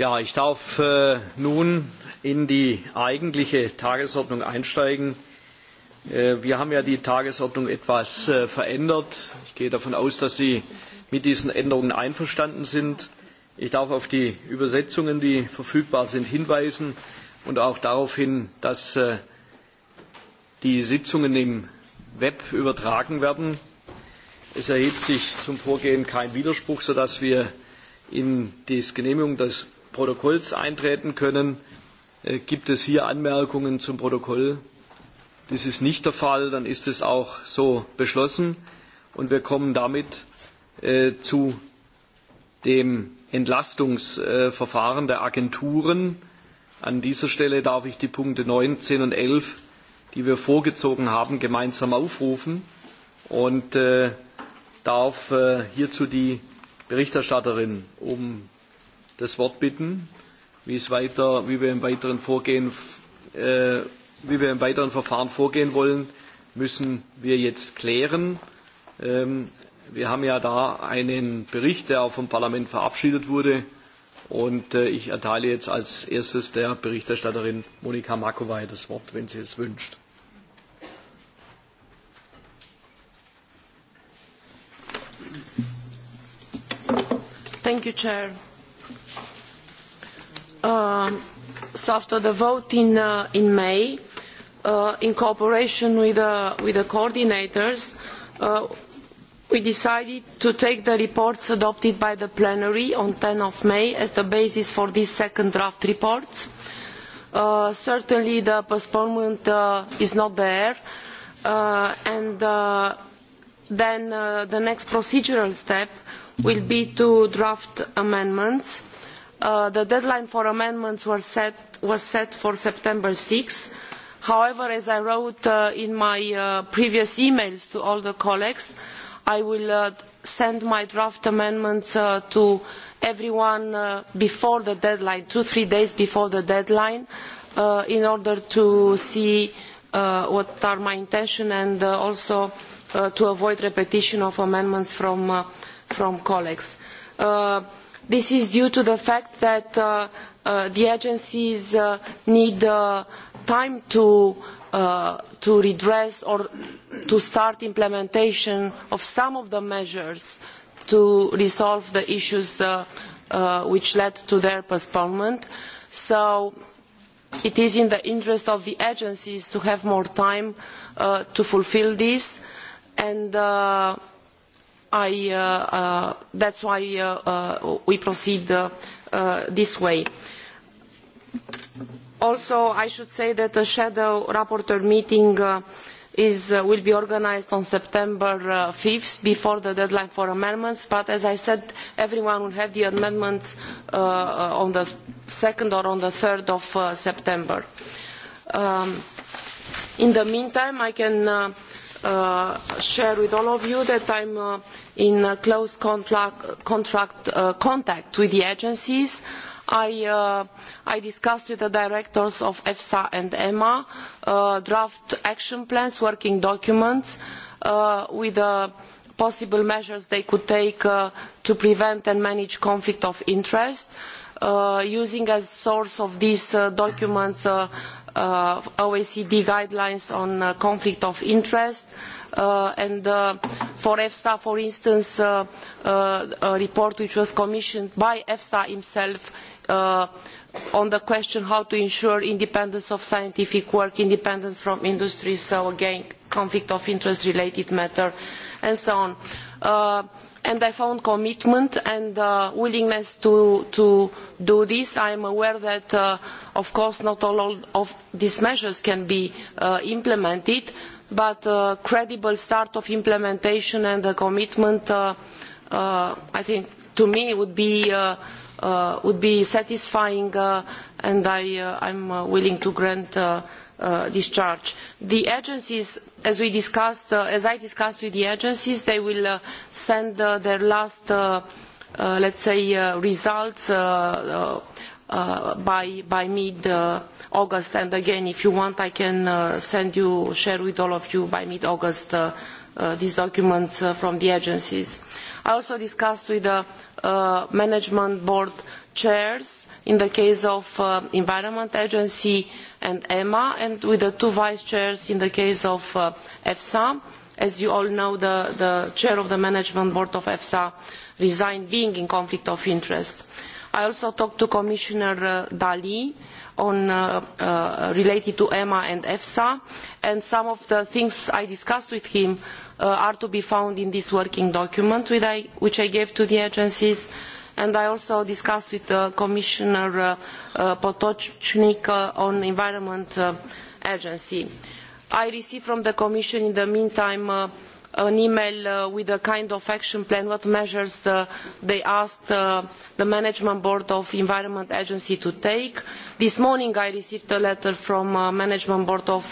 Ja, ich darf äh, nun in die eigentliche Tagesordnung einsteigen. Äh, wir haben ja die Tagesordnung etwas äh, verändert. Ich gehe davon aus, dass Sie mit diesen Änderungen einverstanden sind. Ich darf auf die Übersetzungen, die verfügbar sind, hinweisen und auch darauf hin, dass äh, die Sitzungen im Web übertragen werden. Es erhebt sich zum Vorgehen kein Widerspruch, sodass wir in die Genehmigung des Protokolls eintreten können. Äh, gibt es hier Anmerkungen zum Protokoll? Das ist nicht der Fall, dann ist es auch so beschlossen und wir kommen damit äh, zu dem Entlastungsverfahren äh, der Agenturen. An dieser Stelle darf ich die Punkte 9, und 11, die wir vorgezogen haben, gemeinsam aufrufen und äh, darf äh, hierzu die Berichterstatterin um das Wort bitten, wie, es weiter, wie, wir, im weiteren Vorgehen, äh, wie wir im weiteren Verfahren vorgehen wollen, müssen wir jetzt klären. Ähm, wir haben ja da einen Bericht, der auch vom Parlament verabschiedet wurde. Und äh, ich erteile jetzt als erstes der Berichterstatterin Monika Makowaj das Wort, wenn sie es wünscht. Thank you, Chair so um, after the vote in, uh, in May, uh, in cooperation with, uh, with the coordinators, we decided to take the reports adopted by the plenary on 10 of May as the basis for this second draft report. Uh, certainly the postponement uh, is not there uh, and then the next procedural step will be to draft amendments Uh, the deadline for amendments was set for September 6. However, as I wrote uh, in my previous uh, previous emails to all the colleagues, I will send my draft amendments to everyone before the deadline, two, or three days before the deadline, in order to see what are my intentions and also to avoid repetition of amendments from colleagues. This is due to the fact that uh, uh, the agencies uh, need uh, time to, uh, to redress or to start implementation of some of the measures to resolve the issues uh, which led to their postponement. So it is in the interest of the agencies to have more time to fulfil this and I, uh, uh, that's why uh, uh, we proceed uh, uh, this way. Also, I should say that a shadow rapporteur meeting uh, is, uh, will be organised on September uh, 5th before the deadline for amendments, but as I said, everyone will have the amendments uh, on the 2nd or on the 3rd of uh, September. Um, in the meantime, I can uh, Uh, share with all of you that I'm uh, in close contract, contract, uh, contact with the agencies. I, uh, I, discussed with the directors of EFSA and EMA uh, draft action plans, working documents with the possible measures they could take to prevent and manage conflict of interest. Uh, using as source of these uh, documents uh, Uh, OECD guidelines on uh, conflict of interest. Uh, and uh, for EFSA, for instance, uh, uh, a report which was commissioned by EFSA himself on the question how to ensure independence of scientific work, independence from industry, so again, conflict of interest related matter, and so on and I found commitment and uh, willingness to, to do this. I am aware that, uh, of course, not all of these measures can be uh, implemented, but a uh, credible start of implementation and a commitment, uh, uh, I think, to me would be, would be satisfying, and I, am willing to grant discharge. The agencies as we discussed, uh, as I discussed with the agencies, they will uh, send uh, their last, uh, uh, let's say, uh, results uh, uh, uh by, by mid uh, August. And again, if you want, I can uh, send you, share with all of you by mid August uh, uh, these documents uh, from the agencies. I also discussed with the uh, management board chairs in the case of uh, Environment Agency and EMA, and with the two vice chairs in the case of uh, EFSA. As you all know, the, the chair of the management board of EFSA resigned being in conflict of interest. I also talked to Commissioner uh, Dali on, uh, uh, related to EMA and EFSA, and some of the things I discussed with him uh, are to be found in this working document which I, which I gave to the agencies and I also discussed with uh, Commissioner uh, uh Potocnik uh, on Environment uh, Agency. I received from the Commission in the meantime an email uh, with a kind of action plan what measures uh, they asked uh, the management board of environment agency to take this morning i received a letter from the management board of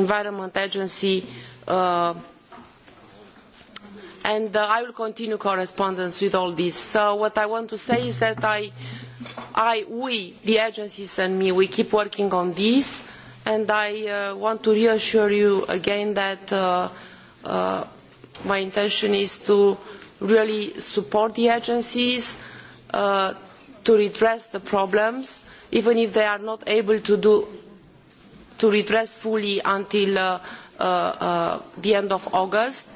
environment agency and uh, I will continue correspondence with all this. So what I want to say is that I, I we, the agencies and me, we keep working on this, and I uh, want to reassure you again that uh, uh my intention is to really support the agencies, uh, to redress the problems, even if they are not able to do to redress fully until the end of August. Uh,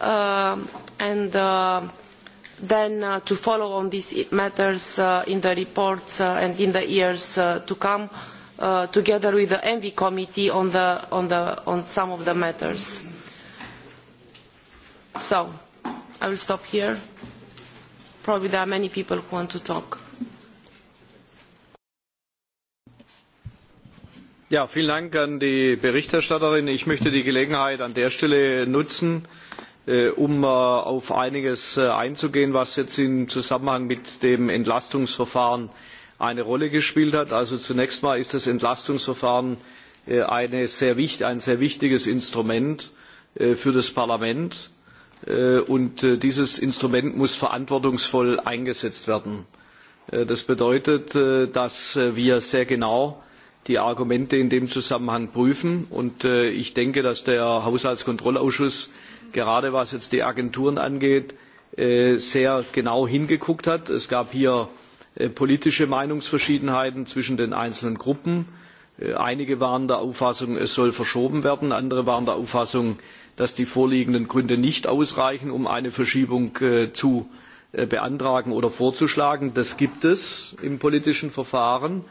Uh, and uh, then uh, to follow on these matters in the reports and in the years to come together with the envy committee on, the, on, the, on some of the matters. So, I will stop here. Probably there are many people who want to talk. Ja, vielen Dank an die Berichterstatterin. Ich möchte die Gelegenheit an der Stelle nutzen, Äh, um äh, auf einiges äh, einzugehen, was jetzt im Zusammenhang mit dem Entlastungsverfahren eine Rolle gespielt hat. Also zunächst mal ist das Entlastungsverfahren eine sehr wichtig, ein sehr wichtiges Instrument für das Parlament und dieses Instrument muss verantwortungsvoll eingesetzt werden. Das bedeutet, dass wir sehr genau die Argumente in dem Zusammenhang prüfen und ich denke, dass der Haushaltskontrollausschuss gerade was jetzt die Agenturen angeht, äh, sehr genau hingeguckt hat. Es gab hier äh, politische Meinungsverschiedenheiten zwischen den einzelnen Gruppen. Äh, einige waren der Auffassung, es soll verschoben werden, andere waren der Auffassung, dass die vorliegenden Gründe nicht ausreichen, um eine Verschiebung zu beantragen oder vorzuschlagen. Das gibt es im politischen Verfahren.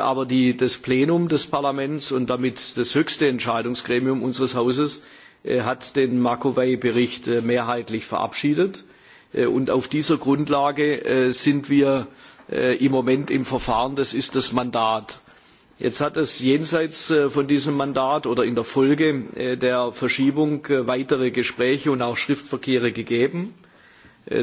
Aber die, das Plenum des Parlaments und damit das höchste Entscheidungsgremium unseres Hauses Äh, hat den Makovey-Bericht äh, mehrheitlich verabschiedet. Äh, und auf dieser Grundlage sind wir im Moment im Verfahren, das ist das Mandat. Jetzt hat es jenseits von diesem Mandat oder in der Folge der Verschiebung weitere Gespräche und auch Schriftverkehre gegeben.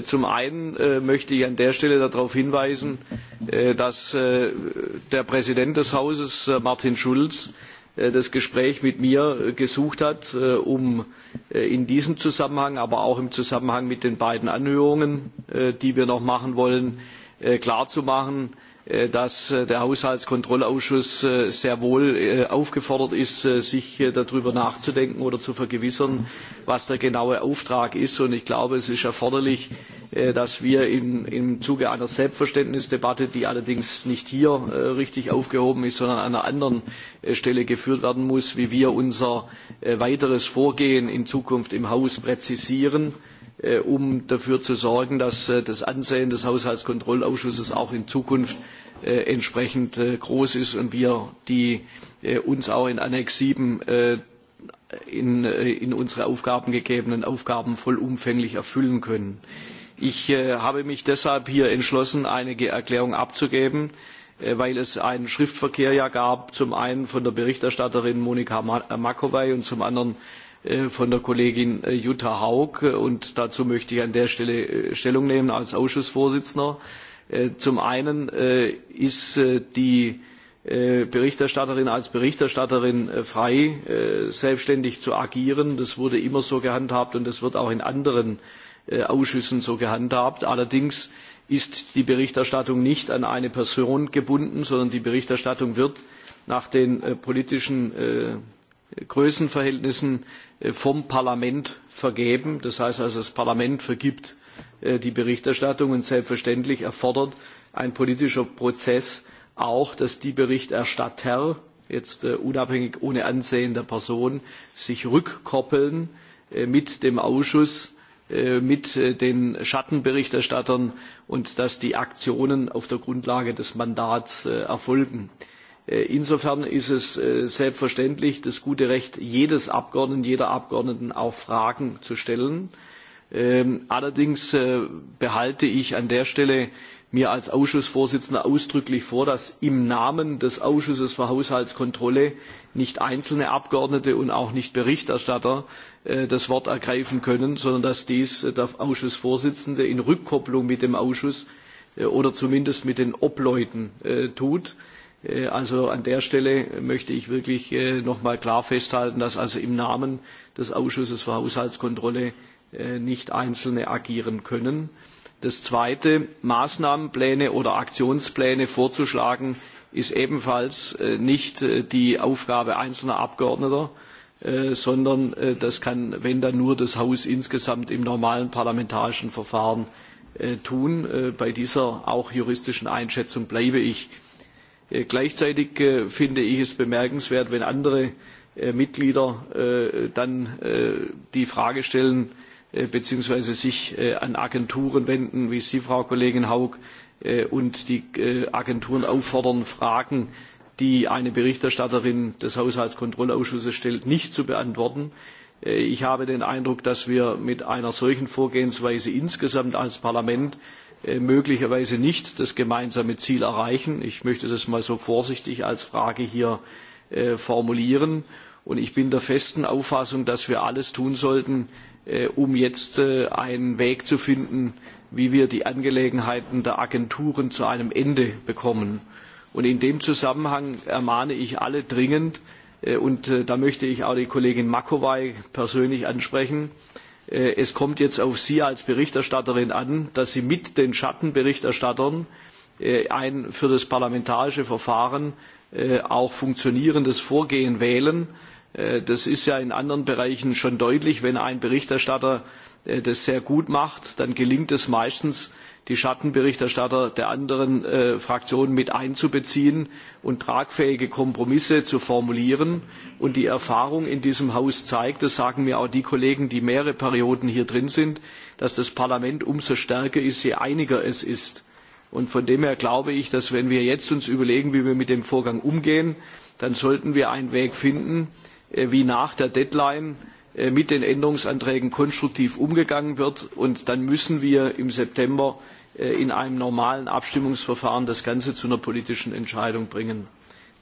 Zum einen möchte ich an der Stelle darauf hinweisen, dass der Präsident des Hauses, Martin Schulz, Äh, das Gespräch mit mir äh, gesucht hat, äh, um in diesem Zusammenhang, aber auch im Zusammenhang mit den beiden Anhörungen, die wir noch machen wollen, klarzumachen, dass der Haushaltskontrollausschuss sehr wohl aufgefordert ist, sich darüber nachzudenken oder zu vergewissern, was der genaue Auftrag ist. Und ich glaube, es ist erforderlich, Äh, dass wir im, im Zuge einer Selbstverständnisdebatte, die allerdings nicht hier äh, richtig aufgehoben ist, sondern an einer anderen äh, Stelle geführt werden muss, wie wir unser weiteres Vorgehen in Zukunft im Haus präzisieren um dafür zu sorgen, dass das Ansehen des Haushaltskontrollausschusses auch in Zukunft entsprechend groß ist und wir die uns auch in Annex 7 in, in unsere Aufgaben gegebenen Aufgaben vollumfänglich erfüllen können. Ich äh, habe mich deshalb hier entschlossen, eine Erklärung abzugeben, äh, weil es einen Schriftverkehr ja gab, zum einen von der Berichterstatterin Monika äh, Makowaj und zum anderen von der Kollegin Jutta Haug. Und dazu möchte ich an der Stelle Stellung nehmen als Ausschussvorsitzender. Zum einen ist die Berichterstatterin als Berichterstatterin frei, selbstständig zu agieren. Das wurde immer so gehandhabt und das wird auch in anderen äh, Äh, Ausschüssen so gehandhabt. Allerdings ist die Berichterstattung nicht an eine Person gebunden, sondern die Berichterstattung wird nach den äh, politischen äh, Größenverhältnissen vom Parlament vergeben. Das heißt also, das Parlament vergibt die Berichterstattung und selbstverständlich erfordert ein politischer Prozess auch, dass die Berichterstatter jetzt unabhängig ohne Ansehen der Person sich rückkoppeln mit dem Ausschuss Äh, mit äh, den Schattenberichterstattern und dass die Aktionen auf der Grundlage des Mandats äh, erfolgen. Insofern ist es selbstverständlich das gute Recht jedes Abgeordneten, jeder Abgeordneten auch Fragen zu stellen. Ähm, allerdings behalte ich an der Stelle mir als Ausschussvorsitzender ausdrücklich vor, dass im Namen des Ausschusses für Haushaltskontrolle nicht einzelne Abgeordnete und auch nicht Berichterstatter äh, das Wort ergreifen können, sondern dass dies äh, der Ausschussvorsitzende in Rückkopplung mit dem Ausschuss äh, oder zumindest mit den Obleuten tut. Also an der Stelle möchte ich wirklich noch mal klar festhalten, dass also im Namen des Ausschusses für Haushaltskontrolle nicht Einzelne agieren können. Das zweite, Maßnahmenpläne oder Aktionspläne vorzuschlagen, ist ebenfalls äh, nicht äh, die Aufgabe einzelner Abgeordneter, äh, sondern das kann, wenn dann nur das Haus insgesamt im normalen parlamentarischen Verfahren tun. Bei dieser auch juristischen Einschätzung bleibe ich. Gleichzeitig finde ich es bemerkenswert, wenn andere Mitglieder dann die Frage stellen, Äh, beziehungsweise sich äh, an Agenturen wenden, wie Sie, Frau Kollegin Haug, äh, und die Agenturen auffordern, Fragen, die eine Berichterstatterin des Haushaltskontrollausschusses stellt, nicht zu beantworten. Ich habe den Eindruck, dass wir mit einer solchen Vorgehensweise insgesamt als Parlament möglicherweise nicht das gemeinsame Ziel erreichen. Ich möchte das mal so vorsichtig als Frage hier formulieren. Und ich bin der festen Auffassung, dass wir alles tun sollten, Äh, um jetzt äh, einen Weg zu finden, wie wir die Angelegenheiten der Agenturen zu einem Ende bekommen. Und in dem Zusammenhang ermahne ich alle dringend, äh, und da möchte ich auch die Kollegin Makowaj persönlich ansprechen, es kommt jetzt auf Sie als Berichterstatterin an, dass Sie mit den Schattenberichterstattern ein für das parlamentarische Verfahren auch funktionierendes Vorgehen wählen, Äh, das ist ja in anderen Bereichen schon deutlich. Wenn ein Berichterstatter äh, das sehr gut macht, dann gelingt es meistens, die Schattenberichterstatter der anderen äh, Fraktionen mit einzubeziehen und tragfähige Kompromisse zu formulieren. Und die Erfahrung in diesem Haus zeigt, das sagen mir auch die Kollegen, die mehrere Perioden hier drin sind, dass das Parlament umso stärker ist, je einiger es ist. Und von dem her glaube ich, dass wenn wir jetzt uns überlegen, wie wir mit dem Vorgang umgehen, dann sollten wir einen Weg finden, Äh, wie nach der Deadline äh, mit den Änderungsanträgen konstruktiv umgegangen wird. Und dann müssen wir im September äh, in einem normalen Abstimmungsverfahren das Ganze zu einer politischen Entscheidung bringen.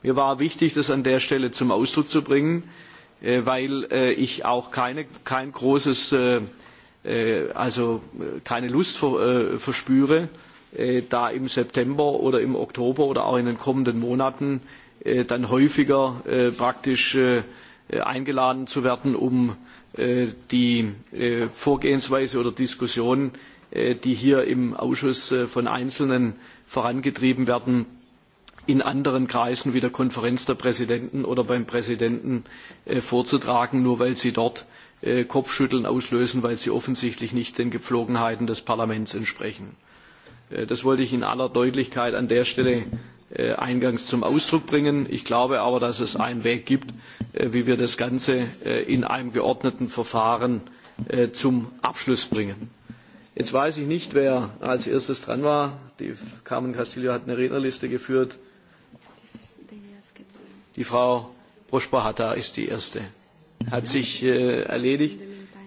Mir war wichtig, das an der Stelle zum Ausdruck zu bringen, weil ich auch keine, kein großes, also keine Lust verspüre, da im September oder im Oktober oder auch in den kommenden Monaten dann häufiger praktisch Äh, eingeladen zu werden, um äh, die äh, Vorgehensweise oder Diskussion, die hier im Ausschuss von Einzelnen vorangetrieben werden, in anderen Kreisen wie der Konferenz der Präsidenten oder beim Präsidenten vorzutragen, nur weil sie dort Kopfschütteln auslösen, weil sie offensichtlich nicht den Gepflogenheiten des Parlaments entsprechen. Das wollte ich in aller Deutlichkeit an der Stelle Äh, eingangs zum Ausdruck bringen. Ich glaube aber, dass es einen Weg gibt, äh, wie wir das Ganze äh, in einem geordneten Verfahren zum Abschluss bringen. Jetzt weiß ich nicht, wer als erstes dran war. Die Carmen Castillo hat eine Rednerliste geführt. Die Frau prosper ist die Erste. Hat sich erledigt.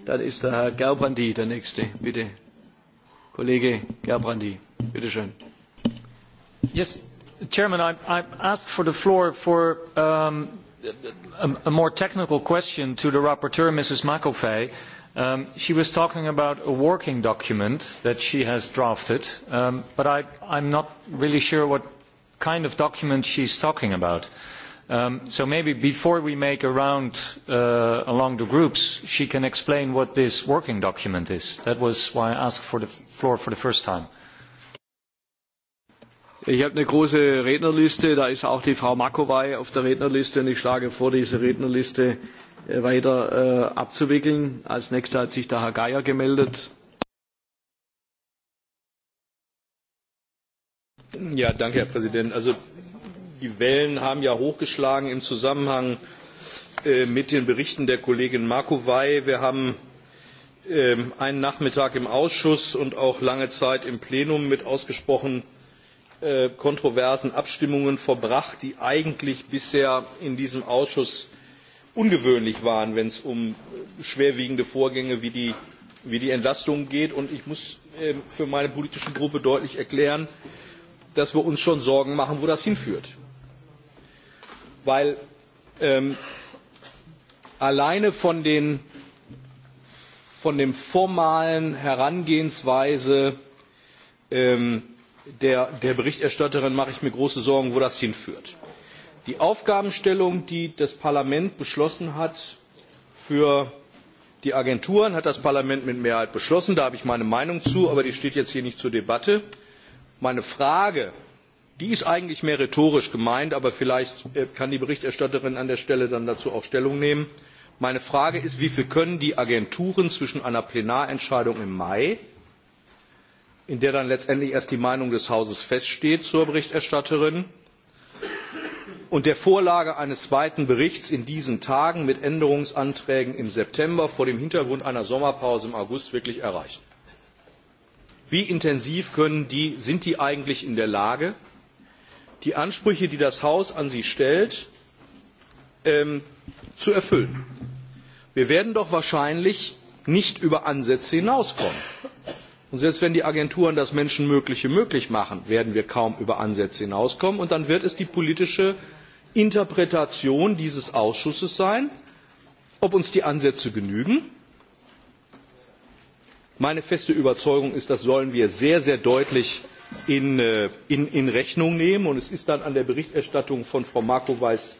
Dann ist der Herr Gerbrandi der Nächste. Bitte. Kollege Gerbrandi, bitteschön. Yes, Chairman, I, I asked for the floor for um, a, a more technical question to the rapporteur, Mrs. McAfee. Um, she was talking about a working document that she has drafted, um, but I, I'm not really sure what kind of document she's talking about. Um, so maybe before we make a round uh, along the groups, she can explain what this working document is. That was why I asked for the floor for the first time. Ich habe eine große Rednerliste, da ist auch die Frau Makowai auf der Rednerliste und ich schlage vor, diese Rednerliste äh, weiter äh, abzuwickeln. Als nächster hat sich der Herr Geier gemeldet. Ja, danke, Herr Präsident. Also die Wellen haben ja hochgeschlagen im Zusammenhang äh, mit den Berichten der Kollegin Markowai. Wir haben äh, einen Nachmittag im Ausschuss und auch lange Zeit im Plenum mit ausgesprochen Äh, kontroversen Abstimmungen verbracht, die eigentlich bisher in diesem Ausschuss ungewöhnlich waren, wenn es um schwerwiegende Vorgänge wie die, wie die Entlastung geht. Und ich muss ähm, für meine politische Gruppe deutlich erklären, dass wir uns schon Sorgen machen, wo das hinführt. Weil ähm, alleine von, den, von dem formalen Herangehensweise ähm, der, der Berichterstatterin mache ich mir große Sorgen, wo das hinführt. Die Aufgabenstellung, die das Parlament beschlossen hat für die Agenturen, hat das Parlament mit Mehrheit beschlossen. Da habe ich meine Meinung zu, aber die steht jetzt hier nicht zur Debatte. Meine Frage, die ist eigentlich mehr rhetorisch gemeint, aber vielleicht äh, kann die Berichterstatterin an der Stelle dann dazu auch Stellung nehmen. Meine Frage ist, wie viel können die Agenturen zwischen einer Plenarentscheidung im Mai in der dann letztendlich erst die Meinung des Hauses feststeht zur Berichterstatterin und der Vorlage eines zweiten Berichts in diesen Tagen mit Änderungsanträgen im September vor dem Hintergrund einer Sommerpause im August wirklich erreichen. Wie intensiv können die, sind die eigentlich in der Lage, die Ansprüche, die das Haus an sie stellt, ähm, zu erfüllen? Wir werden doch wahrscheinlich nicht über Ansätze hinauskommen Und selbst wenn die Agenturen das Menschenmögliche möglich machen, werden wir kaum über Ansätze hinauskommen. Und dann wird es die politische Interpretation dieses Ausschusses sein, ob uns die Ansätze genügen. Meine feste Überzeugung ist, das sollen wir sehr, sehr deutlich in, äh, in, in Rechnung nehmen. Und es ist dann an der Berichterstattung von Frau Markoweis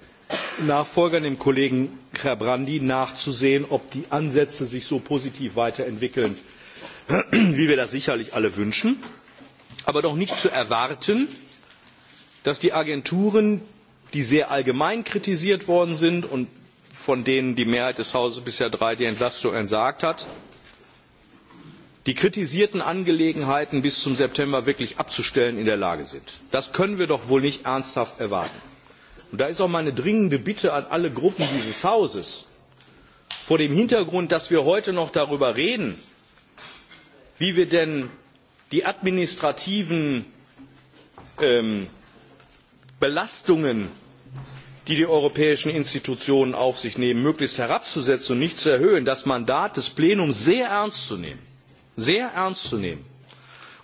Nachfolger, dem Kollegen Herr Brandi, nachzusehen, ob die Ansätze sich so positiv weiterentwickeln, wie wir das sicherlich alle wünschen, aber doch nicht zu erwarten, dass die Agenturen, die sehr allgemein kritisiert worden sind und von denen die Mehrheit des Hauses bisher drei die Entlastung entsagt hat, die kritisierten Angelegenheiten bis zum September wirklich abzustellen in der Lage sind. Das können wir doch wohl nicht ernsthaft erwarten. Und da ist auch meine dringende Bitte an alle Gruppen dieses Hauses, vor dem Hintergrund, dass wir heute noch darüber reden, wie wir denn die administrativen ähm, Belastungen, die die europäischen Institutionen auf sich nehmen, möglichst herabzusetzen und nicht zu erhöhen, das Mandat des Plenums sehr ernst zu nehmen. Sehr ernst zu nehmen.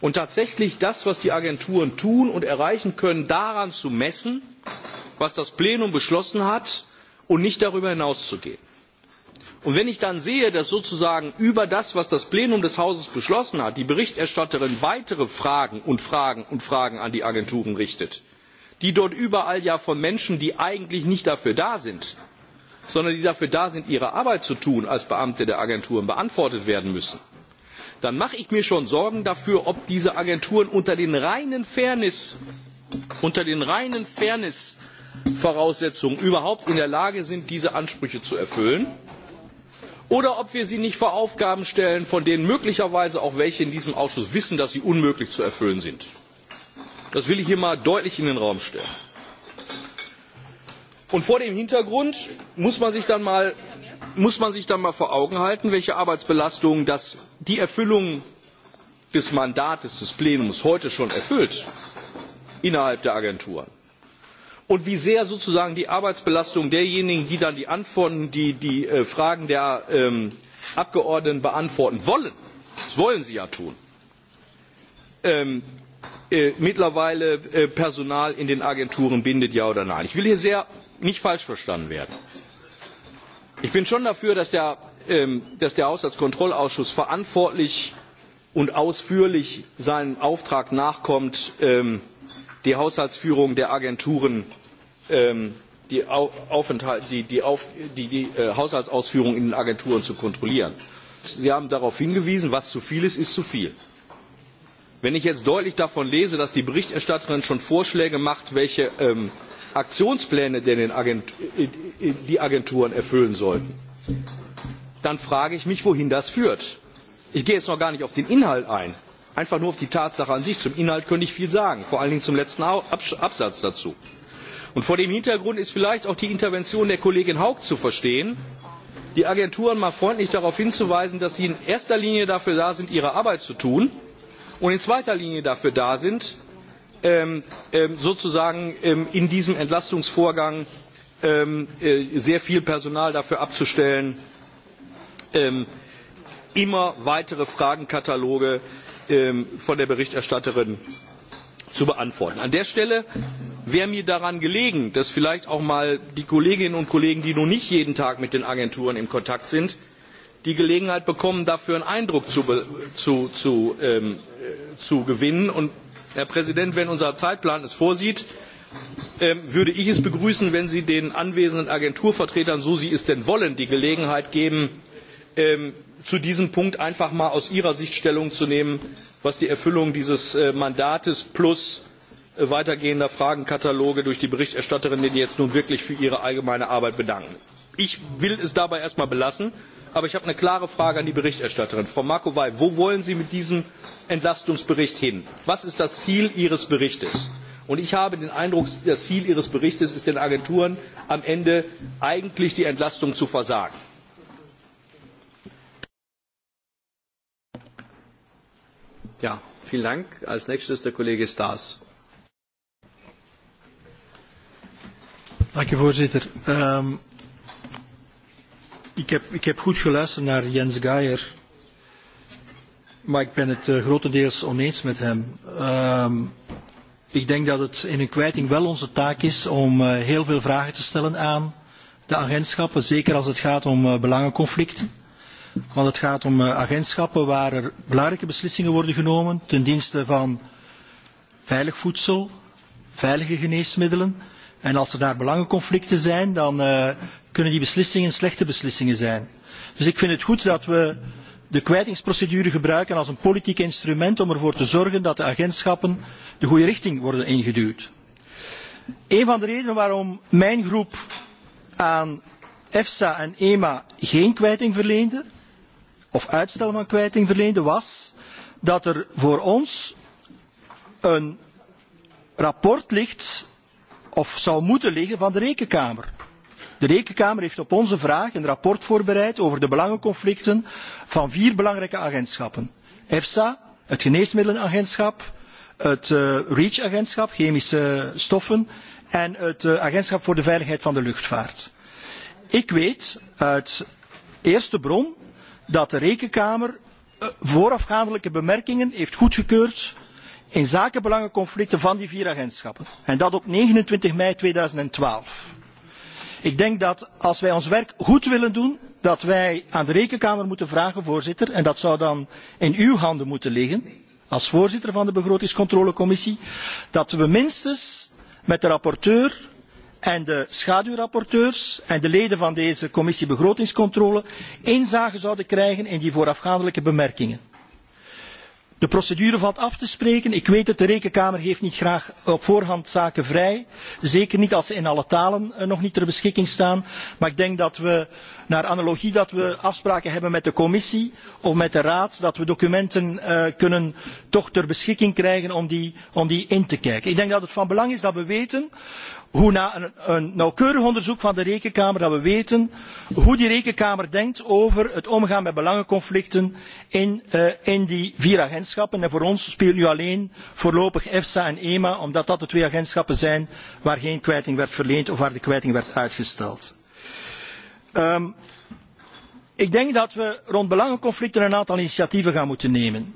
Und tatsächlich das, was die Agenturen tun und erreichen können, daran zu messen, was das Plenum beschlossen hat und nicht darüber hinauszugehen. Und wenn ich dann sehe, dass sozusagen über das, was das Plenum des Hauses beschlossen hat, die Berichterstatterin weitere Fragen und Fragen und Fragen an die Agenturen richtet, die dort überall ja von Menschen, die eigentlich nicht dafür da sind, sondern die dafür da sind, ihre Arbeit zu tun als Beamte der Agenturen, beantwortet werden müssen, dann mache ich mir schon Sorgen dafür, ob diese Agenturen unter den reinen Fairness, unter den reinen Fairness Voraussetzungen überhaupt in der Lage sind, diese Ansprüche zu erfüllen oder ob wir sie nicht vor Aufgaben stellen, von denen möglicherweise auch welche in diesem Ausschuss wissen, dass sie unmöglich zu erfüllen sind. Das will ich hier mal deutlich in den Raum stellen. Und vor dem Hintergrund muss man sich dann mal, muss man sich dann mal vor Augen halten, welche Arbeitsbelastungen das die Erfüllung des Mandates des Plenums heute schon erfüllt innerhalb der Agenturen und wie sehr sozusagen die Arbeitsbelastung derjenigen, die dann die Antworten, die, die äh, Fragen der ähm, Abgeordneten beantworten wollen, das wollen sie ja tun, ähm, äh, mittlerweile äh, Personal in den Agenturen bindet, ja oder nein. Ich will hier sehr nicht falsch verstanden werden. Ich bin schon dafür, dass der, ähm, dass der Haushaltskontrollausschuss verantwortlich und ausführlich seinem Auftrag nachkommt, ähm, die Haushaltsführung der Agenturen, ähm, die, Aufenthalt, die, die, auf, die, die äh, Haushaltsausführung in den Agenturen zu kontrollieren. Sie haben darauf hingewiesen, was zu viel ist, ist zu viel. Wenn ich jetzt deutlich davon lese, dass die Berichterstatterin schon Vorschläge macht, welche ähm, Aktionspläne denn Agent, äh, äh, die Agenturen erfüllen sollten, dann frage ich mich, wohin das führt. Ich gehe jetzt noch gar nicht auf den Inhalt ein einfach nur auf die Tatsache an sich. Zum Inhalt könnte ich viel sagen, vor allen Dingen zum letzten Absatz dazu. Und vor dem Hintergrund ist vielleicht auch die Intervention der Kollegin Haug zu verstehen, die Agenturen mal freundlich darauf hinzuweisen, dass sie in erster Linie dafür da sind, ihre Arbeit zu tun und in zweiter Linie dafür da sind, ähm, ähm, sozusagen ähm, in diesem Entlastungsvorgang ähm, äh, sehr viel Personal dafür abzustellen, ähm, immer weitere Fragenkataloge Ähm, von der Berichterstatterin zu beantworten. An der Stelle wäre mir daran gelegen, dass vielleicht auch mal die Kolleginnen und Kollegen, die nun nicht jeden Tag mit den Agenturen in Kontakt sind, die Gelegenheit bekommen, dafür einen Eindruck zu, zu, zu, ähm, äh, zu gewinnen. Und Herr Präsident, wenn unser Zeitplan es vorsieht, ähm, würde ich es begrüßen, wenn Sie den anwesenden Agenturvertretern, so sie es denn wollen, die Gelegenheit geben, ähm, zu diesem Punkt einfach mal aus Ihrer Sicht Stellung zu nehmen, was die Erfüllung dieses äh, Mandates plus äh, weitergehender Fragenkataloge durch die Berichterstatterin, denen jetzt nun wirklich für ihre allgemeine Arbeit bedanken. Ich will es dabei erstmal belassen, aber ich habe eine klare Frage an die Berichterstatterin. Frau Markowaj, wo wollen Sie mit diesem Entlastungsbericht hin? Was ist das Ziel Ihres Berichtes? Und ich habe den Eindruck, das Ziel Ihres Berichtes ist den Agenturen am Ende eigentlich die Entlastung zu versagen. Ja, vielen Dank. Als nächstes der Kollege Staes. Dank u voorzitter. Um, ik, heb, ik heb goed geluisterd naar Jens Geijer, maar ik ben het uh, grotendeels oneens met hem. Um, ik denk dat het in een kwijting wel onze taak is om uh, heel veel vragen te stellen aan de agentschappen, zeker als het gaat om uh, belangenconflicten. Want het gaat om eh, agentschappen waar er belangrijke beslissingen worden genomen ten dienste van veilig voedsel, veilige geneesmiddelen. En als er daar belangenconflicten zijn, dan eh, kunnen die beslissingen slechte beslissingen zijn. Dus ik vind het goed dat we de kwijtingsprocedure gebruiken als een politiek instrument om ervoor te zorgen dat de agentschappen de goede richting worden ingeduwd. Een van de redenen waarom mijn groep aan EFSA en EMA geen kwijting verleende, of uitstel van kwijting verleende was dat er voor ons een rapport ligt of zou moeten liggen van de Rekenkamer. De Rekenkamer heeft op onze vraag een rapport voorbereid over de belangenconflicten van vier belangrijke agentschappen. EFSA, het Geneesmiddelenagentschap, het uh, REACH-agentschap, chemische stoffen, en het uh, Agentschap voor de Veiligheid van de Luchtvaart. Ik weet uit eerste bron dat de Rekenkamer eh, voorafgaandelijke bemerkingen heeft goedgekeurd in zaken belangenconflicten van die vier agentschappen. En dat op 29 mei 2012. Ik denk dat als wij ons werk goed willen doen, dat wij aan de Rekenkamer moeten vragen, voorzitter, en dat zou dan in uw handen moeten liggen, als voorzitter van de begrotingscontrolecommissie, dat we minstens met de rapporteur en de schaduwrapporteurs en de leden van deze commissie begrotingscontrole inzage zouden krijgen in die voorafgaandelijke bemerkingen. De procedure valt af te spreken. Ik weet het, de Rekenkamer geeft niet graag op voorhand zaken vrij. Zeker niet als ze in alle talen eh, nog niet ter beschikking staan. Maar ik denk dat we, naar analogie dat we afspraken hebben met de commissie of met de raad, dat we documenten uh, kunnen toch ter beschikking krijgen om die, om die in te kijken. Ik denk dat het van belang is dat we weten hoe na een, nauwkeurig onderzoek van de rekenkamer we weten hoe die rekenkamer denkt over het omgaan met belangenconflicten in, eh, die vier agentschappen. voor ons spelen nu alleen voorlopig efsa en ema omdat dat de twee agentschappen zijn waar geen kwijting werd verleend of waar de kwijting werd uitgesteld. Ehm, ik denk dat we rond belangenconflicten een aantal initiatieven gaan moeten nemen.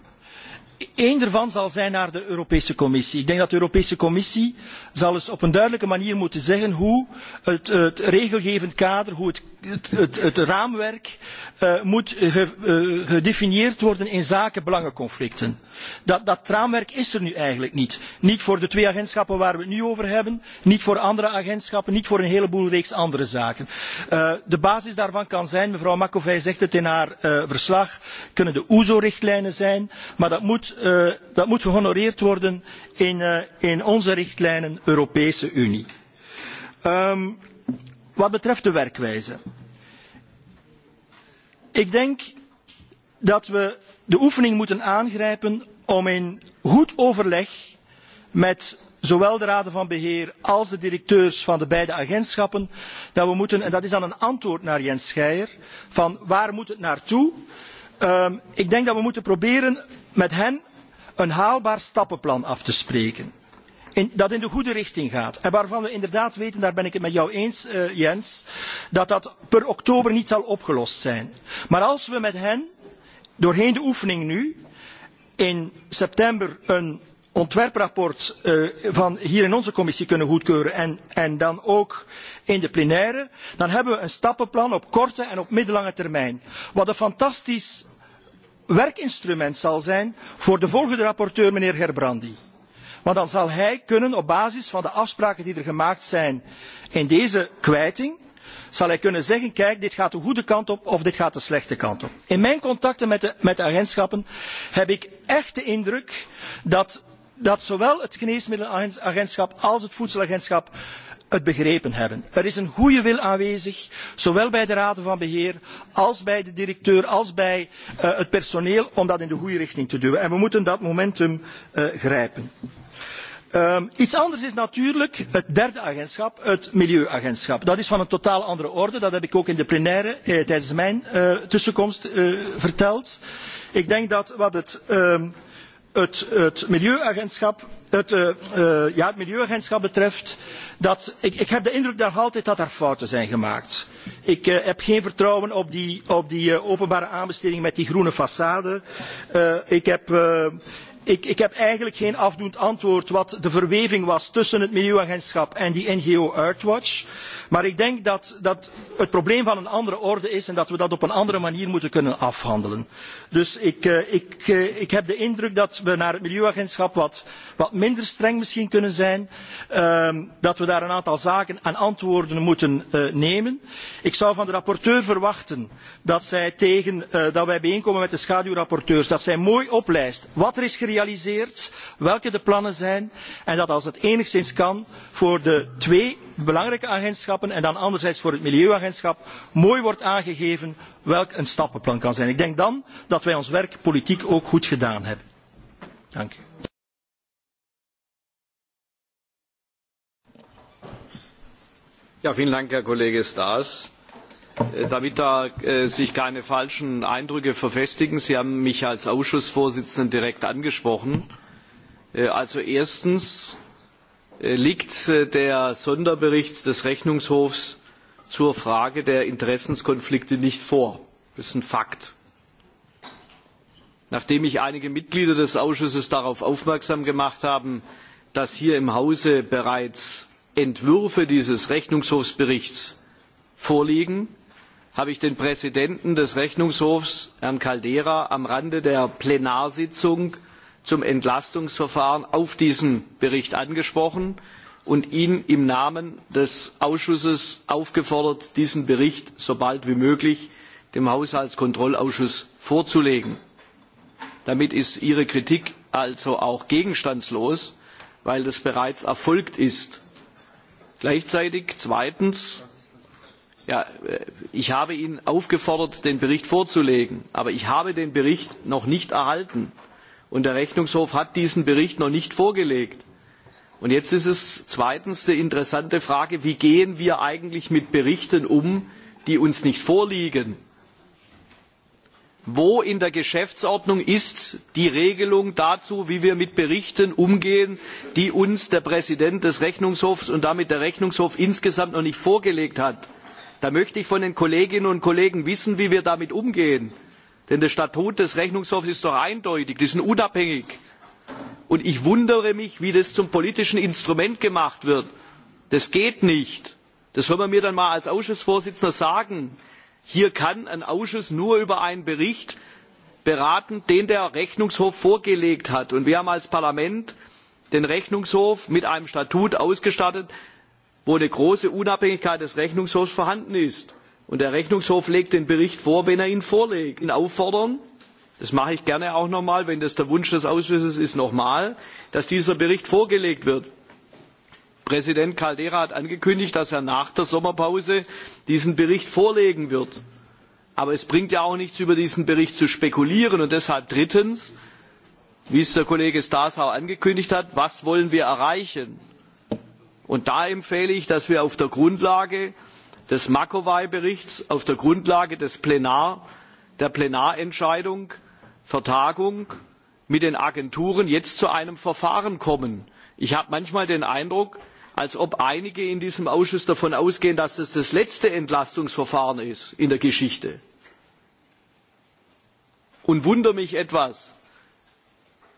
Eén daarvan zal zijn naar de Europese Commissie. Ik denk dat de Europese Commissie zal eens op een duidelijke manier moeten zeggen hoe het, het regelgevend kader, hoe het, het, het, het raamwerk uh, moet ge, uh, gedefinieerd worden in zaken belangenconflicten. Dat, dat raamwerk is er nu eigenlijk niet. Niet voor de twee agentschappen waar we het nu over hebben, niet voor andere agentschappen, niet voor een heleboel reeks andere zaken. Uh, de basis daarvan kan zijn, mevrouw Makovey zegt het in haar uh, verslag, kunnen de OESO-richtlijnen zijn, maar dat moet Eh, dat moet gehonoreerd worden in, uh, in onze richtlijnen Europese Unie. Um, wat betreft de werkwijze. Ik denk dat we de oefening moeten aangrijpen om in goed overleg met zowel de raden van beheer als de directeurs van de beide agentschappen dat we moeten en dat is dan een antwoord naar Jens Scheijer van waar moet het naartoe? Um, ik denk dat we moeten proberen met hen een haalbaar stappenplan af te spreken. In, dat in de goede richting gaat en waarvan we inderdaad weten, daar ben ik het met jou eens uh, Jens, dat dat per oktober niet zal opgelost zijn. Maar als we met hen doorheen de oefening nu in september een ontwerprapport uh, van hier in onze commissie kunnen goedkeuren en, en dan ook in de plenaire, dan hebben we een stappenplan op korte en op middellange termijn. Wat een fantastisch werkinstrument zal zijn voor de volgende rapporteur, meneer Gerbrandi. Want dan zal hij kunnen, op basis van de afspraken die er gemaakt zijn in deze kwijting, zal hij kunnen zeggen, kijk, dit gaat de goede kant op of dit gaat de slechte kant op. In mijn contacten met de, met de agentschappen heb ik echt de indruk dat, dat zowel het geneesmiddelenagentschap als het voedselagentschap het begrepen hebben. Er is een goede wil aanwezig, zowel bij de raden van beheer als bij de directeur, als bij uh, het personeel, om dat in de goede richting te duwen. En we moeten dat momentum uh, grijpen. Um, iets anders is natuurlijk het derde agentschap, het milieuagentschap. Dat is van een totaal andere orde. Dat heb ik ook in de plenaire eh, tijdens mijn eh, tussenkomst eh, verteld. Ik denk dat wat het. Um, Eh, eh, het, milieuagentschap betreft, ik, heb de indruk daar altijd dat er fouten zijn gemaakt. Ik eh, heb geen vertrouwen in die, openbare aanbesteding met die groene façade. ik heb ik, ik heb eigenlijk geen afdoend antwoord wat de verweving was tussen het milieuagentschap en die ngo earthwatch maar ik denk dat, dat het probleem van een andere orde is en dat we dat op een andere manier moeten kunnen afhandelen. dus ik, eh, ik, eh, ik heb de indruk dat we naar het milieuagentschap wat wat minder streng misschien kunnen zijn. Ehm, dat we daar een aantal zaken en antwoorden moeten eh, nemen. Ik zou van de rapporteur verwachten dat zij tegen eh, dat wij bijeenkomen met de schaduwrapporteurs, dat zij mooi oplijst wat er is gerealiseerd, welke de plannen zijn en dat als het enigszins kan voor de twee belangrijke agentschappen en dan anderzijds voor het milieuagentschap mooi wordt aangegeven welk een stappenplan kan zijn. Ik denk dan dat wij ons werk politiek ook goed gedaan hebben. Dank u. vielen Dank, Herr Kollege Staes. Äh, damit da äh, sich keine falschen Eindrücke verfestigen, Sie haben mich als Ausschussvorsitzenden direkt angesprochen. Äh, also erstens liegt der Sonderbericht des Rechnungshofs zur Frage der interessenkonflikte nicht vor. Das ist ein Fakt. Nachdem mich einige Mitglieder des Ausschusses darauf aufmerksam gemacht haben, dass hier im Hause bereits entwürfe dieses rechnungshofsberichts vorliegen habe ich den präsidenten des rechnungshofs herrn caldeira am rande der plenarsitzung zum entlastungsverfahren auf diesen bericht angesprochen und ihn im namen des ausschusses aufgefordert diesen bericht so bald wie möglich dem haushaltskontrollausschuss vorzulegen. damit ist ihre kritik also auch gegenstandslos weil das bereits erfolgt ist. Gleichzeitig zweitens ja, äh, ich habe ihn aufgefordert den bericht vorzulegen aber ich habe den bericht noch nicht erhalten und der rechnungshof hat diesen bericht noch nicht vorgelegt. und jetzt ist es zweitens die interessante frage wie gehen wir eigentlich mit berichten um die uns nicht vorliegen? wo in der geschäftsordnung ist die regelung dazu wie wir mit berichten umgehen die uns der präsident des rechnungshofs und damit der rechnungshof insgesamt noch nicht vorgelegt hat? da möchte ich von den kolleginnen und kollegen wissen wie wir damit umgehen denn das statut des rechnungshofs ist doch eindeutig die sind unabhängig. und ich wundere mich wie das zum politischen instrument gemacht wird. das geht nicht. das soll man mir dann mal als ausschussvorsitzender sagen hier kann ein ausschuss nur über einen bericht beraten den der rechnungshof vorgelegt hat und wir haben als parlament den rechnungshof mit einem statut ausgestattet wo eine große unabhängigkeit des rechnungshofs vorhanden ist. Und der rechnungshof legt den bericht vor wenn er ihn vorlegt. ich möchte ihn auffordern das mache ich gerne auch noch einmal wenn das der wunsch des ausschusses ist dass dieser bericht vorgelegt wird präsident caldeira hat angekündigt dass er nach der sommerpause diesen bericht vorlegen wird. aber es bringt ja auch nichts über diesen bericht zu spekulieren und deshalb drittens wie es der kollege staes auch angekündigt hat was wollen wir erreichen? und da empfehle ich dass wir auf der grundlage des makovei berichts auf der grundlage des Plenar, der plenarentscheidung vertagung mit den agenturen jetzt zu einem verfahren kommen. ich habe manchmal den eindruck als ob einige in diesem ausschuss davon ausgehen dass das das letzte entlastungsverfahren ist in der geschichte und wundere mich etwas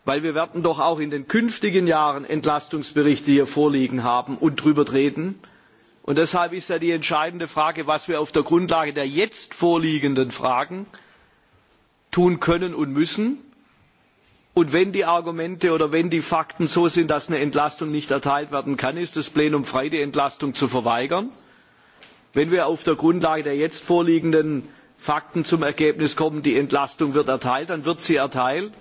weil wir werden doch auch in den künftigen jahren entlastungsberichte hier vorliegen haben und darüber reden. Und deshalb ist ja die entscheidende Frage, was wir auf der Grundlage der jetzt vorliegenden Fragen tun können und müssen und wenn die argumente oder wenn die fakten so sind dass eine entlastung nicht erteilt werden kann ist das plenum frei die entlastung zu verweigern. wenn wir auf der grundlage der jetzt vorliegenden fakten zum ergebnis kommen die entlastung wird erteilt dann wird sie erteilt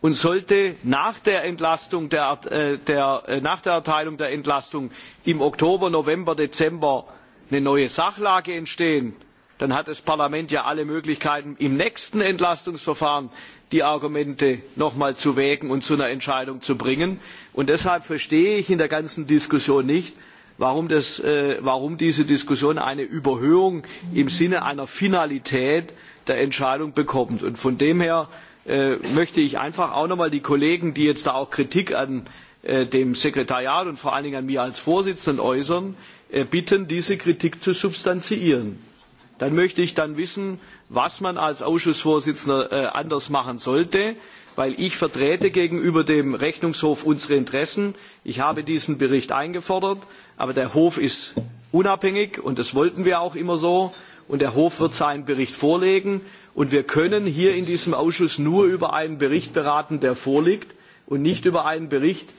und sollte nach der, entlastung der, äh, der, äh, nach der erteilung der entlastung im oktober november dezember eine neue sachlage entstehen dann hat das Parlament ja alle Möglichkeiten, im nächsten Entlastungsverfahren die Argumente nochmal zu wägen und zu einer Entscheidung zu bringen. Und deshalb verstehe ich in der ganzen Diskussion nicht, warum, das, äh, warum diese Diskussion eine Überhöhung im Sinne einer Finalität der Entscheidung bekommt. Und von dem her äh, möchte ich einfach auch nochmal die Kollegen, die jetzt da auch Kritik an äh, dem Sekretariat und vor allen Dingen an mir als Vorsitzenden äußern, äh, bitten, diese Kritik zu substanziieren dann möchte ich dann wissen, was man als Ausschussvorsitzender äh, anders machen sollte, weil ich vertrete gegenüber dem Rechnungshof unsere Interessen. Ich habe diesen Bericht eingefordert, aber der Hof ist unabhängig und das wollten wir auch immer so und der Hof wird seinen Bericht vorlegen und wir können hier in diesem Ausschuss nur über einen Bericht beraten, der vorliegt und nicht über einen Bericht,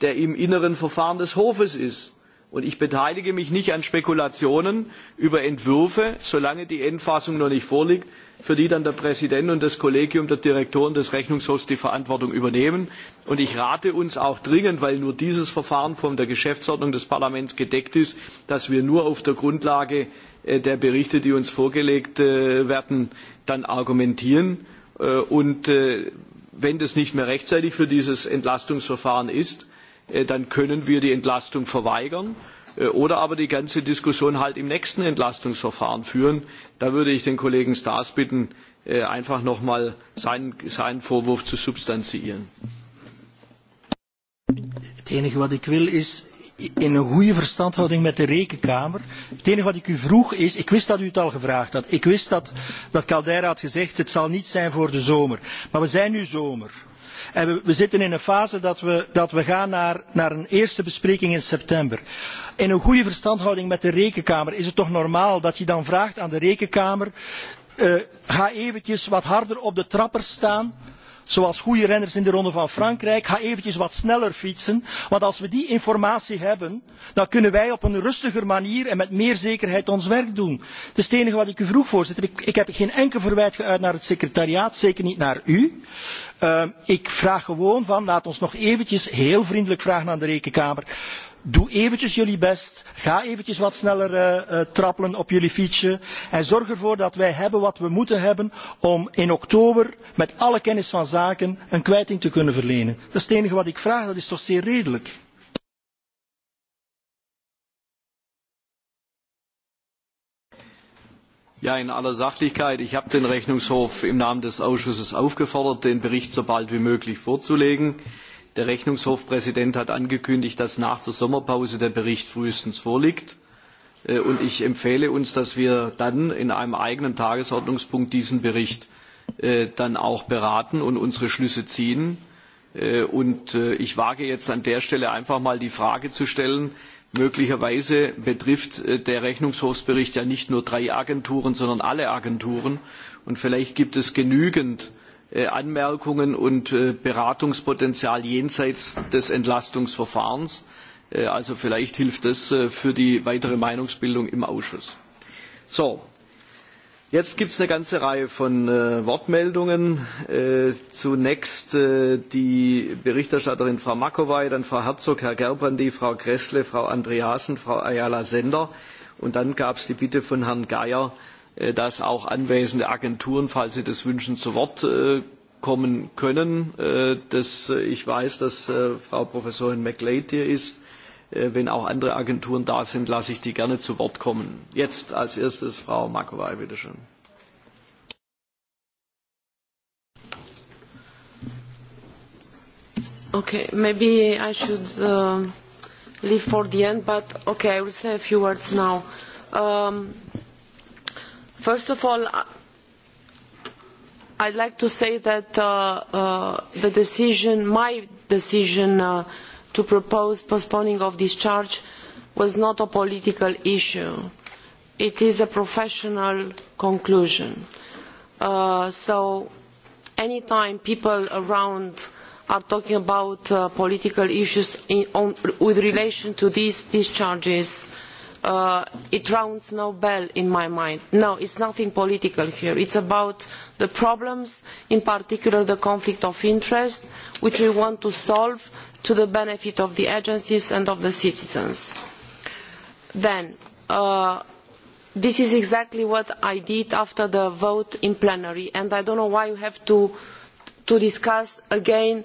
der im inneren Verfahren des Hofes ist und ich beteilige mich nicht an Spekulationen über Entwürfe, solange die Endfassung noch nicht vorliegt, für die dann der Präsident und das Kollegium der Direktoren des Rechnungshofs die Verantwortung übernehmen. Und ich rate uns auch dringend, weil nur dieses Verfahren von der Geschäftsordnung des Parlaments gedeckt ist, dass wir nur auf der Grundlage äh, der Berichte, die uns vorgelegt äh, werden, dann argumentieren. Äh, und wenn das nicht mehr rechtzeitig für dieses Entlastungsverfahren ist, Äh, dann können wir die Entlastung verweigern äh, oder aber die ganze Diskussion halt im nächsten Entlastungsverfahren führen. Da würde ich den Kollegen Staes bitten, äh, einfach nochmal seinen, seinen Vorwurf zu substanziieren. Het enige wat ik wil is in een goede verstandhouding met de Rekenkamer. Het enige wat ik u vroeg is, ik wist dat u het al gevraagd had. Ik wist dat, dat Caldera had gezegd, het zal niet zijn voor de zomer. Maar we zijn nu zomer. En we, we zitten in een fase dat we, dat we gaan naar, naar een eerste bespreking in september. In een goede verstandhouding met de Rekenkamer is het toch normaal dat je dan vraagt aan de Rekenkamer... Uh, ga eventjes wat harder op de trappers staan zoals goede renners in de Ronde van Frankrijk. Ga eventjes wat sneller fietsen. Want als we die informatie hebben, dan kunnen wij op een rustiger manier en met meer zekerheid ons werk doen. Dat is het enige wat ik u vroeg, voorzitter. Ik, ik heb geen enkel verwijt geuit naar het secretariaat, zeker niet naar u. Uh, ik vraag gewoon van, laat ons nog eventjes heel vriendelijk vragen aan de Rekenkamer Doe eventjes jullie best. Ga eventjes wat sneller uh, trappelen op jullie fietsje. En zorg ervoor dat wij hebben wat we moeten hebben om in oktober met alle kennis van zaken een kwijting te kunnen verlenen. Dat is het enige wat ik vraag. Dat is toch zeer redelijk. Ja, in aller Sachlichkeit, ich habe den Rechnungshof im Namen des Ausschusses aufgefordert, den Bericht so bald wie möglich vorzulegen. Der Rechnungshofpräsident hat angekündigt, dass nach der Sommerpause der Bericht frühestens vorliegt. Äh, und ich empfehle uns, dass wir dann in einem eigenen Tagesordnungspunkt diesen Bericht äh, dann auch beraten und unsere Schlüsse ziehen. Äh, und ich wage jetzt an der Stelle einfach mal die Frage zu stellen, möglicherweise betrifft der Rechnungshofsbericht ja nicht nur drei Agenturen, sondern alle Agenturen. Und vielleicht gibt es genügend Äh, Anmerkungen und äh, Beratungspotenzial jenseits des Entlastungsverfahrens. Äh, also vielleicht hilft das für die weitere Meinungsbildung im Ausschuss. So, Jetzt gibt es eine ganze Reihe von Wortmeldungen. zunächst die Berichterstatterin Frau Makowaj, dann Frau Herzog, Herr Gerbrandy, Frau Gressle, Frau Andreasen, Frau Ayala Sender. Und dann gab es die Bitte von Herrn Geier, Äh, dass auch anwesende Agenturen, falls sie das wünschen, zu Wort äh, kommen können. Äh, das, ich weiß, dass Frau Professorin McLeod hier ist. Wenn auch andere Agenturen da sind, lasse ich die gerne zu Wort kommen. Jetzt als erstes Frau Makowai, bitteschön. Okay, maybe I should uh, leave for the end, but okay, I will say a few words now. Um, First of all, I'd like to say that uh, uh, the decision, my decision uh, to propose postponing of discharge was not a political issue. It is a professional conclusion. Uh, so any time people around are talking about uh, political issues in, on, with relation to these discharges, uh, uh, it rounds no bell in my mind. No, it's nothing political here. It's about the problems, in particular the conflict of interest, which we want to solve to the benefit of the agencies and of the citizens. Then, uh, this is exactly what I did after the vote in plenary, and I don't know why you have to, to discuss again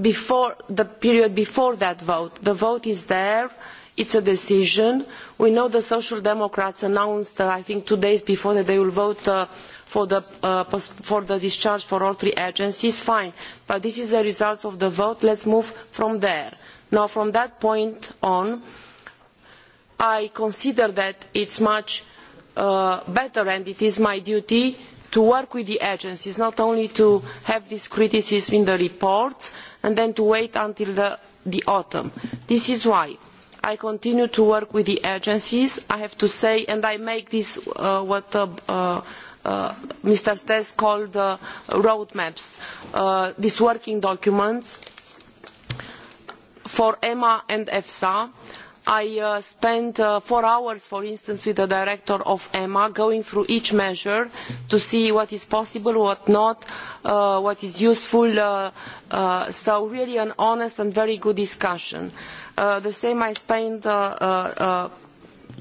before the period before that vote. The vote is there it's a decision. We know the Social Democrats announced, uh, I think, two days before that they will vote uh, for, the, uh, for the discharge for all three agencies. Fine, but this is the result of the vote. Let's move from there. Now, from that point on, I consider that it's much uh, better and it is my duty to work with the agencies, not only to have this criticism in the reports and then to wait until the, the autumn. This is why i continue to work with the agencies i have to say and i make this uh, what Uh, uh, uh Mr. Stes called uh, roadmaps, uh, these working documents for EMA and EFSA. I uh, spent uh, four hours, for instance, with the director of EMA, going through each measure to see what is possible, what not, what is useful. so really an honest and very good discussion. Uh, Uh, the same I spent uh, uh,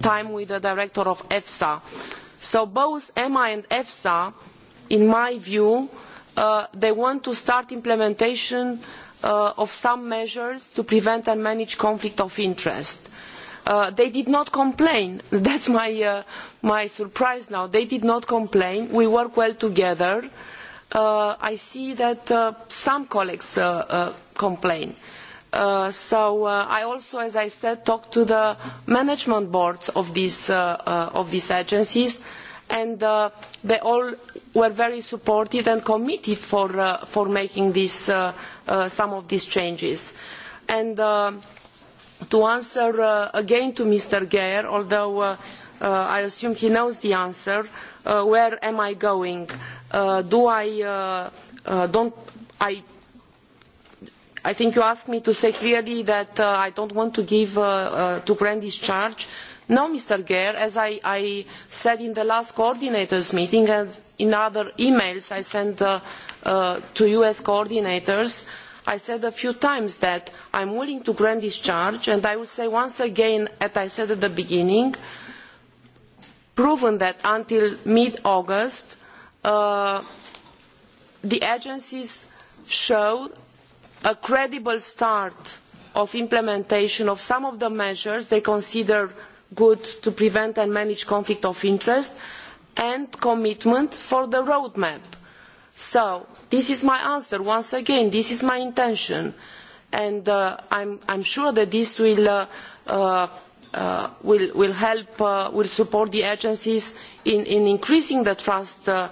time with the director of EFSA. So both EMA and EFSA, in my view, they want to start implementation of some measures to prevent and manage conflict of interest. Uh, they did not complain. That's my, uh, my surprise now. They did not complain. We work well together. Uh, I see that some colleagues complain. Uh, Uh, so uh, I also, as I said, talked to the management boards of these, uh, uh of these agencies, and uh, they all were very supportive and committed for, for making these, some of these changes. And to answer again to Mr. Geyer, although I assume he knows the answer, where am I going? do I, don't, I I think you asked me to say clearly that uh, I don't want to give uh, uh, to grant discharge. No, Mr. Gare, as I, I, said in the last coordinators meeting and in other emails I sent uh, uh, to US coordinators, I said a few times that I'm willing to grant discharge and I will say once again as I said at the beginning, proven that until mid-August uh, the agencies showed a credible start of implementation of some of the measures they consider good to prevent and manage conflict of interest and commitment for the road map. So this is my answer. Once again, this is my intention. And uh, I'm, I'm sure that this will, uh, uh, uh will, will help, uh, will support the agencies in, in increasing the trust uh,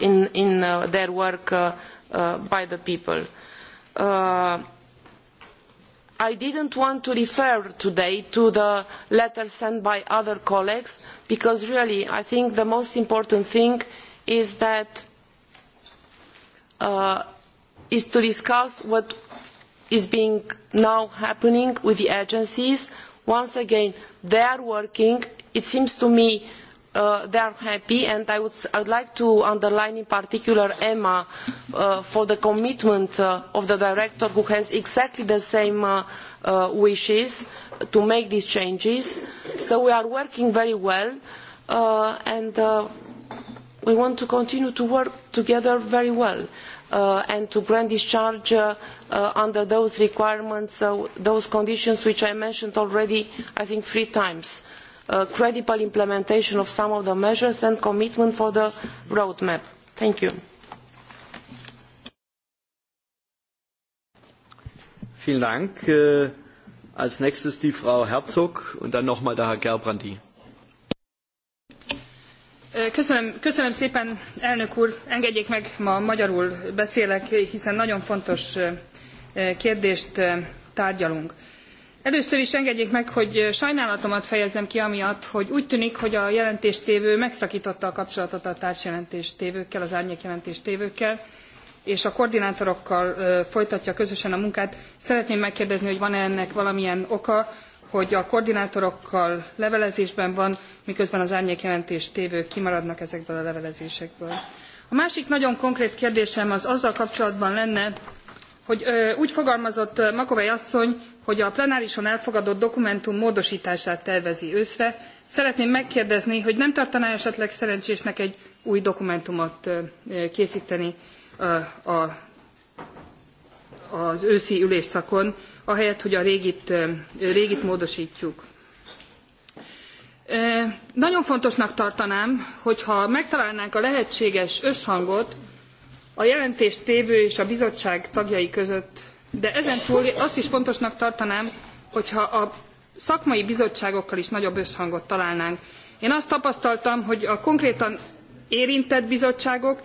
in, in their work by the people i uh, I didn't want to refer today to the letter sent by other colleagues because really I think the most important thing is that uh, is to discuss what is being now happening with the agencies. Once again, they are working. It seems to me Uh, they are happy and I would, I would, like to underline in particular Emma uh, for the commitment uh, of the director who has exactly the same uh, uh, wishes to make these changes. So we are working very well and we want to continue to work together very well. and to grant discharge under those requirements, those conditions which I mentioned already, I think, three times. Uh, Uh, credible implementation of some of the measures and commitment for the roadmap. Thank you. Vielen Dank. Äh, als nächstes die Frau Herzog und dann nochmal der Herr Gerbrandy. Äh, köszönöm, köszönöm szépen, elnök úr. Engedjék meg, ma magyarul beszélek, hiszen nagyon fontos kérdést tárgyalunk. Először is engedjék meg, hogy sajnálatomat fejezzem ki amiatt, hogy úgy tűnik, hogy a jelentéstévő megszakította a kapcsolatot a társjelentéstévőkkel, az árnyékjelentéstévőkkel, és a koordinátorokkal folytatja közösen a munkát. Szeretném megkérdezni, hogy van-e ennek valamilyen oka, hogy a koordinátorokkal levelezésben van, miközben az árnyékjelentéstévők kimaradnak ezekből a levelezésekből. A másik nagyon konkrét kérdésem az azzal kapcsolatban lenne, hogy úgy fogalmazott Makovei asszony, hogy a plenárison elfogadott dokumentum módosítását tervezi őszre. Szeretném megkérdezni, hogy nem tartaná esetleg szerencsésnek egy új dokumentumot készíteni a, az őszi ülésszakon, ahelyett, hogy a régit, régit módosítjuk. Nagyon fontosnak tartanám, hogyha megtalálnánk a lehetséges összhangot a jelentéstévő és a bizottság tagjai között. De ezen túl azt is fontosnak tartanám, hogyha a szakmai bizottságokkal is nagyobb összhangot találnánk. Én azt tapasztaltam, hogy a konkrétan érintett bizottságok,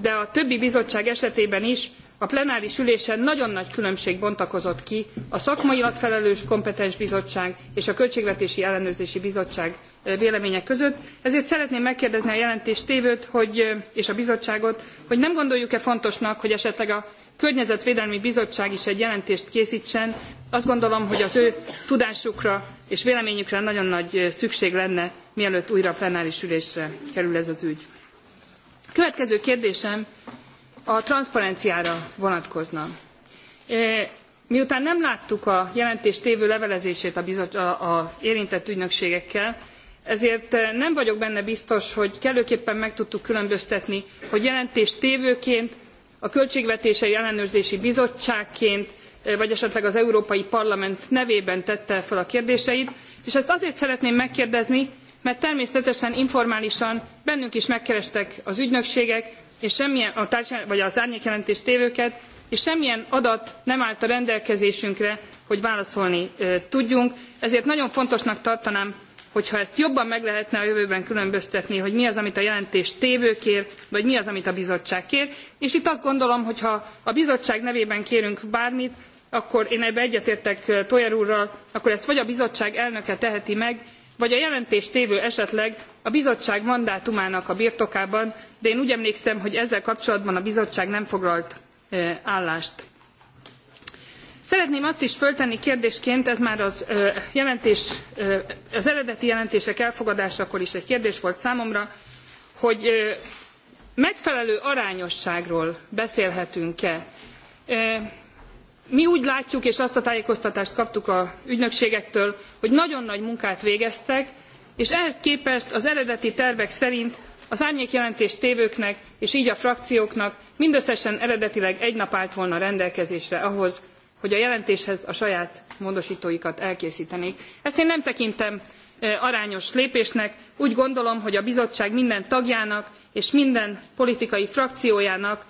de a többi bizottság esetében is a plenáris ülésen nagyon nagy különbség bontakozott ki a szakmailag felelős kompetens bizottság és a Költségvetési Ellenőrzési Bizottság véleménye között, ezért szeretném megkérdezni a jelentéstévőt hogy, és a bizottságot, hogy nem gondoljuk-e fontosnak, hogy esetleg a Környezetvédelmi Bizottság is egy jelentést készítsen. Azt gondolom, hogy az ő tudásukra és véleményükre nagyon nagy szükség lenne, mielőtt újra plenáris ülésre kerül ez az ügy. Következő kérdésem a transzparenciára vonatkozna. Miután nem láttuk a jelentés tévő levelezését az érintett ügynökségekkel, ezért nem vagyok benne biztos, hogy kellőképpen meg tudtuk különböztetni, hogy jelentés tévőként, a Költségvetései Ellenőrzési Bizottságként, vagy esetleg az Európai Parlament nevében tette fel a kérdéseit, és ezt azért szeretném megkérdezni, mert természetesen informálisan bennünk is megkerestek az ügynökségek, és semmilyen, a társadalmi, vagy az árnyékjelentést tévőket, és semmilyen adat nem állt a rendelkezésünkre, hogy válaszolni e, tudjunk. Ezért nagyon fontosnak tartanám, hogyha ezt jobban meg lehetne a jövőben különböztetni, hogy mi az, amit a jelentés tévő kér, vagy mi az, amit a bizottság kér. És itt azt gondolom, hogy ha a bizottság nevében kérünk bármit, akkor én ebbe egyetértek Toyer úrral, akkor ezt vagy a bizottság elnöke teheti meg, vagy a jelentéstévő esetleg a bizottság mandátumának a birtokában, de én úgy emlékszem, hogy ezzel kapcsolatban a bizottság nem foglalt e, állást. Szeretném azt is föltenni kérdésként, ez már az, e, jelentés, e, az eredeti jelentések elfogadásakor is egy kérdés volt számomra, hogy megfelelő arányosságról beszélhetünk-e. Mi úgy látjuk, és azt a tájékoztatást kaptuk a ügynökségektől, hogy nagyon nagy munkát végeztek, és ehhez képest az eredeti tervek szerint az árnyékjelentést tévőknek és így a frakcióknak mindösszesen eredetileg egy nap állt volna rendelkezésre ahhoz, hogy a jelentéshez a saját módosítóikat elkészítenék. Ezt én nem tekintem arányos lépésnek. Úgy gondolom, hogy a bizottság minden tagjának és minden politikai frakciójának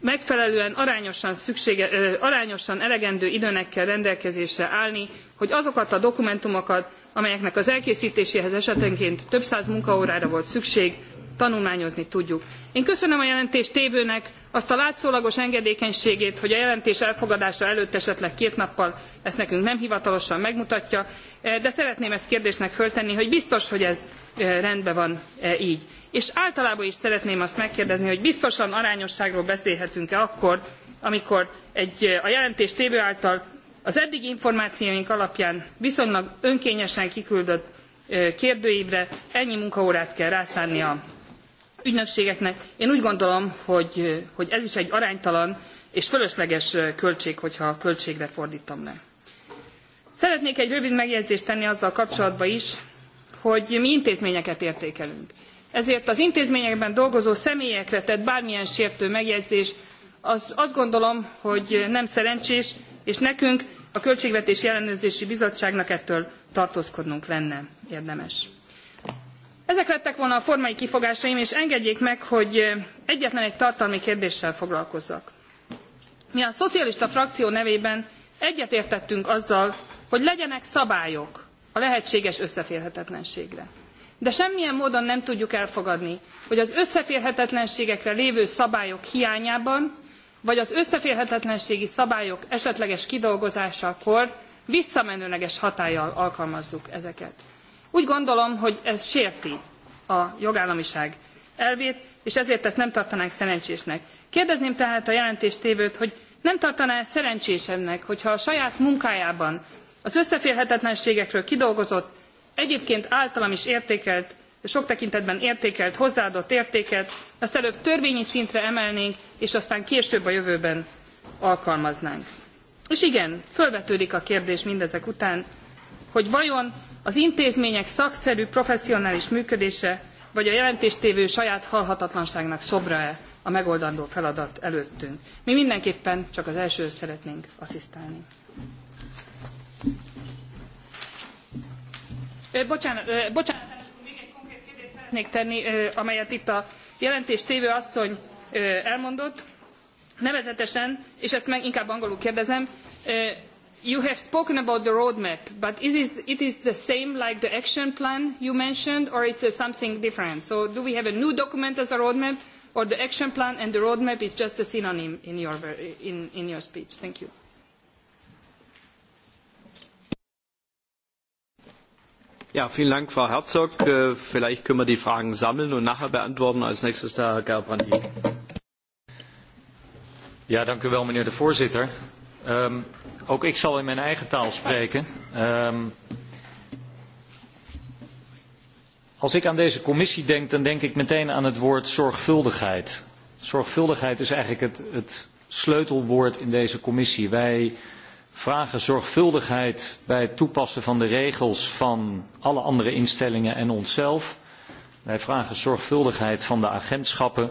megfelelően arányosan, szüksége, arányosan elegendő időnek kell rendelkezésre állni, hogy azokat a dokumentumokat, amelyeknek az elkészítéséhez esetenként több száz munkaórára volt szükség, tanulmányozni tudjuk. Én köszönöm a jelentés tévőnek azt a látszólagos engedékenységét, hogy a jelentés elfogadása előtt esetleg két nappal ezt nekünk nem hivatalosan megmutatja, de szeretném ezt kérdésnek föltenni, hogy biztos, hogy ez rendben van így és általában is szeretném azt megkérdezni, hogy biztosan arányosságról beszélhetünk-e akkor, amikor egy, eh, a jelentés tévő által az eddigi információink alapján viszonylag önkényesen kiküldött eh, kérdőívre ennyi munkaórát kell rászánni a ügynökségeknek. Én úgy gondolom, hogy, eh, hogy ez is egy aránytalan és fölösleges költség, hogyha a költségre fordítom le. Szeretnék egy rövid megjegyzést tenni azzal kapcsolatban is, hogy mi intézményeket értékelünk. Ezért az intézményekben dolgozó személyekre tett bármilyen sértő megjegyzés, az azt gondolom, hogy nem szerencsés, és nekünk a Költségvetési Ellenőrzési Bizottságnak ettől tartózkodnunk lenne érdemes. Ezek lettek volna a formai kifogásaim, és engedjék meg, hogy egyetlen egy tartalmi kérdéssel foglalkozzak. Mi a szocialista frakció nevében egyetértettünk azzal, hogy legyenek szabályok a lehetséges összeférhetetlenségre de semmilyen módon nem tudjuk elfogadni hogy az összeférhetetlenségekre lévő szabályok hiányában vagy az összeférhetetlenségi szabályok esetleges kidolgozásakor visszamenőleges hatállyal alkalmazzuk ezeket. úgy gondolom hogy ez sérti a jogállamiság elvét és ezért ezt nem tartanánk szerencsésnek. kérdezném tehát a jelentéstévőt hogy nem tartaná e szerencsésebbnek hogyha a saját munkájában az összeférhetetlenségekről kidolgozott egyébként általam is értékelt, sok tekintetben értékelt, hozzáadott értéket, azt előbb törvényi szintre emelnénk, és aztán később a jövőben alkalmaznánk. És igen, fölvetődik a kérdés mindezek után, hogy vajon az intézmények szakszerű, professzionális működése, vagy a jelentéstévő saját halhatatlanságnak szobra e a megoldandó feladat előttünk. Mi mindenképpen csak az elsőhöz szeretnénk asszisztálni. Eh, bocsánat, eh, bocsánatános még konkrét kérdést szeretnék tenni, eh, amelyet itt a jelentéstévő asszony elmondott. Nevezetesen, és ezt meg inkább angolul kérdezem, you have spoken about the roadmap, but is it, it is the same like the action plan you mentioned, or it's uh, something different? So do we have a new document as a roadmap, or the action plan and the roadmap is just a synonym in your, in, in your speech? Thank you. Ja, vielen Dank, Frau Herzog. Äh, vielleicht können wir die Fragen sammeln und nachher beantworten. Als nächstes der da Herr Gerbrandy. Ja, dank u wel, meneer de voorzitter. Um, ook ik zal in mijn eigen taal spreken. Um, als ik aan deze commissie denk, dan denk ik meteen aan het woord zorgvuldigheid. Zorgvuldigheid is eigenlijk het, het sleutelwoord in deze commissie. Wij vragen zorgvuldigheid bij het toepassen van de regels van alle andere instellingen en onszelf. Wij vragen zorgvuldigheid van de agentschappen.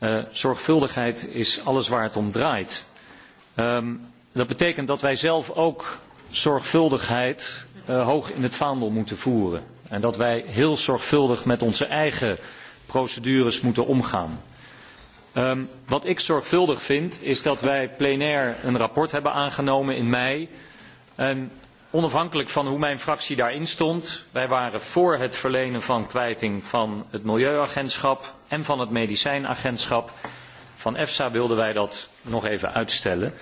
Uh, zorgvuldigheid is alles waar het om draait. Um, dat betekent dat wij zelf ook zorgvuldigheid uh, hoog in het vaandel moeten voeren. En dat wij heel zorgvuldig met onze eigen procedures moeten omgaan. Um, wat ik zorgvuldig vind is dat wij plenair een rapport hebben aangenomen in mei. En onafhankelijk van hoe mijn fractie daarin stond, wij waren voor het verlenen van kwijting van het Milieuagentschap en van het Medicijnagentschap. Van EFSA wilden wij dat nog even uitstellen.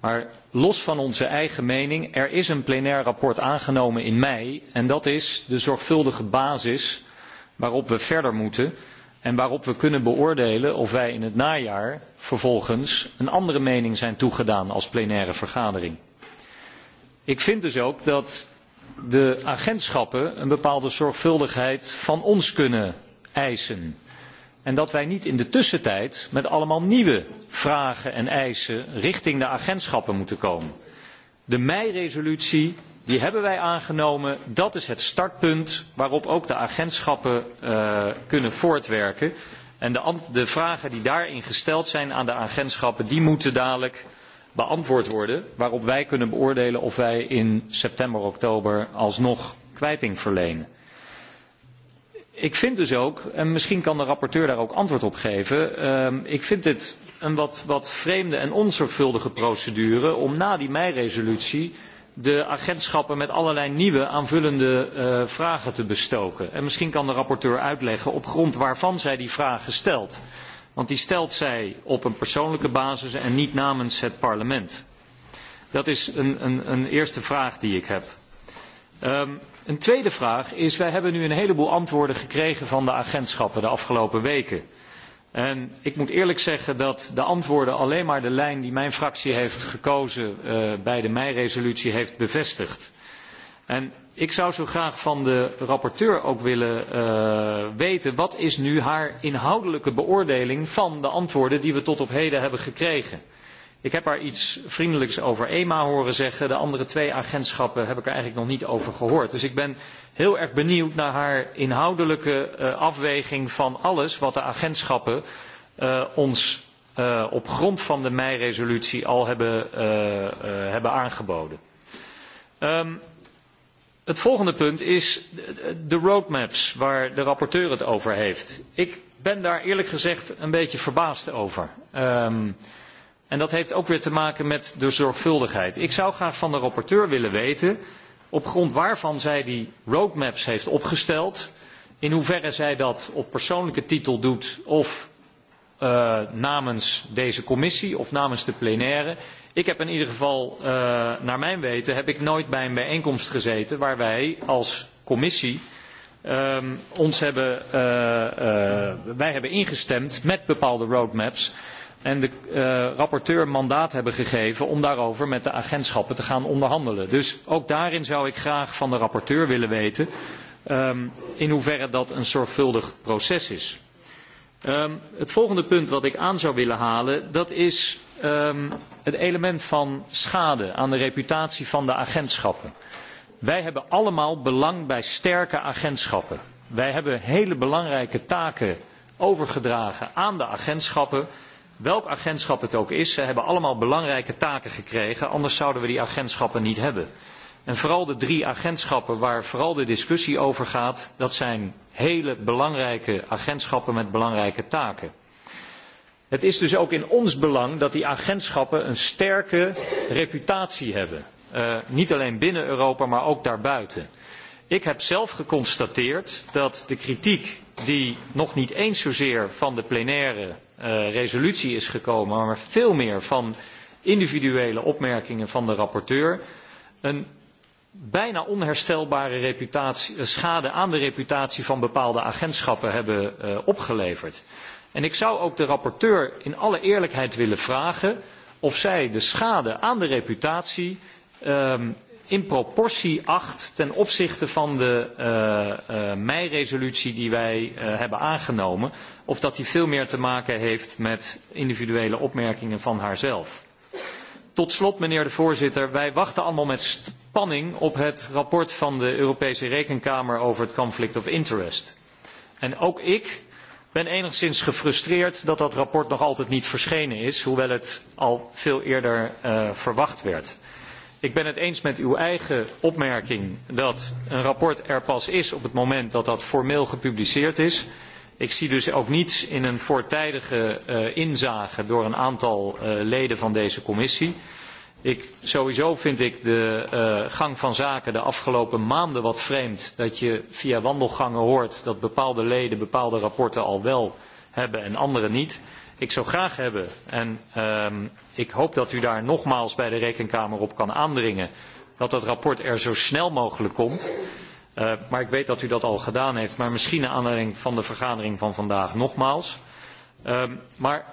Maar los van onze eigen mening, er is een plenair rapport aangenomen in mei. En dat is de zorgvuldige basis waarop we verder moeten en waarop we kunnen beoordelen of wij in het najaar vervolgens een andere mening zijn toegedaan als plenaire vergadering. Ik vind dus ook dat de agentschappen een bepaalde zorgvuldigheid van ons kunnen eisen. En dat wij niet in de tussentijd met allemaal nieuwe vragen en eisen richting de agentschappen moeten komen. De mei-resolutie die hebben wij aangenomen. Dat is het startpunt waarop ook de agentschappen uh, kunnen voortwerken. En de, de vragen die daarin gesteld zijn aan de agentschappen, die moeten dadelijk beantwoord worden. Waarop wij kunnen beoordelen of wij in september, oktober alsnog kwijting verlenen. Ik vind dus ook, en misschien kan de rapporteur daar ook antwoord op geven, uh, ik vind dit een wat, wat vreemde en onzorgvuldige procedure om na die meiresolutie de agentschappen met allerlei nieuwe aanvullende uh, vragen te bestoken. En misschien kan de rapporteur uitleggen op grond waarvan zij die vragen stelt. Want die stelt zij op een persoonlijke basis en niet namens het parlement. Dat is een, een, een eerste vraag die ik heb. Um, een tweede vraag is, wij hebben nu een heleboel antwoorden gekregen van de agentschappen de afgelopen weken. En ik moet eerlijk zeggen dat de antwoorden alleen maar de lijn die mijn fractie heeft gekozen uh, bij de mei-resolutie heeft bevestigd. En ik zou zo graag van de rapporteur ook willen uh, weten wat is nu haar inhoudelijke beoordeling van de antwoorden die we tot op heden hebben gekregen. Ik heb haar iets vriendelijks over EMA horen zeggen. De andere twee agentschappen heb ik er eigenlijk nog niet over gehoord. Dus ik ben heel erg benieuwd naar haar inhoudelijke uh, afweging van alles wat de agentschappen uh, ons uh, op grond van de mei-resolutie al hebben, hebben aangeboden. Um, het volgende punt is de roadmaps waar de rapporteur het over heeft. Ik ben daar eerlijk gezegd een beetje verbaasd over. Um, En dat heeft ook weer te maken met de zorgvuldigheid. Ik zou graag van de rapporteur willen weten op grond waarvan zij die roadmaps heeft opgesteld, in hoeverre zij dat op persoonlijke titel doet of uh, namens deze commissie of namens de plenaire. Ik heb in ieder geval, uh, naar mijn weten, heb ik nooit bij een bijeenkomst gezeten waar wij als commissie uh, ons hebben, uh, uh, wij hebben ingestemd met bepaalde roadmaps en de uh, rapporteur mandaat hebben gegeven om daarover met de agentschappen te gaan onderhandelen. Dus ook daarin zou ik graag van de rapporteur willen weten um, in hoeverre dat een zorgvuldig proces is. Um, het volgende punt wat ik aan zou willen halen, dat is um, het element van schade aan de reputatie van de agentschappen. Wij hebben allemaal belang bij sterke agentschappen. Wij hebben hele belangrijke taken overgedragen aan de agentschappen welk agentschap het ook is, ze hebben allemaal belangrijke taken gekregen, anders zouden we die agentschappen niet hebben. En vooral de drie agentschappen waar vooral de discussie over gaat, dat zijn hele belangrijke agentschappen met belangrijke taken. Het is dus ook in ons belang dat die agentschappen een sterke reputatie hebben. Uh, niet alleen binnen Europa, maar ook daarbuiten. Ik heb zelf geconstateerd dat de kritiek die nog niet eens zozeer van de plenaire Eh, resolutie is gekomen, maar veel meer van individuele opmerkingen van de rapporteur, een bijna onherstelbare reputatie, eh, schade aan de reputatie van bepaalde agentschappen hebben uh, opgeleverd. En ik zou ook de rapporteur in alle eerlijkheid willen vragen of zij de schade aan de reputatie um, in proportie acht ten opzichte van de uh, uh, mei-resolutie die wij uh, hebben aangenomen, of dat die veel meer te maken heeft met individuele opmerkingen van haarzelf. Tot slot, meneer de voorzitter, wij wachten allemaal met spanning op het rapport van de Europese Rekenkamer over het conflict of interest. En ook ik ben enigszins gefrustreerd dat dat rapport nog altijd niet verschenen is, hoewel het al veel eerder uh, verwacht werd. Ik ben het eens met uw eigen opmerking dat een rapport er pas is op het moment dat dat formeel gepubliceerd is. Ik zie dus ook niets in een voortijdige uh, inzage door een aantal uh, leden van deze commissie. Ik, sowieso vind ik de uh, gang van zaken de afgelopen maanden wat vreemd. Dat je via wandelgangen hoort dat bepaalde leden bepaalde rapporten al wel hebben en andere niet. Ik zou graag hebben, en um, ik hoop dat u daar nogmaals bij de Rekenkamer op kan aandringen dat dat rapport er zo snel mogelijk komt. Uh, maar ik weet dat u dat al gedaan heeft, maar misschien naar aanleiding van de vergadering van vandaag nogmaals. Uh, maar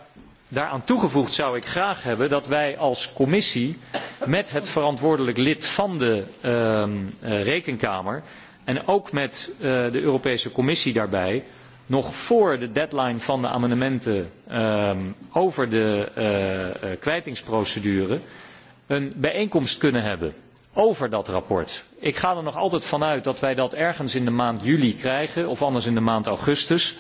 daaraan toegevoegd zou ik graag hebben dat wij als commissie met het verantwoordelijk lid van de uh, uh, Rekenkamer en ook met uh, de Europese Commissie daarbij nog voor de deadline van de amendementen ehm, over de uh, kwijtingsprocedure een bijeenkomst kunnen hebben over dat rapport. Ik ga er nog altijd van uit dat wij dat ergens in de maand juli krijgen of anders in de maand augustus.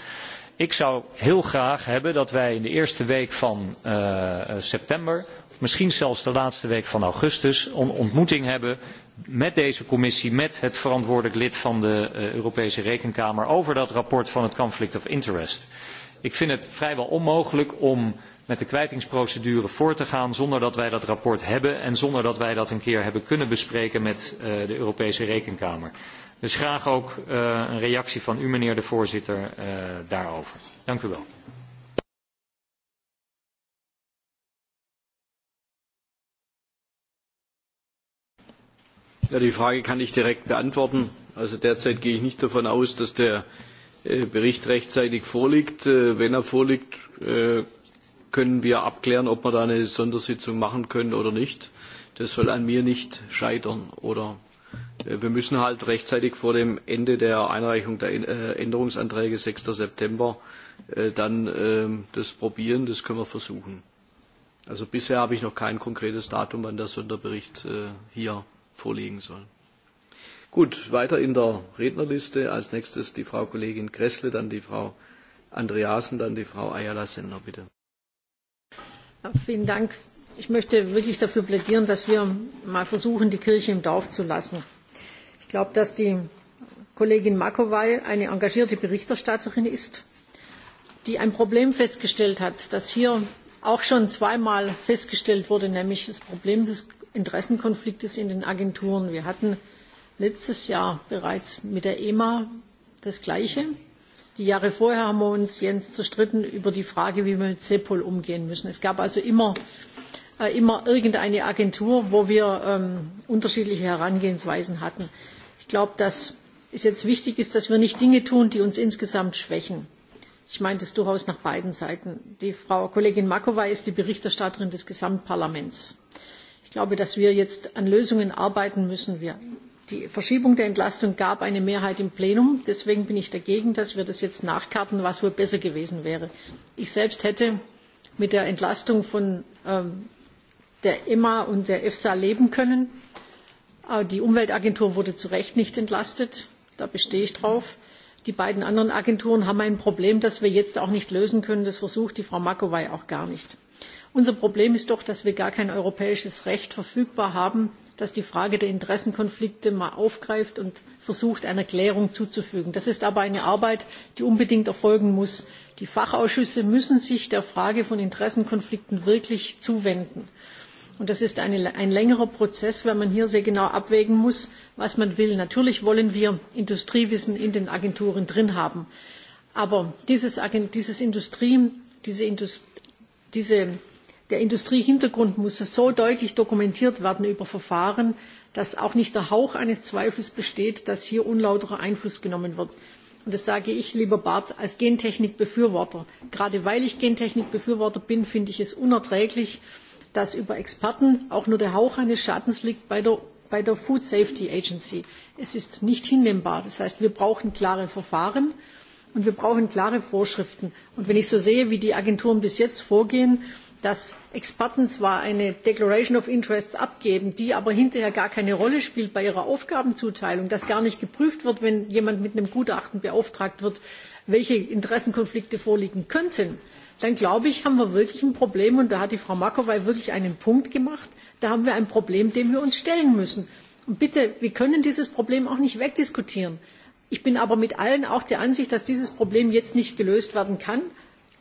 Ik zou heel graag hebben dat wij in de eerste week van uh, september, of misschien zelfs de laatste week van augustus, een ontmoeting hebben met deze commissie, met het verantwoordelijk lid van de eh, Europese Rekenkamer over dat rapport van het Conflict of Interest. Ik vind het vrijwel onmogelijk om met de kwijtingsprocedure voor te gaan zonder dat wij dat rapport hebben en zonder dat wij dat een keer hebben kunnen bespreken met uh, de Europese Rekenkamer. Dus graag ook uh, een reactie van u, meneer de voorzitter, uh, daarover. Dank u wel. Ja, die Frage kann ich direkt beantworten. Also derzeit gehe ich nicht davon aus, dass der äh, Bericht rechtzeitig vorliegt. Äh, wenn er vorliegt, äh, können wir abklären, ob wir da eine Sondersitzung machen können oder nicht. Das soll an mir nicht scheitern. Oder wir müssen halt rechtzeitig vor dem Ende der Einreichung der Änderungsanträge 6. September dann ähm, das probieren. Das können wir versuchen. Also bisher habe ich noch kein konkretes Datum, wann der Sonderbericht hier vorlegen soll. Gut, weiter in der Rednerliste. Als nächstes die Frau Kollegin Kressle, dann die Frau Andreasen, dann die Frau Ayala Sender, bitte. Ja, vielen Dank. Ich möchte wirklich dafür plädieren, dass wir mal versuchen, die Kirche im Dorf zu lassen. Ich glaube, dass die Kollegin Makowai eine engagierte Berichterstatterin ist, die ein Problem festgestellt hat, das hier auch schon zweimal festgestellt wurde, nämlich das Problem des Interessenkonfliktes in den Agenturen. Wir hatten letztes Jahr bereits mit der EMA das Gleiche. Die Jahre vorher haben wir uns, Jens, zerstritten über die Frage, wie wir mit CEPOL umgehen müssen. Es gab also immer, äh, immer irgendeine Agentur, wo wir ähm, unterschiedliche Herangehensweisen hatten. Ich glaube, dass es jetzt wichtig ist, dass wir nicht Dinge tun, die uns insgesamt schwächen. Ich meine das durchaus nach beiden Seiten. Die Frau Kollegin Makowai ist die Berichterstatterin des Gesamtparlaments. Ich glaube, dass wir jetzt an Lösungen arbeiten müssen. Wir, die Verschiebung der Entlastung gab eine Mehrheit im Plenum. Deswegen bin ich dagegen, dass wir das jetzt nachkarten, was wohl besser gewesen wäre. Ich selbst hätte mit der Entlastung von ähm, der EMA und der EFSA leben können. Aber die Umweltagentur wurde zu Recht nicht entlastet. Da bestehe ich drauf. Die beiden anderen Agenturen haben ein Problem, das wir jetzt auch nicht lösen können. Das versucht die Frau Makowai auch gar nicht. Unser Problem ist doch, dass wir gar kein europäisches Recht verfügbar haben, das die Frage der Interessenkonflikte mal aufgreift und versucht, einer Klärung zuzufügen. Das ist aber eine Arbeit, die unbedingt erfolgen muss. Die Fachausschüsse müssen sich der Frage von Interessenkonflikten wirklich zuwenden. Und das ist eine, ein längerer Prozess, weil man hier sehr genau abwägen muss, was man will. Natürlich wollen wir Industriewissen in den Agenturen drin haben. Aber dieses, dieses Industrie, diese, Indust diese der Industriehintergrund muss so deutlich dokumentiert werden über Verfahren, dass auch nicht der Hauch eines Zweifels besteht, dass hier unlauterer Einfluss genommen wird. Und das sage ich, lieber Bart, als Gentechnikbefürworter. Gerade weil ich Gentechnikbefürworter bin, finde ich es unerträglich, dass über Experten auch nur der Hauch eines Schattens liegt bei der, bei der Food Safety Agency. Es ist nicht hinnehmbar. Das heißt, wir brauchen klare Verfahren und wir brauchen klare Vorschriften. Und wenn ich so sehe, wie die Agenturen bis jetzt vorgehen, dass Experten zwar eine Declaration of Interests abgeben, die aber hinterher gar keine Rolle spielt bei ihrer Aufgabenzuteilung, dass gar nicht geprüft wird, wenn jemand mit einem Gutachten beauftragt wird, welche Interessenkonflikte vorliegen könnten, dann glaube ich, haben wir wirklich ein Problem. Und da hat die Frau Makowai wirklich einen Punkt gemacht. Da haben wir ein Problem, dem wir uns stellen müssen. Und bitte, wir können dieses Problem auch nicht wegdiskutieren. Ich bin aber mit allen auch der Ansicht, dass dieses Problem jetzt nicht gelöst werden kann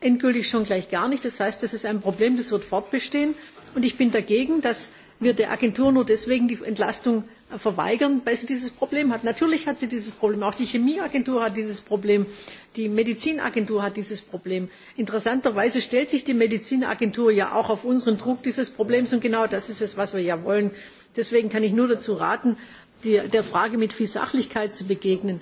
endgültig schon gleich gar nicht. Das heißt, das ist ein Problem, das wird fortbestehen. Und ich bin dagegen, dass wir der Agentur nur deswegen die Entlastung äh, verweigern, weil sie dieses Problem hat. Natürlich hat sie dieses Problem. Auch die Chemieagentur hat dieses Problem. Die Medizinagentur hat dieses Problem. Interessanterweise stellt sich die Medizinagentur ja auch auf unseren Druck dieses Problems. Und genau das ist es, was wir ja wollen. Deswegen kann ich nur dazu raten, die, der Frage mit viel Sachlichkeit zu begegnen.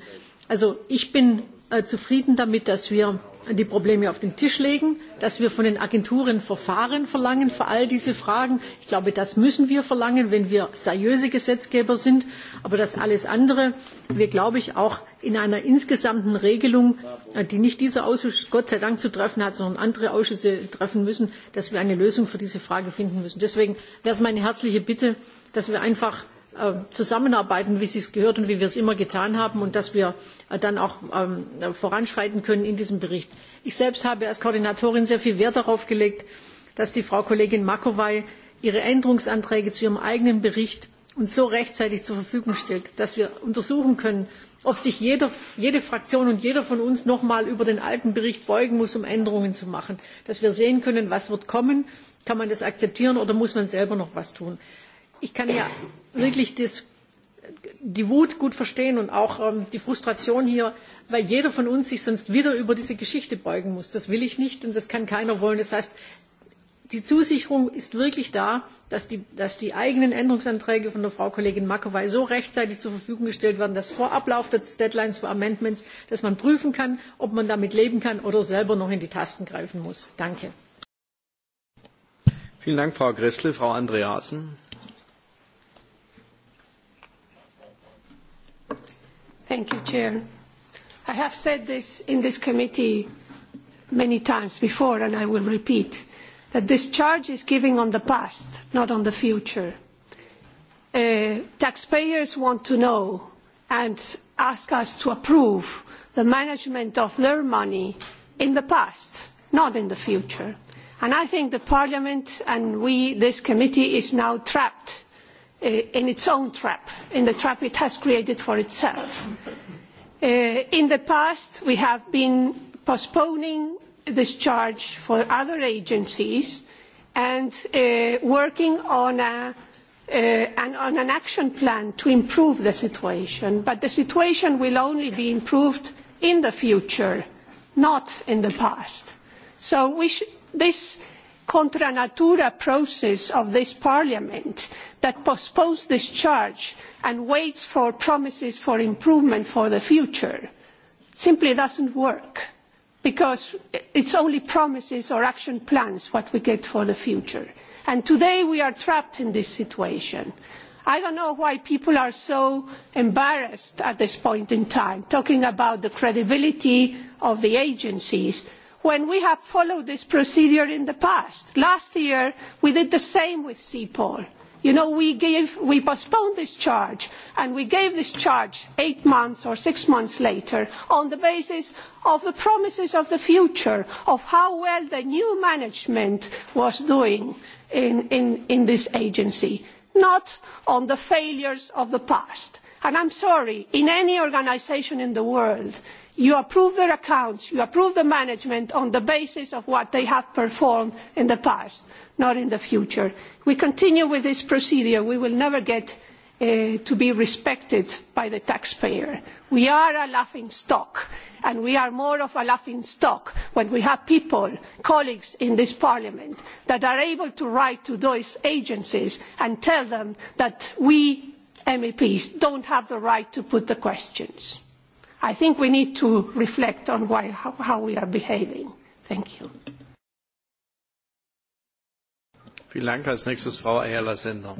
Also ich bin äh, zufrieden damit, dass wir die Probleme auf den Tisch legen, dass wir von den Agenturen Verfahren verlangen für all diese Fragen. Ich glaube, das müssen wir verlangen, wenn wir seriöse Gesetzgeber sind. Aber das alles andere wir, glaube ich, auch in einer insgesamten Regelung, äh, die nicht dieser Ausschuss Gott sei Dank zu treffen hat, sondern andere Ausschüsse treffen müssen, dass wir eine Lösung für diese Frage finden müssen. Deswegen wäre es meine herzliche Bitte, dass wir einfach Äh, zusammenarbeiten, wie Sie es gehört und wie wir es immer getan haben und dass wir äh, dann auch ähm, voranschreiten können in diesem Bericht. Ich selbst habe als Koordinatorin sehr viel Wert darauf gelegt, dass die Frau Kollegin Makowaj ihre Änderungsanträge zu ihrem eigenen Bericht uns so rechtzeitig zur Verfügung stellt, dass wir untersuchen können, ob sich jeder, jede Fraktion und jeder von uns noch mal über den alten Bericht beugen muss, um Änderungen zu machen, dass wir sehen können, was wird kommen, kann man das akzeptieren oder muss man selber noch was tun ich kann ja wirklich das, die Wut gut verstehen und auch ähm, die Frustration hier, weil jeder von uns sich sonst wieder über diese Geschichte beugen muss. Das will ich nicht und das kann keiner wollen. Das heißt, die Zusicherung ist wirklich da, dass die, dass die eigenen Änderungsanträge von der Frau Kollegin Makowai so rechtzeitig zur Verfügung gestellt werden, dass vor Ablauf des Deadlines für Amendments, dass man prüfen kann, ob man damit leben kann oder selber noch in die Tasten greifen muss. Danke. Vielen Dank, Frau Grissle. Frau Andreasen. Thank you, Chair. I have said this in this committee many times before, and I will repeat, that this charge is giving on the past, not on the future. Uh, taxpayers want to know and ask us to approve the management of their money in the past, not in the future. And I think the Parliament and we, this committee, is now trapped Uh, in its own trap, in the trap it has created for itself. Uh, in the past, we have been postponing discharge for other agencies and uh, working on a Uh, on an action plan to improve the situation but the situation will only be improved in the future not in the past so this contra natura process of this parliament that postpones discharge and waits for promises for improvement for the future simply doesn't work because it's only promises or action plans what we get for the future. And today we are trapped in this situation. I don't know why people are so embarrassed at this point in time, talking about the credibility of the agencies when we have followed this procedure in the past. last year we did the same with cepol. You know, we, postponed this charge and we gave this charge eight months or six months later on the basis of the promises of the future of how well the new management was doing in, in, in this agency not on the failures of the past. and i am sorry in any organisation in the world you approve their accounts you approve the management on the basis of what they have performed in the past not in the future. if we continue with this procedure we will never get uh, to be respected by the taxpayer. we are a laughing stock and we are more of a laughing stock when we have people colleagues in this parliament that are able to write to those agencies and tell them that we meps do not have the right to put the questions. I think we need to reflect on why, how, how we are behaving. Thank you. Vielen Dank. Als nächstes Frau Ayala Sender.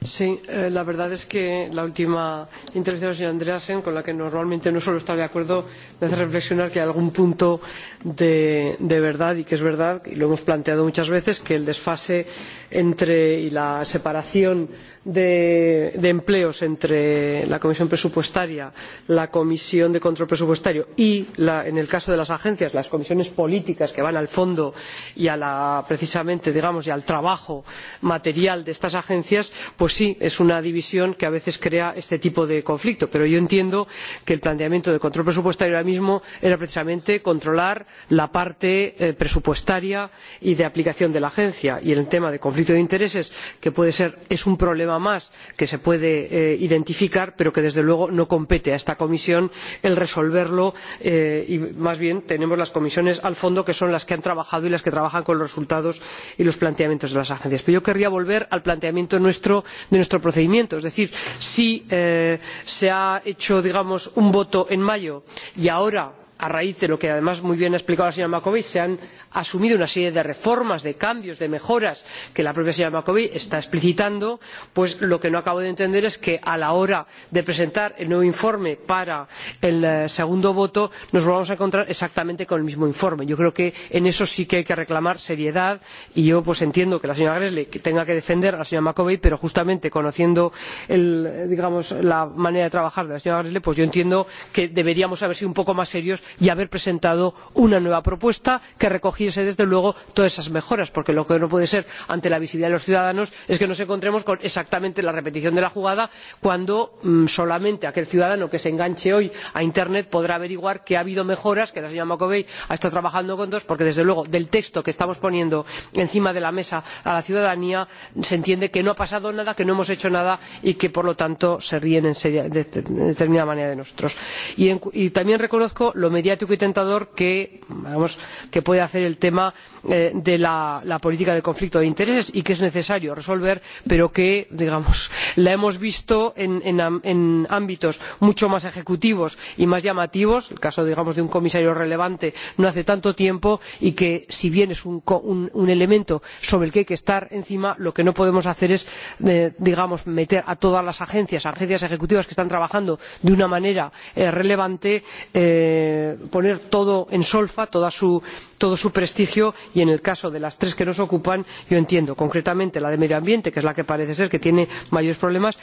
Sí, eh, la verdad es que la última intervención del señor Andreasen, con la que normalmente no suelo estar de acuerdo, me hace reflexionar que hay algún punto de, de verdad y que es verdad, y lo hemos planteado muchas veces, que el desfase entre y la separación de, de empleos entre la comisión presupuestaria la comisión de control presupuestario y la, en el caso de las agencias las comisiones políticas que van al fondo y a la, precisamente digamos y al trabajo material de estas agencias pues sí es una división que a veces crea este tipo de conflicto pero yo entiendo que el planteamiento de control presupuestario ahora mismo era precisamente controlar la parte eh, presupuestaria y de aplicación de la agencia y el tema de conflicto de intereses que puede ser es un problema más que se puede eh, identificar pero que desde luego no compete a esta comisión resolverlo eh, y más bien tenemos las comisiones al fondo que son las que han trabajado y las que trabajan con los resultados y los planteamientos de las agencias. pero yo querría volver al planteamiento de nuestro procedimiento es decir si eh, se ha hecho digamos un voto en mayo y ahora a raíz de lo que además muy bien ha explicado la señora macovei se han asumido una serie de reformas de cambios de mejoras que la propia señora macovei está explicitando pues lo que no acabo de entender es que a la hora de presentar el nuevo informe para el eh, segundo voto nos volvamos a encontrar exactamente con el mismo informe. yo creo que en eso sí que hay que reclamar seriedad y yo pues entiendo que la señora grle tenga que defender a la señora macovei pero justamente conociendo el, eh, digamos, la manera de trabajar de la señora grle pues yo entiendo que deberíamos haber sido un poco más serios y haber presentado una nueva propuesta que recogiese desde luego todas esas mejoras porque lo que no puede ser ante la visibilidad de los ciudadanos es que nos encontremos con exactamente la repetición de la jugada cuando mm, solamente aquel ciudadano que se enganche hoy a internet podrá averiguar que ha habido mejoras que la señora macovei ha estado trabajando con todos porque desde luego del texto que estamos poniendo encima de la mesa a la ciudadanía se entiende que no ha pasado nada que no hemos hecho nada y que por lo tanto se ríen de determinada manera de nosotros. y también reconozco lo mediático y tentador que, puede hacer el tema eh, de la, política de conflicto de intereses y que es necesario resolver pero que la hemos visto en, ámbitos mucho más ejecutivos y más llamativos el caso de un comisario relevante no hace tanto tiempo y que si bien es un, elemento sobre el que hay que estar encima lo que no podemos hacer es eh, digamos, meter a todas las agencias agencias ejecutivas que están trabajando de una manera eh, relevante eh, poner todo en solfa todo su, prestigio y en el caso de las tres que nos ocupan yo entiendo concretamente la de medio ambiente que es la que parece ser que tiene mayores problemas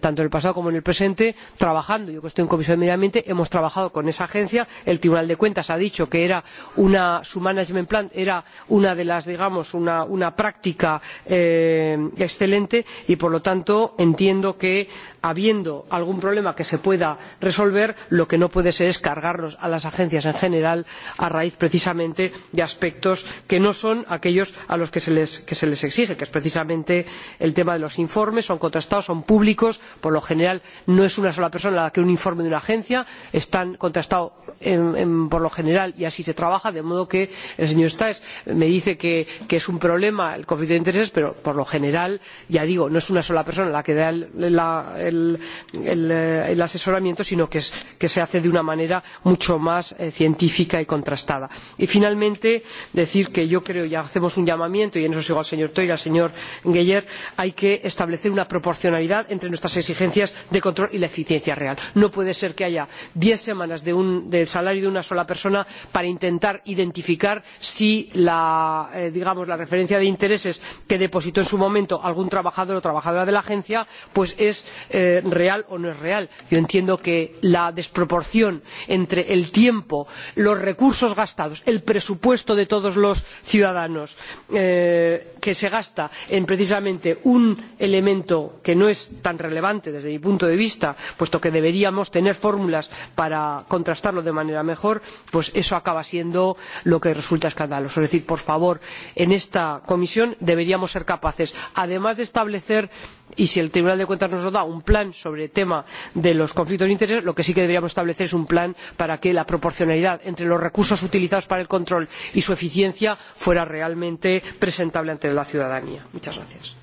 tanto en el pasado como en el presente trabajando yo que estoy en la comisión de medio ambiente hemos trabajado con esa agencia el tribunal de cuentas ha dicho que era una, su management plan era una de las digamos una, una práctica eh, excelente y por lo tanto entiendo que habiendo algún problema que se pueda resolver lo que no puede ser es cargarnos ciudadanos a las agencias en general a raíz precisamente de aspectos que no son aquellos a los que se les, que se les exige que es precisamente el tema de los informes son contrastados son públicos por lo general no es una sola persona la que un informe de una agencia están contrastados en, en, por lo general y así se trabaja de modo que el señor staes me dice que, que es un problema el conflicto de intereses pero por lo general ya digo no es una sola persona la que da el, la, el, el, el asesoramiento sino que, es, que se hace de una manera mucho mucho más eh, científica y contrastada. y finalmente decir que yo creo y hacemos un llamamiento y en eso sigo al señor theurer y al señor geier hay que establecer una proporcionalidad entre nuestras exigencias de control y la eficiencia real. no puede ser que haya diez semanas del de salario de una sola persona para intentar identificar si la, eh, digamos, la referencia de intereses que depositó en su momento algún trabajador o trabajadora de la agencia pues es eh, real o no es real. yo entiendo que la desproporción entre el tiempo los recursos gastados el presupuesto de todos los ciudadanos eh, que se gasta en precisamente un elemento que no es tan relevante desde mi punto de vista puesto que deberíamos tener fórmulas para contrastarlo de manera mejor pues eso acaba siendo lo que resulta escandaloso. es decir por favor en esta comisión deberíamos ser capaces además de establecer y si el tribunal de cuentas nos da un plan sobre el tema de los conflictos de intereses lo que sí que deberíamos establecer es un plan para que la proporcionalidad entre los recursos utilizados para el control y su eficiencia fuera realmente presentable ante la ciudadanía. muchas gracias.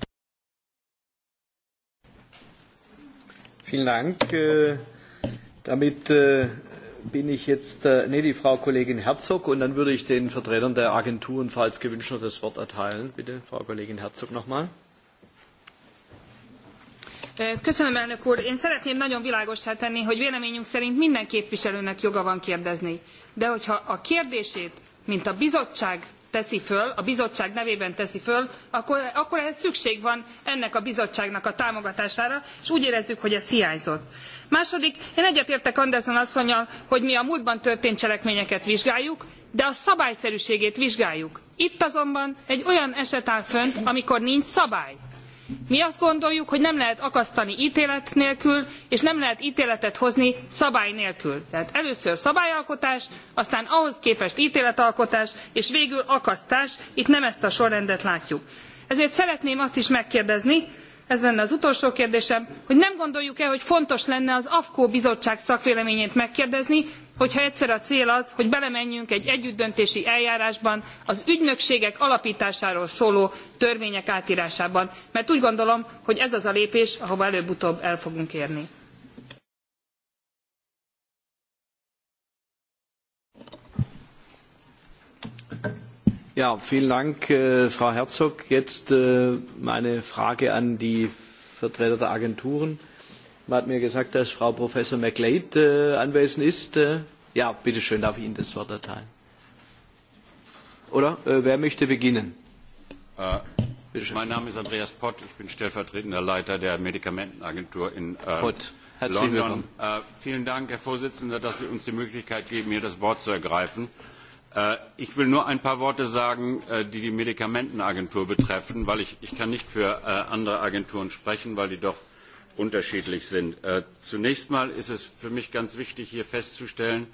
Äh, äh, bin ich jetzt äh, nee, die frau kollegin herzog und dann würde ich den vertretern der agenturen falls gewünscht das wort erteilen. bitte frau kollegin herzog nochmal. Köszönöm, elnök úr. Én szeretném nagyon világossá tenni, hogy véleményünk szerint minden képviselőnek joga van kérdezni. De hogyha a kérdését, mint a bizottság teszi föl, a bizottság nevében teszi föl, akkor, akkor ehhez szükség van ennek a bizottságnak a támogatására, és úgy érezzük, hogy ez hiányzott. Második, én egyetértek Anderson asszonyal, hogy mi a múltban történt cselekményeket vizsgáljuk, de a szabályszerűségét vizsgáljuk. Itt azonban egy olyan eset áll fönt, amikor nincs szabály mi azt gondoljuk, hogy nem lehet akasztani ítélet nélkül, és nem lehet ítéletet hozni szabály nélkül. Tehát először szabályalkotás, aztán ahhoz képest ítéletalkotás, és végül akasztás. Itt nem ezt a sorrendet látjuk. Ezért szeretném azt is megkérdezni, ez lenne az utolsó kérdésem, hogy nem gondoljuk-e, hogy fontos lenne az AFKO bizottság szakvéleményét megkérdezni, hogyha egyszer a cél az, hogy belemenjünk egy együttdöntési eljárásban az ügynökségek alapításáról szóló törvények átírásában. Mert úgy gondolom, hogy ez az a lépés, ahova előbb-utóbb el fogunk érni. Ja, vielen Dank, äh, Frau Herzog. Jetzt äh, meine Frage an die Vertreter der Agenturen. Man hat mir gesagt, dass Frau Professor McLeod äh, anwesend ist. Äh, ja, bitteschön, darf ich Ihnen das Wort erteilen. Oder äh, wer möchte beginnen? Äh, mein Name ist Andreas Pott. Ich bin stellvertretender Leiter der Medikamentenagentur in äh, Pott. Herzlich London. Willkommen. Äh, vielen Dank, Herr Vorsitzender, dass Sie uns die Möglichkeit geben, hier das Wort zu ergreifen. Äh, ich will nur ein paar Worte sagen, äh, die die Medikamentenagentur betreffen, weil ich, ich kann nicht für äh, andere Agenturen sprechen, weil die doch unterschiedlich sind. Zunächst einmal ist es für mich ganz wichtig, hier festzustellen,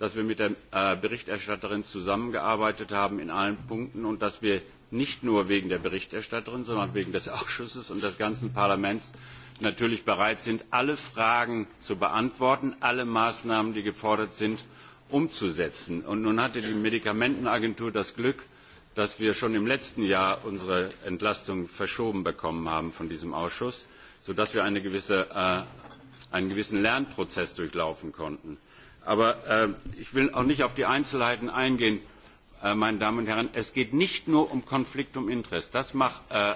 dass wir mit der Berichterstatterin zusammengearbeitet haben in allen Punkten und dass wir nicht nur wegen der Berichterstatterin, sondern wegen des Ausschusses und des ganzen Parlaments natürlich bereit sind, alle Fragen zu beantworten, alle Maßnahmen, die gefordert sind, umzusetzen. Und nun hatte die Medikamentenagentur das Glück, dass wir schon im letzten Jahr unsere Entlastung verschoben bekommen haben von diesem Ausschuss, sodass wir eine gewisse, äh, einen gewissen Lernprozess durchlaufen konnten. Aber äh, ich will auch nicht auf die Einzelheiten eingehen, äh, meine Damen und Herren. Es geht nicht nur um Konflikt um Interesse. Das macht äh,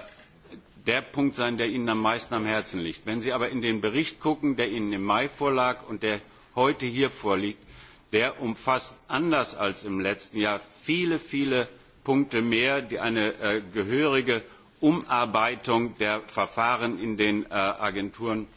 der Punkt sein, der Ihnen am meisten am Herzen liegt. Wenn Sie aber in den Bericht gucken, der Ihnen im Mai vorlag und der heute hier vorliegt, der umfasst anders als im letzten Jahr viele, viele Punkte mehr, die eine äh, gehörige Umarbeitung der Verfahren in den äh, Agenturen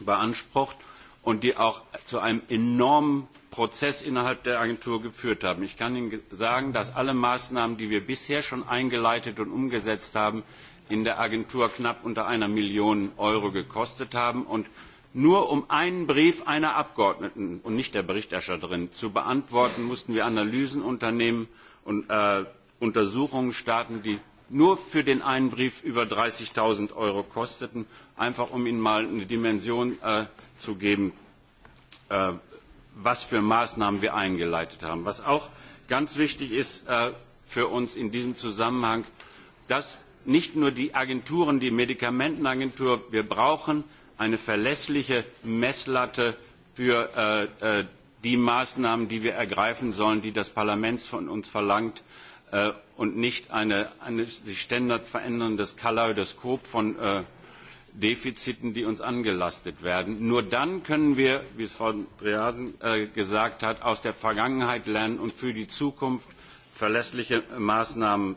beansprucht und die auch zu einem enormen Prozess innerhalb der Agentur geführt haben. Ich kann Ihnen sagen, dass alle Maßnahmen, die wir bisher schon eingeleitet und umgesetzt haben, in der Agentur knapp unter einer Million Euro gekostet haben und Nur um einen Brief einer Abgeordneten und nicht der Berichterstatterin zu beantworten, mussten wir Analysen unternehmen und äh, Untersuchungen starten, die nur für den einen Brief über 30.000 Euro kosteten, einfach um Ihnen mal eine Dimension äh, zu geben, äh, was für Maßnahmen wir eingeleitet haben. Was auch ganz wichtig ist äh, für uns in diesem Zusammenhang, dass nicht nur die Agenturen, die Medikamentenagentur, wir brauchen eine verlässliche Messlatte für äh, äh, die Maßnahmen, die wir ergreifen sollen, die das Parlament von uns verlangt äh, und nicht eine, eine sich ständig veränderndes Kaleidoskop von äh, Defiziten, die uns angelastet werden. Nur dann können wir, wie es Frau Dreasen äh, gesagt hat, aus der Vergangenheit lernen und für die Zukunft verlässliche Maßnahmen,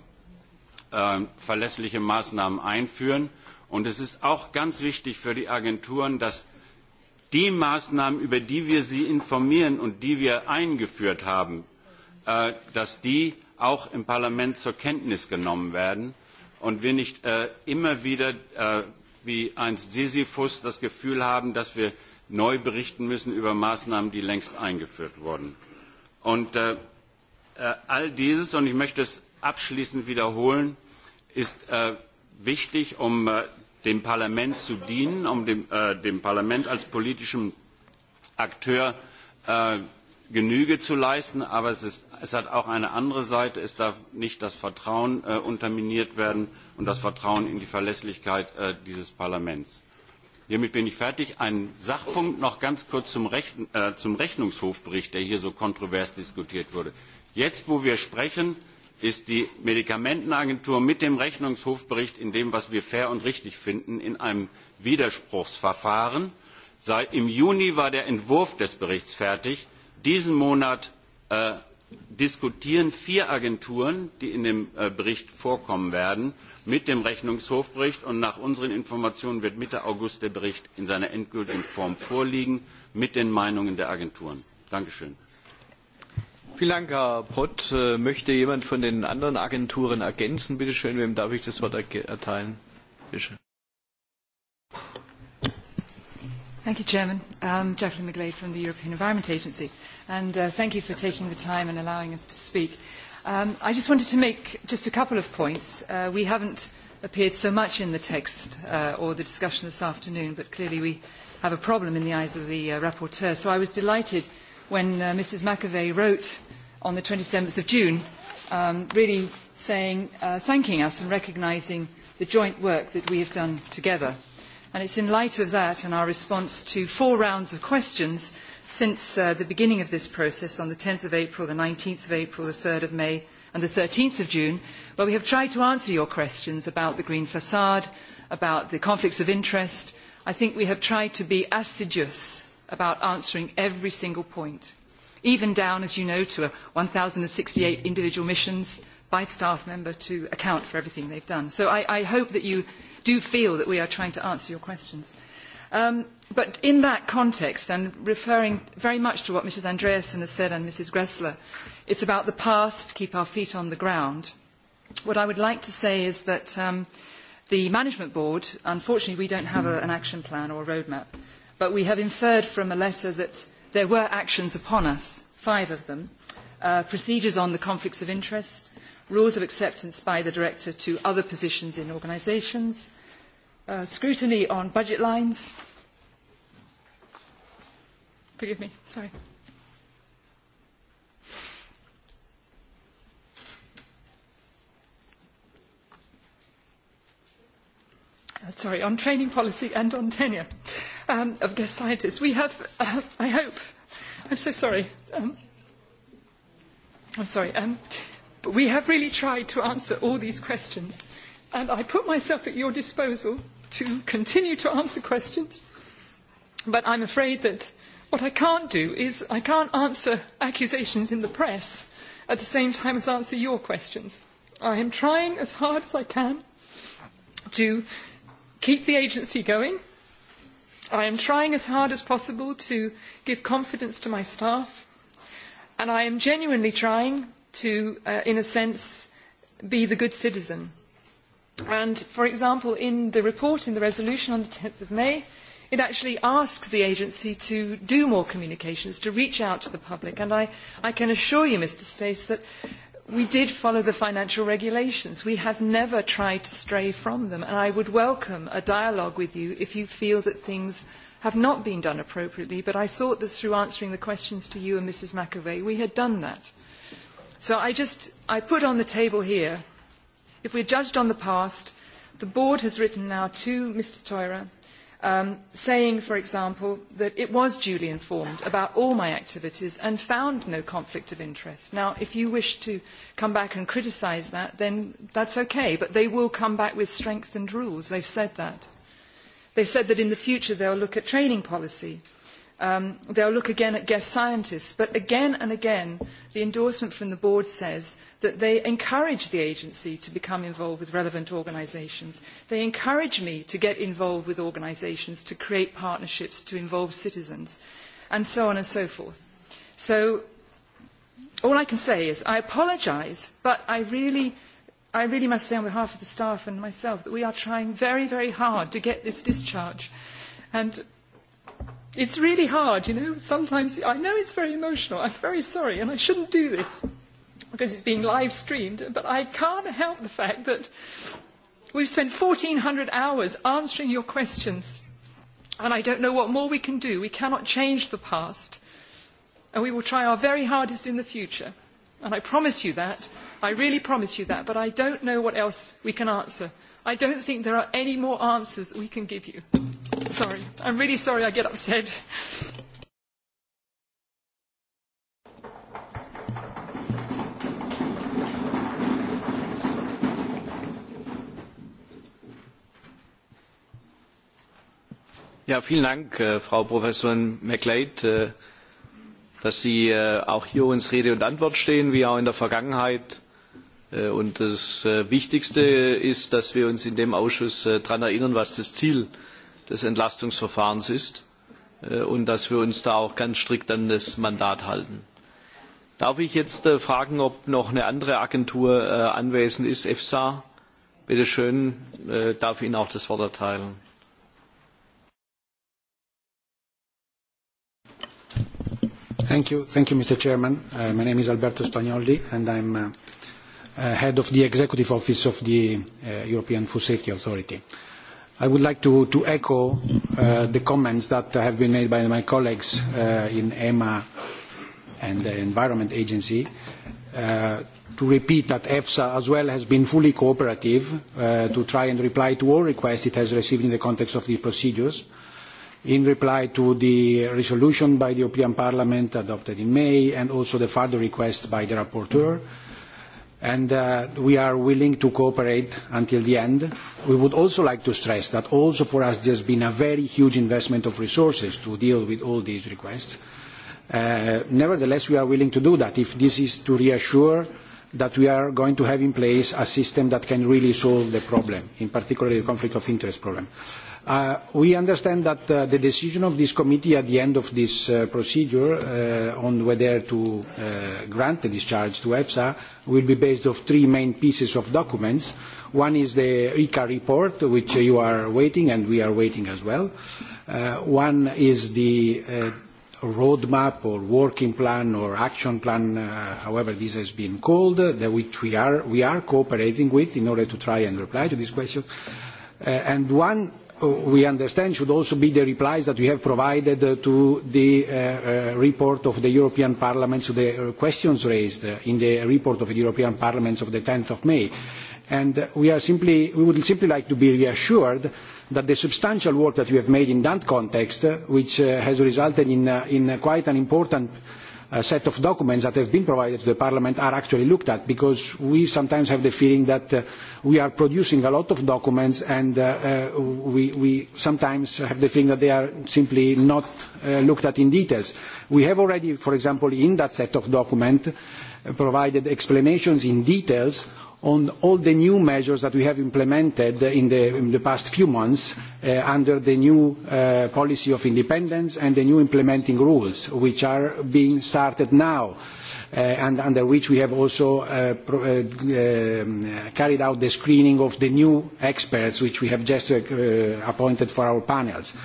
äh, verlässliche Maßnahmen einführen. Und es ist auch ganz wichtig für die Agenturen, dass die Maßnahmen, über die wir sie informieren und die wir eingeführt haben, äh, dass die auch im Parlament zur Kenntnis genommen werden und wir nicht äh, immer wieder äh, wie ein Sisyphus das Gefühl haben, dass wir neu berichten müssen über Maßnahmen, die längst eingeführt wurden. Und äh, äh all dieses, und ich möchte es abschließend wiederholen, ist äh, wichtig, um äh, dem Parlament zu dienen, um dem, äh, dem Parlament als politischem Akteur äh, Genüge zu leisten. Aber es, ist, es, hat auch eine andere Seite. Es darf nicht das Vertrauen äh, unterminiert werden und das Vertrauen in die Verlässlichkeit äh, dieses Parlaments. Hiermit bin ich fertig. Ein Sachpunkt noch ganz kurz zum, Rechn äh, zum Rechnungshofbericht, der hier so kontrovers diskutiert wurde. Jetzt, wo wir sprechen, ist die Medikamentenagentur mit dem Rechnungshofbericht in dem, was wir fair und richtig finden, in einem Widerspruchsverfahren. Seit, Im Juni war der Entwurf des Berichts fertig. Diesen Monat äh, diskutieren vier Agenturen, die in dem äh, Bericht vorkommen werden, mit dem Rechnungshofbericht. Und nach unseren Informationen wird Mitte August der Bericht in seiner endgültigen Form vorliegen mit den Meinungen der Agenturen. Dankeschön. Vielen Dank, Herr Pott. Äh, möchte jemand von den anderen Agenturen ergänzen? Bitte schön, wem darf ich das Wort erteilen? Bitte schön. Thank you, Chairman. Um, Jacqueline McGlade from the European Environment Agency. And uh, thank you for taking the time and allowing us to speak. Um, I just wanted to make just a couple of points. Uh, we haven't appeared so much in the text uh, or the discussion this afternoon, but clearly we have a problem in the eyes of the uh, rapporteur. So I was delighted when uh, Mrs. McAvey wrote on the 27th of June, um, really saying, uh, thanking us and recognising the joint work that we have done together. And it's in light of that and our response to four rounds of questions since uh, the beginning of this process on the 10th of April, the 19th of April, the 3rd of May and the 13th of June, where we have tried to answer your questions about the green facade, about the conflicts of interest. I think we have tried to be assiduous about answering every single point even down, as you know, to 1,068 individual missions by staff member to account for everything they've done. So I, I hope that you do feel that we are trying to answer your questions. Um, but in that context, and referring very much to what Mrs. Andreasen has said and Mrs. Gressler, it's about the past, keep our feet on the ground. What I would like to say is that um, the management board, unfortunately, we don't have a, an action plan or a roadmap, but we have inferred from a letter that there were actions upon us, five of them, uh, procedures on the conflicts of interest, rules of acceptance by the director to other positions in organisations, uh, scrutiny on budget lines. Forgive me, sorry. Uh, sorry, on training policy and on tenure um, of guest scientists. We have, uh, I hope, I'm so sorry. Um, I'm sorry. Um, but we have really tried to answer all these questions. And I put myself at your disposal to continue to answer questions. But I'm afraid that what I can't do is I can't answer accusations in the press at the same time as answer your questions. I am trying as hard as I can to keep the agency going I am trying as hard as possible to give confidence to my staff, and I am genuinely trying to, uh, in a sense, be the good citizen. And, for example, in the report, in the resolution on the 10th of May, it actually asks the agency to do more communications, to reach out to the public. And I, I can assure you, Mr. Stace, that we did follow the financial regulations. We have never tried to stray from them, and I would welcome a dialogue with you if you feel that things have not been done appropriately, but I thought that through answering the questions to you and Mrs McAvey, we had done that. So I just, I put on the table here, if we're judged on the past, the board has written now to Mr Toira um, saying, for example, that it was duly informed about all my activities and found no conflict of interest. Now, if you wish to come back and criticise that, then that's okay, but they will come back with strengthened rules. They've said that. They said that in the future they'll look at training policy Um, they'll look again at guest scientists, but again and again, the endorsement from the board says that they encourage the agency to become involved with relevant organisations. They encourage me to get involved with organisations, to create partnerships, to involve citizens, and so on and so forth. So all I can say is I apologise, but I really, I really must say on behalf of the staff and myself that we are trying very, very hard to get this discharge. And it's really hard, you know. Sometimes I know it's very emotional. I'm very sorry, and I shouldn't do this because it's being live streamed. But I can't help the fact that we've spent 1,400 hours answering your questions, and I don't know what more we can do. We cannot change the past, and we will try our very hardest in the future. And I promise you that. I really promise you that. But I don't know what else we can answer. I don't think there are any more answers that we can give you sorry. I'm really sorry I get upset. Ja, vielen Dank, äh, Frau Professorin McLeod, äh, dass Sie äh, auch hier uns Rede und Antwort stehen, wie auch in der Vergangenheit. Und das Wichtigste ist, dass wir uns in dem Ausschuss daran erinnern, was das Ziel ist des Entlastungsverfahrens ist äh, und dass wir uns da auch ganz strikt an das Mandat halten. Darf ich jetzt äh, fragen, ob noch eine andere Agentur äh, anwesend ist, EFSA? Bitte schön, darf Ihnen auch das Wort erteilen. Thank you. Thank you, Mr. Chairman. Uh, my name is Alberto Spagnoli, and I'm uh, uh, head of the Executive Office of the uh, European Food Safety Authority. I would like to, to echo uh, the comments that have been made by my colleagues uh, in EMA and the Environment Agency. Uh, to repeat that EFSA as well has been fully cooperative uh, to try and reply to all requests it has received in the context of the procedures. In reply to the resolution by the European Parliament adopted in May and also the further request by the rapporteur. Mm -hmm and uh, we are willing to cooperate until the end. We would also like to stress that also for us there has been a very huge investment of resources to deal with all these requests. Uh, nevertheless, we are willing to do that if this is to reassure that we are going to have in place a system that can really solve the problem, in particular the conflict of interest problem. Uh, we understand that uh, the decision of this committee at the end of this uh, procedure uh, on whether to uh, grant the discharge to EFSA will be based on three main pieces of documents. One is the ICA report, which you are waiting and we are waiting as well. Uh, one is the roadmap or working plan or action plan, however this has been called, that which we are, we are cooperating with in order to try and reply to this question. and one Uh, we understand should also be the replies that we have provided uh, to the uh, report of the European Parliament, to the questions raised in the report of the European Parliament of the 10th of May. And we, are simply, we would simply like to be reassured that the substantial work that we have made in that context, which has resulted in, in quite an important uh, set of documents that have been provided to the Parliament are actually looked at, because we sometimes have the feeling that uh, we are producing a lot of documents and uh, uh we, we, sometimes have the feeling that they are simply not uh, looked at in details. We have already, for example, in that set of documents uh, provided explanations in details on all the new measures that we have implemented in the, in the past few months uh, under the new uh, policy of independence and the new implementing rules, which are being started now. Uh, and under which we have also uh, pro, uh, um, carried out the screening of the new experts which we have just uh, appointed for our panels.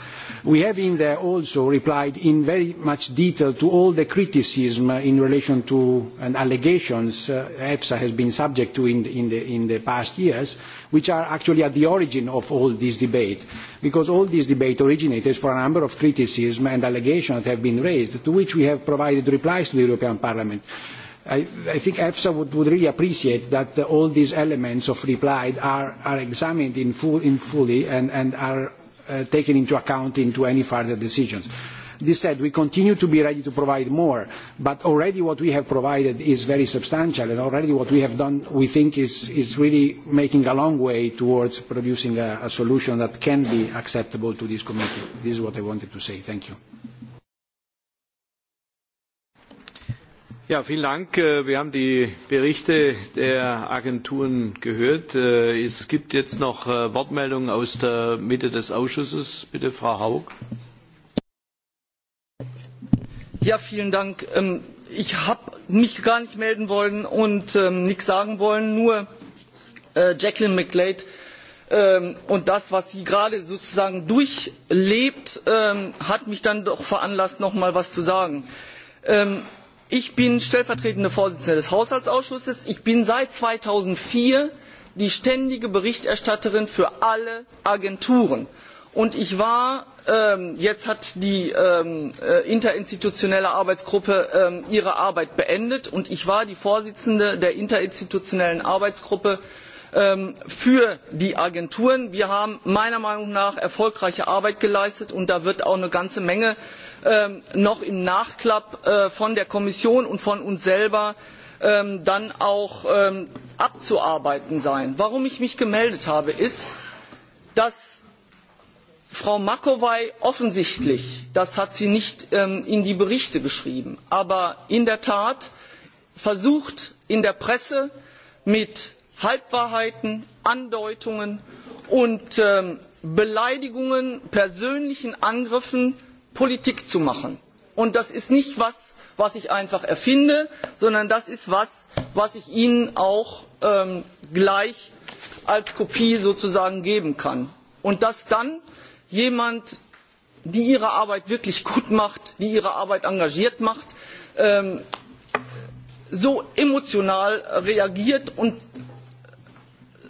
We have in there also replied in very much detail to all the criticism in relation to and allegations uh, EFSA has been subject to in, in, the, in the past years, which are actually at the origin of all this debate. Because all this debate originated from a number of criticism and allegations that have been raised, to which we have provided replies to the European Parliament. I, I, think EFSA would, would really appreciate that uh, all these elements of reply are, are examined in, full, in fully and, and, are Uh, taken into account into any further decisions. This said, we continue to be ready to provide more, but already what we have provided is very substantial, and already what we have done, we think, is, is really making a long way towards producing a, a solution that can be acceptable to this committee. This is what I wanted to say. Thank you. vielen Dank. Äh, wir haben die Berichte der Agenturen gehört. Äh, es gibt jetzt noch äh, Wortmeldungen aus der Mitte des Ausschusses. Bitte, Frau Haug. Ja, vielen Dank. Ähm, ich habe mich gar nicht melden wollen und ähm, nichts sagen wollen, nur Jacqueline McLeod ähm, und das was sie gerade sozusagen durchlebt hat mich dann doch veranlasst noch mal etwas zu sagen ich bin stellvertretende vorsitzende des haushaltsausschusses. ich bin seit zweitausendvier die ständige berichterstatterin für alle agenturen und ich war ähm, jetzt hat die ähm, äh, interinstitutionelle arbeitsgruppe ähm, ihre arbeit beendet die vorsitzende der interinstitutionellen arbeitsgruppe für die agenturen. wir haben meiner meinung nach erfolgreiche arbeit geleistet und da wird auch eine ganze menge Ähm, noch im nachklapp äh, von der kommission und von uns selber ähm, dann auch ähm, abzuarbeiten sein. warum ich mich gemeldet habe ist dass frau macovei offensichtlich das hat sie nicht in die berichte geschrieben aber in der tat versucht in der presse mit halbwahrheiten andeutungen und beleidigungen persönlichen angriffen Politik zu machen. Und das ist nicht etwas, was ich einfach erfinde, sondern das ist etwas, was ich Ihnen auch ähm, gleich als Kopie sozusagen geben kann. Und dass dann jemand, die ihre Arbeit wirklich gut macht, die ihre Arbeit engagiert macht, ähm, so emotional reagiert und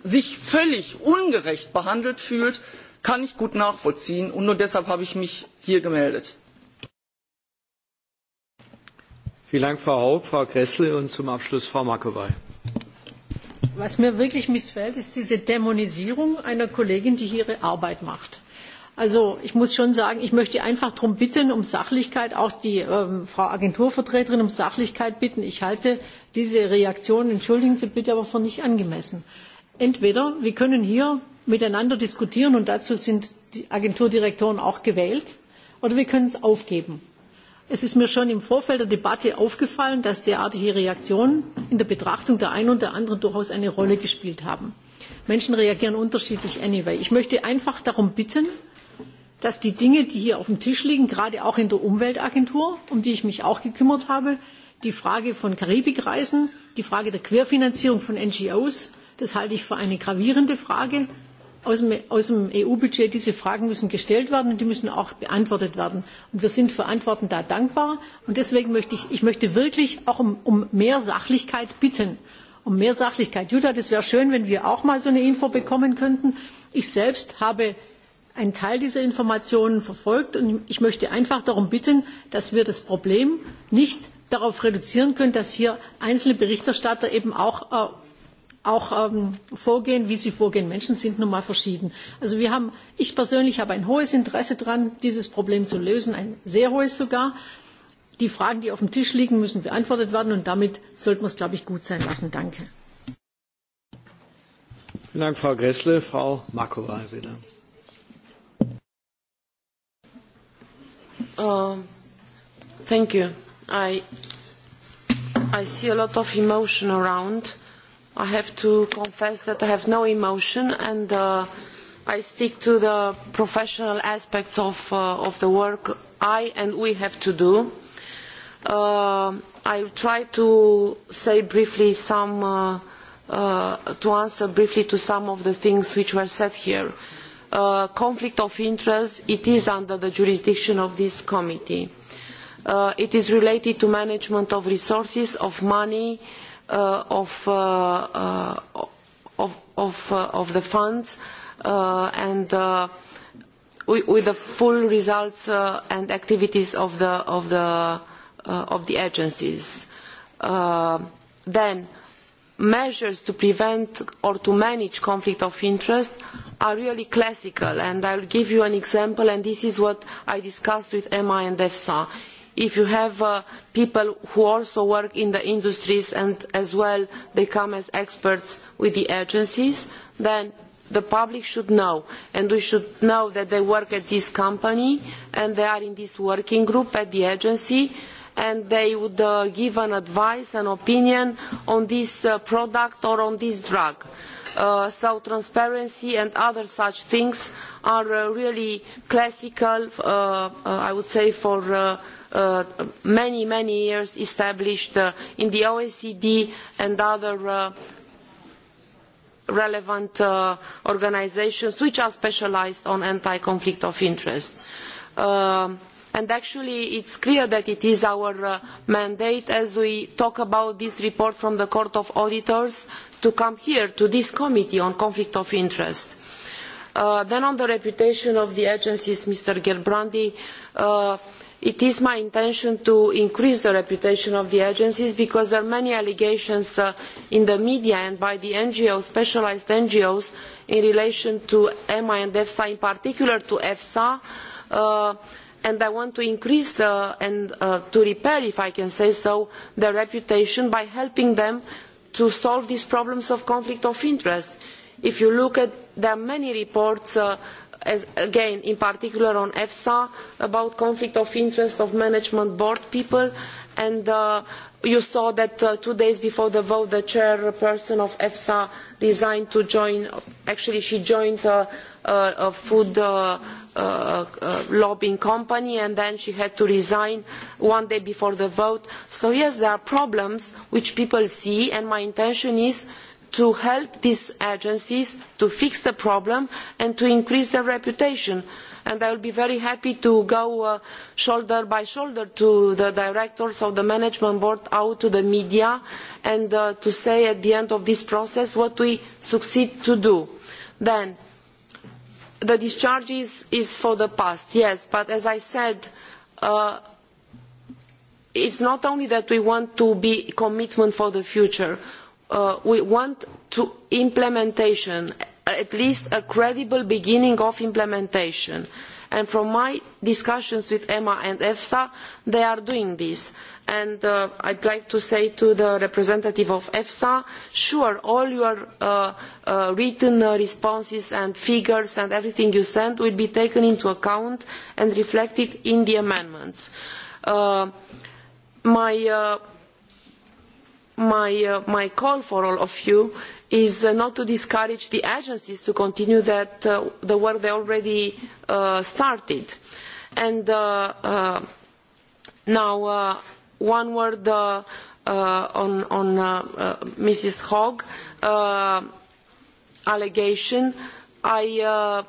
sich völlig ungerecht behandelt fühlt, kann ich gut nachvollziehen. Und nur deshalb habe ich mich hier gemeldet. Vielen Dank, Frau Haug, Frau Gressle und zum Abschluss Frau Makowai. Was mir wirklich missfällt, ist diese Dämonisierung einer Kollegin, die hier ihre Arbeit macht. Also ich muss schon sagen, ich möchte einfach darum bitten, um Sachlichkeit, auch die ähm, Frau Agenturvertreterin um Sachlichkeit bitten. Ich halte diese Reaktion, entschuldigen Sie bitte, aber für nicht angemessen. Entweder wir können hier miteinander diskutieren und dazu sind die Agenturdirektoren auch gewählt oder wir können es aufgeben. Es ist mir schon im Vorfeld der Debatte aufgefallen, dass derartige Reaktionen in der Betrachtung der einen und der anderen durchaus eine Rolle gespielt haben. Menschen reagieren unterschiedlich anyway. Ich möchte einfach darum bitten, dass die Dinge, die hier auf dem Tisch liegen, gerade auch in der Umweltagentur, um die ich mich auch gekümmert habe, die Frage von Karibikreisen, die Frage der Querfinanzierung von NGOs, das halte ich für eine gravierende Frage aus dem, aus dem EU-Budget. Diese Fragen müssen gestellt werden und die müssen auch beantwortet werden. Und wir sind Verantworten da dankbar. Und deswegen möchte ich, ich möchte wirklich auch um, um mehr Sachlichkeit bitten. Um mehr Sachlichkeit. Jutta, das wäre schön, wenn wir auch mal so eine Info bekommen könnten. Ich selbst habe einen Teil dieser Informationen verfolgt und ich möchte einfach darum bitten, dass wir das Problem nicht darauf reduzieren können, dass hier einzelne Berichterstatter eben auch äh, auch ähm, vorgehen, wie sie vorgehen. Menschen sind nun mal verschieden. Also wir haben, ich persönlich habe ein hohes Interesse daran, dieses Problem zu lösen, ein sehr hohes sogar. Die Fragen, die auf dem Tisch liegen, müssen beantwortet werden und damit sollten wir es, glaube ich, gut sein lassen. Danke. Vielen Dank, Frau Gressle. Frau Makova, wieder. Uh, thank you. I, I see a lot of emotion around I have to confess that I have no emotion and uh, I stick to the professional aspects of, uh, of the work I and we have to do. Uh, I will try to say briefly some, uh, uh, to answer briefly to some of the things which were said here. Uh, conflict of interest, it is under the jurisdiction of this committee. Uh, it is related to management of resources, of money, Uh, uh, uh, of, of, of, of, the funds and with the full results uh, and activities of the of the uh, of the agencies. Uh, then measures to prevent or to manage conflict of interest are really classical and I will give you an example and this is what I discussed with MI and EFSA if you have uh, people who also work in the industries and as well they come as experts with the agencies, then the public should know and we should know that they work at this company and they are in this working group at the agency and they would uh, give an advice, an opinion on this uh, product or on this drug. Uh, so transparency and other such things are uh, really classical, uh, uh, I would say, for Uh, many, many years established uh, in the OECD and other uh, relevant uh, organisations which are specialised on anti-conflict of interest. Uh, and actually it's clear that it is our mandate as we talk about this report from the Court of Auditors to come here to this committee on conflict of interest. Uh, then on the reputation of the agencies, Mr. Gerbrandy, uh, it is my intention to increase the reputation of the agencies because there are many allegations uh, in the media and by the NGOs, specialised ngos in relation to ema and efsa in particular to efsa uh, and i want to increase the, and uh, to repair if i can say so their reputation by helping them to solve these problems of conflict of interest. if you look at there are many reports uh, as, again in particular on EFSA about conflict of interest of management board people and uh, you saw that uh, two days before the vote the chairperson of EFSA resigned to join actually she joined uh, a food uh, uh, uh, lobbying company and then she had to resign one day before the vote so yes there are problems which people see and my intention is to help these agencies to fix the problem and to increase their reputation and i will be very happy to go uh, shoulder by shoulder to the directors of the management board out to the media and uh, to say at the end of this process what we succeed to do. then the discharge is, is for the past yes but as i said uh, it is not only that we want to be commitment for the future Uh, we want to implementation, at least a credible beginning of implementation. And from my discussions with EMA and EFSA, they are doing this. And uh, I'd like to say to the representative of EFSA, sure, all your uh, uh, written uh, responses and figures and everything you send will be taken into account and reflected in the amendments. Uh, my Uh, my, call for all of you is uh, not to discourage the agencies to continue that, uh, the work they already started. And now, one word on, Mrs. Hogg allegation. I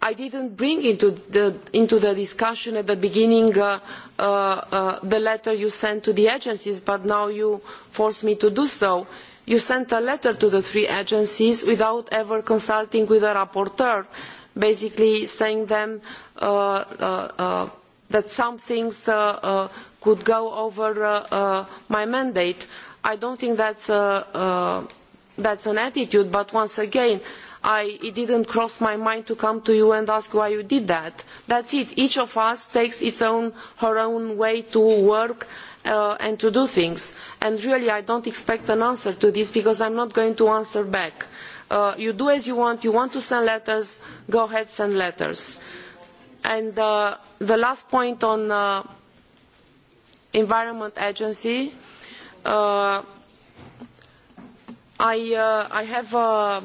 i did not bring into the, discussion at the beginning uh, uh, uh, the letter you sent to the agencies but now you force me to do so. you sent a letter to the three agencies without ever consulting with the rapporteur basically saying them that some things could go over my mandate. i do not think that is an attitude but once again it it didn't cross my mind to come to you and ask why you did that. That's it. Each of us takes its own, her own way to work uh, and to do things. And really, I don't expect an answer to this because I'm not going to answer back. Uh, you do as you want. You want to send letters, go ahead, send letters. And uh, the last point on uh, Environment Agency, uh, I, uh, I have... Uh,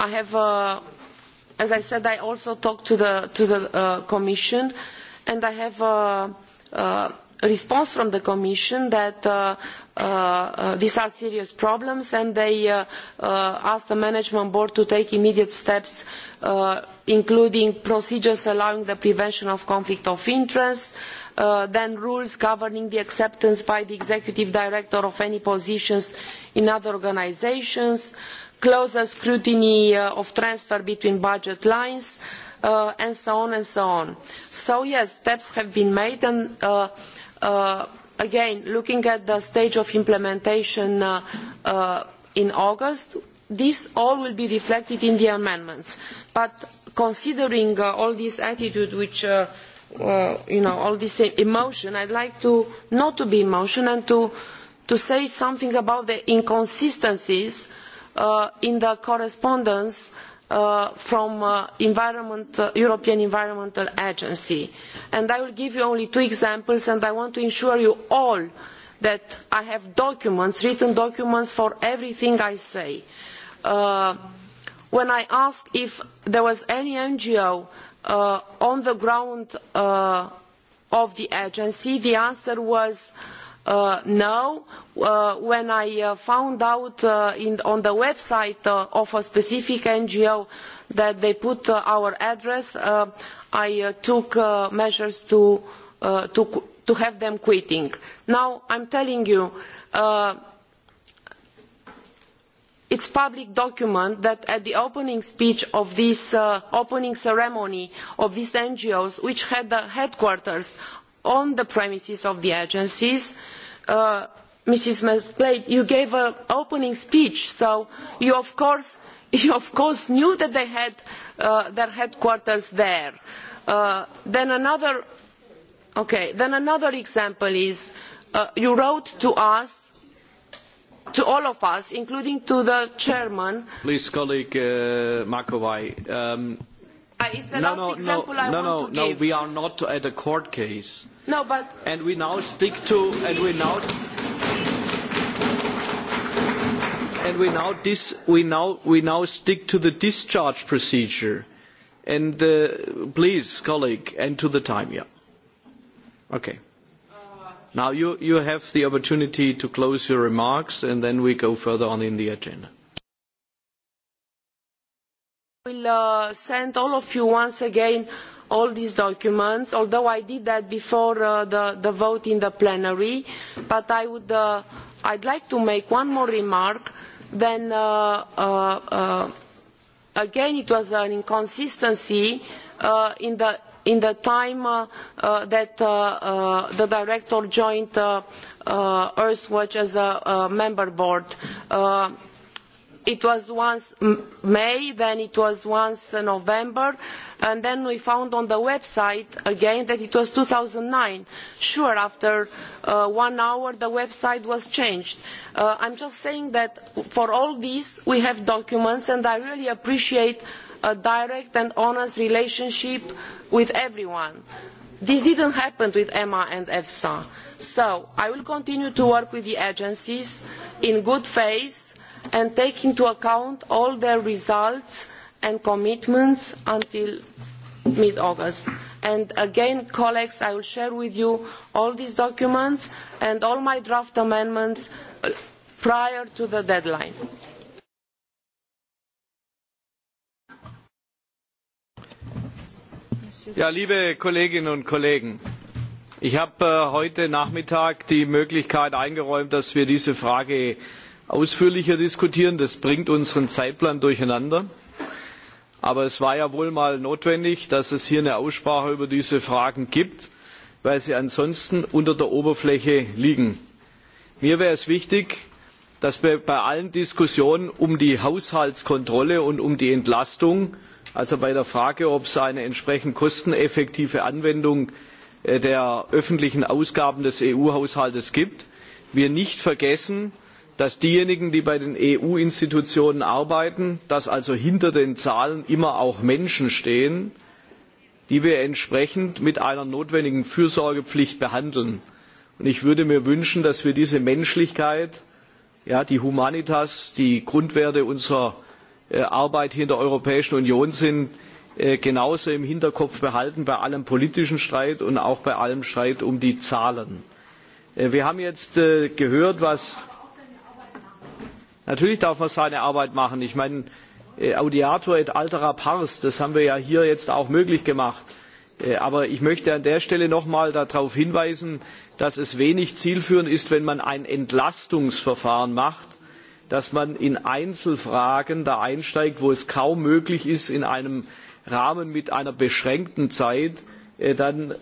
I have, uh, as I said, I also talked to the, to the uh, Commission, and I have a, uh, a uh, response from the Commission that uh, uh, uh, these are serious problems, and they uh, asked the Management Board to take immediate steps, including procedures allowing the prevention of conflict of interest, Uh, then rules governing the acceptance by the executive director of any positions in other organisations closer scrutiny uh, of transfer between budget lines uh, and so on and so on. So yes, steps have been made and uh, again, looking at the stage of implementation in August, this all will be reflected in the amendments. But considering all this attitude which you know, all this emotion, I'd like to not to be emotional and to, to say something about the inconsistencies Uh, in the correspondence Uh, from uh, environment, uh, European Environmental Agency. And I will give you only two examples, and I want to ensure you all that I have documents, written documents for everything I say. Uh, when I asked if there was any NGO uh, on the ground of the agency, the answer was uh, Uh, know uh, when i uh, found out on the website of a specific ngo that they put our address i took measures to, have them quitting. now i am telling you it is a public document that at the opening speech of this opening ceremony of these ngos which had their headquarters on the premises of the agencies Uh, Mrs. Mesglade, you gave an opening speech, so you of course, you of course knew that they had uh, their headquarters there. Uh, then another, okay. Then another example is you wrote to us, to all of us, including to the chairman. Please, colleague uh, McAvoy. Um, uh, no, no, no, no, no, No, no, no. We are not at a court case. Uh, No, but... And we now stick to... And we now... And we now, dis, we, now, we now stick to the discharge procedure. And uh, please, colleague, and to the time, yeah. Okay. Now you, you have the opportunity to close your remarks and then we go further on in the agenda. I will uh, send all of you once again all these documents although i did that before uh, the, vote in the plenary but i would uh, i'd like to make one more remark then uh, again it was an inconsistency in the in the time that the director joined earthwatch as a, a member board. it was once may then it was once november and and then we found on the website again that it was 2009. Sure, after uh, one hour the website was changed. Uh, I'm just saying that for all this we have documents and I really appreciate a direct and honest relationship with everyone. This didn't happen with EMA and EFSA. So I will continue to work with the agencies in good faith and take into account all their results and commitments until mid-August. And again, colleagues, I will share with you all these documents and all my draft amendments uh, prior to the deadline. Ja, liebe Kolleginnen und Kollegen, ich habe äh, heute Nachmittag die Möglichkeit eingeräumt, dass wir diese Frage ausführlicher diskutieren. Das bringt unseren Zeitplan durcheinander aber es war ja wohl mal notwendig dass es hier eine aussprache über diese fragen gibt weil sie ansonsten unter der oberfläche liegen. mir wäre es wichtig dass wir bei allen diskussionen um die haushaltskontrolle und um die entlastung also bei der frage ob es eine entsprechend kosteneffektive anwendung äh, der öffentlichen ausgaben des eu haushalts gibt nicht vergessen dass diejenigen die bei den eu institutionen arbeiten dass also hinter den zahlen immer auch menschen stehen die wir entsprechend mit einer notwendigen fürsorgepflicht behandeln. Und ich würde mir wünschen dass wir diese menschlichkeit ja, die humanitas die grundwerte unserer äh, arbeit hier in der europäischen union sind äh, genauso im hinterkopf behalten bei allem politischen streit und auch bei allem streit um die zahlen. Äh, wir haben jetzt gehört was Natürlich darf man seine Arbeit machen. Ich meine, äh, Audiator et altera pars, das haben wir ja hier jetzt auch möglich gemacht. Äh, aber ich möchte an der Stelle nochmal darauf hinweisen, dass es wenig zielführend ist, wenn man ein Entlastungsverfahren macht, dass man in Einzelfragen da einsteigt, wo es kaum möglich ist, in einem Rahmen mit einer beschränkten Zeit äh, dann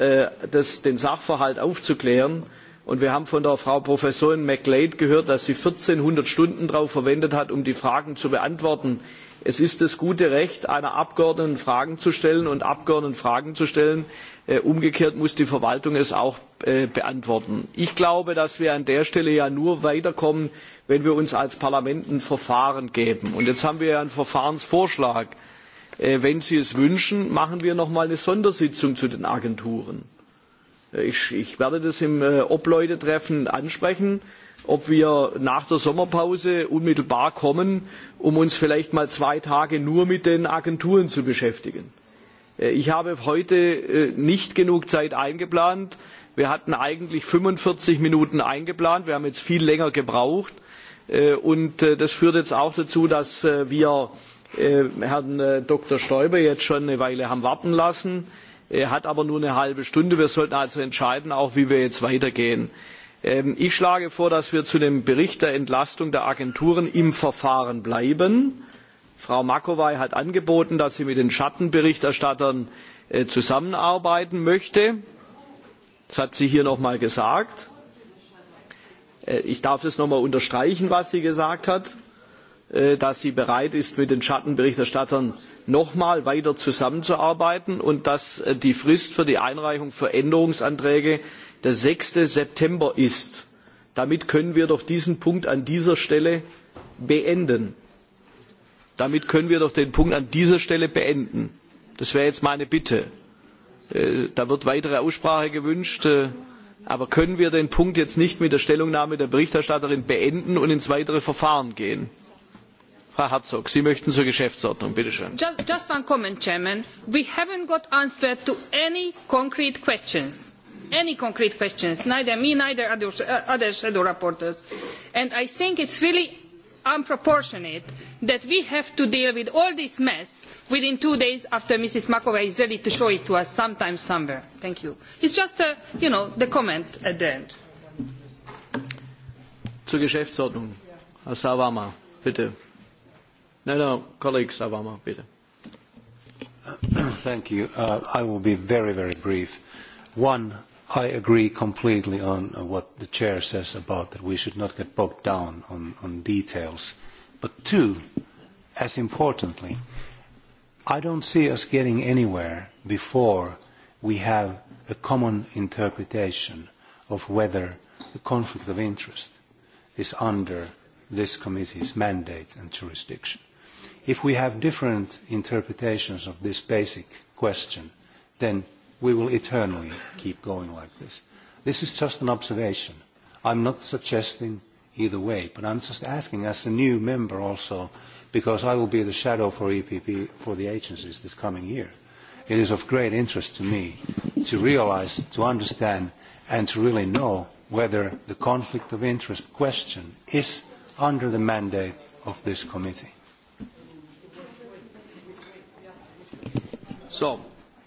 das, den Sachverhalt aufzuklären Und wir haben von der Frau Professorin mcglade gehört, dass sie 1400 Stunden darauf verwendet hat, um die Fragen zu beantworten. Es ist das gute Recht einer Abgeordneten, Fragen zu stellen und Abgeordneten Fragen zu stellen. Äh, umgekehrt muss die Verwaltung es auch äh, beantworten. Ich glaube, dass wir an der Stelle ja nur weiterkommen, wenn wir uns als Parlament ein Verfahren geben. Und jetzt haben wir einen Verfahrensvorschlag. Äh, wenn Sie es wünschen, machen wir noch einmal eine Sondersitzung zu den Agenturen Äh, ich, werde das im äh, Obleute-Treffen ansprechen, ob wir nach der Sommerpause unmittelbar kommen, um uns vielleicht mal zwei Tage nur mit den Agenturen zu beschäftigen. Äh, ich habe heute nicht genug Zeit eingeplant. Wir hatten eigentlich 45 Minuten eingeplant. Wir haben jetzt viel länger gebraucht. Und das führt jetzt auch dazu, dass wir Herrn Dr. Stoiber jetzt schon eine Weile haben warten lassen Er hat aber nur eine halbe Stunde. Wir sollten also entscheiden, auch wie wir jetzt weitergehen. Ähm, ich schlage vor, dass wir zu dem Bericht der Entlastung der Agenturen im Verfahren bleiben. Frau Makowaj hat angeboten, dass sie mit den Schattenberichterstattern äh, zusammenarbeiten möchte. Das hat sie hier noch einmal gesagt. Äh, ich darf das einmal unterstreichen, was sie gesagt hat. Äh, dass sie bereit ist, mit den Schattenberichterstattern noch einmal weiter zusammenzuarbeiten und dass äh, die Frist für die Einreichung von änderungsanträgen der sechs September ist. Damit können wir doch diesen Punkt an dieser Stelle beenden. Damit können wir doch den Punkt an dieser Stelle beenden. Das wäre jetzt meine Bitte. Äh, da wird weitere Aussprache gewünscht. Aber können wir den Punkt jetzt nicht mit der Stellungnahme der Berichterstatterin beenden und ins weitere Verfahren gehen? Frau Herzog, Sie möchten zur Geschäftsordnung, bitte schön. Just, just one comment, Chairman. We haven't got answer to any concrete questions. Any concrete questions, neither me, neither other, other shadow rapporteurs. And I think it's really unproportionate that we have to deal with all this mess within two days after Mrs. Makova is ready to show it to us sometime somewhere. Thank you. It's just, a, you know, the comment at the end. Zur Geschäftsordnung. Herr Sawama, bitte. No, no, colleague Savama, Thank you. Uh, I will be very, very brief. One, I agree completely on uh, what the chair says about that we should not get bogged down on, on details. But two, as importantly, I don't see us getting anywhere before we have a common interpretation of whether the conflict of interest is under this committee's mandate and jurisdiction. If we have different interpretations of this basic question, then we will eternally keep going like this. This is just an observation. I'm not suggesting either way, but I'm just asking as a new member also, because I will be the shadow for EPP for the agencies this coming year. It is of great interest to me to realize, to understand, and to really know whether the conflict of interest question is under the mandate of this committee. So,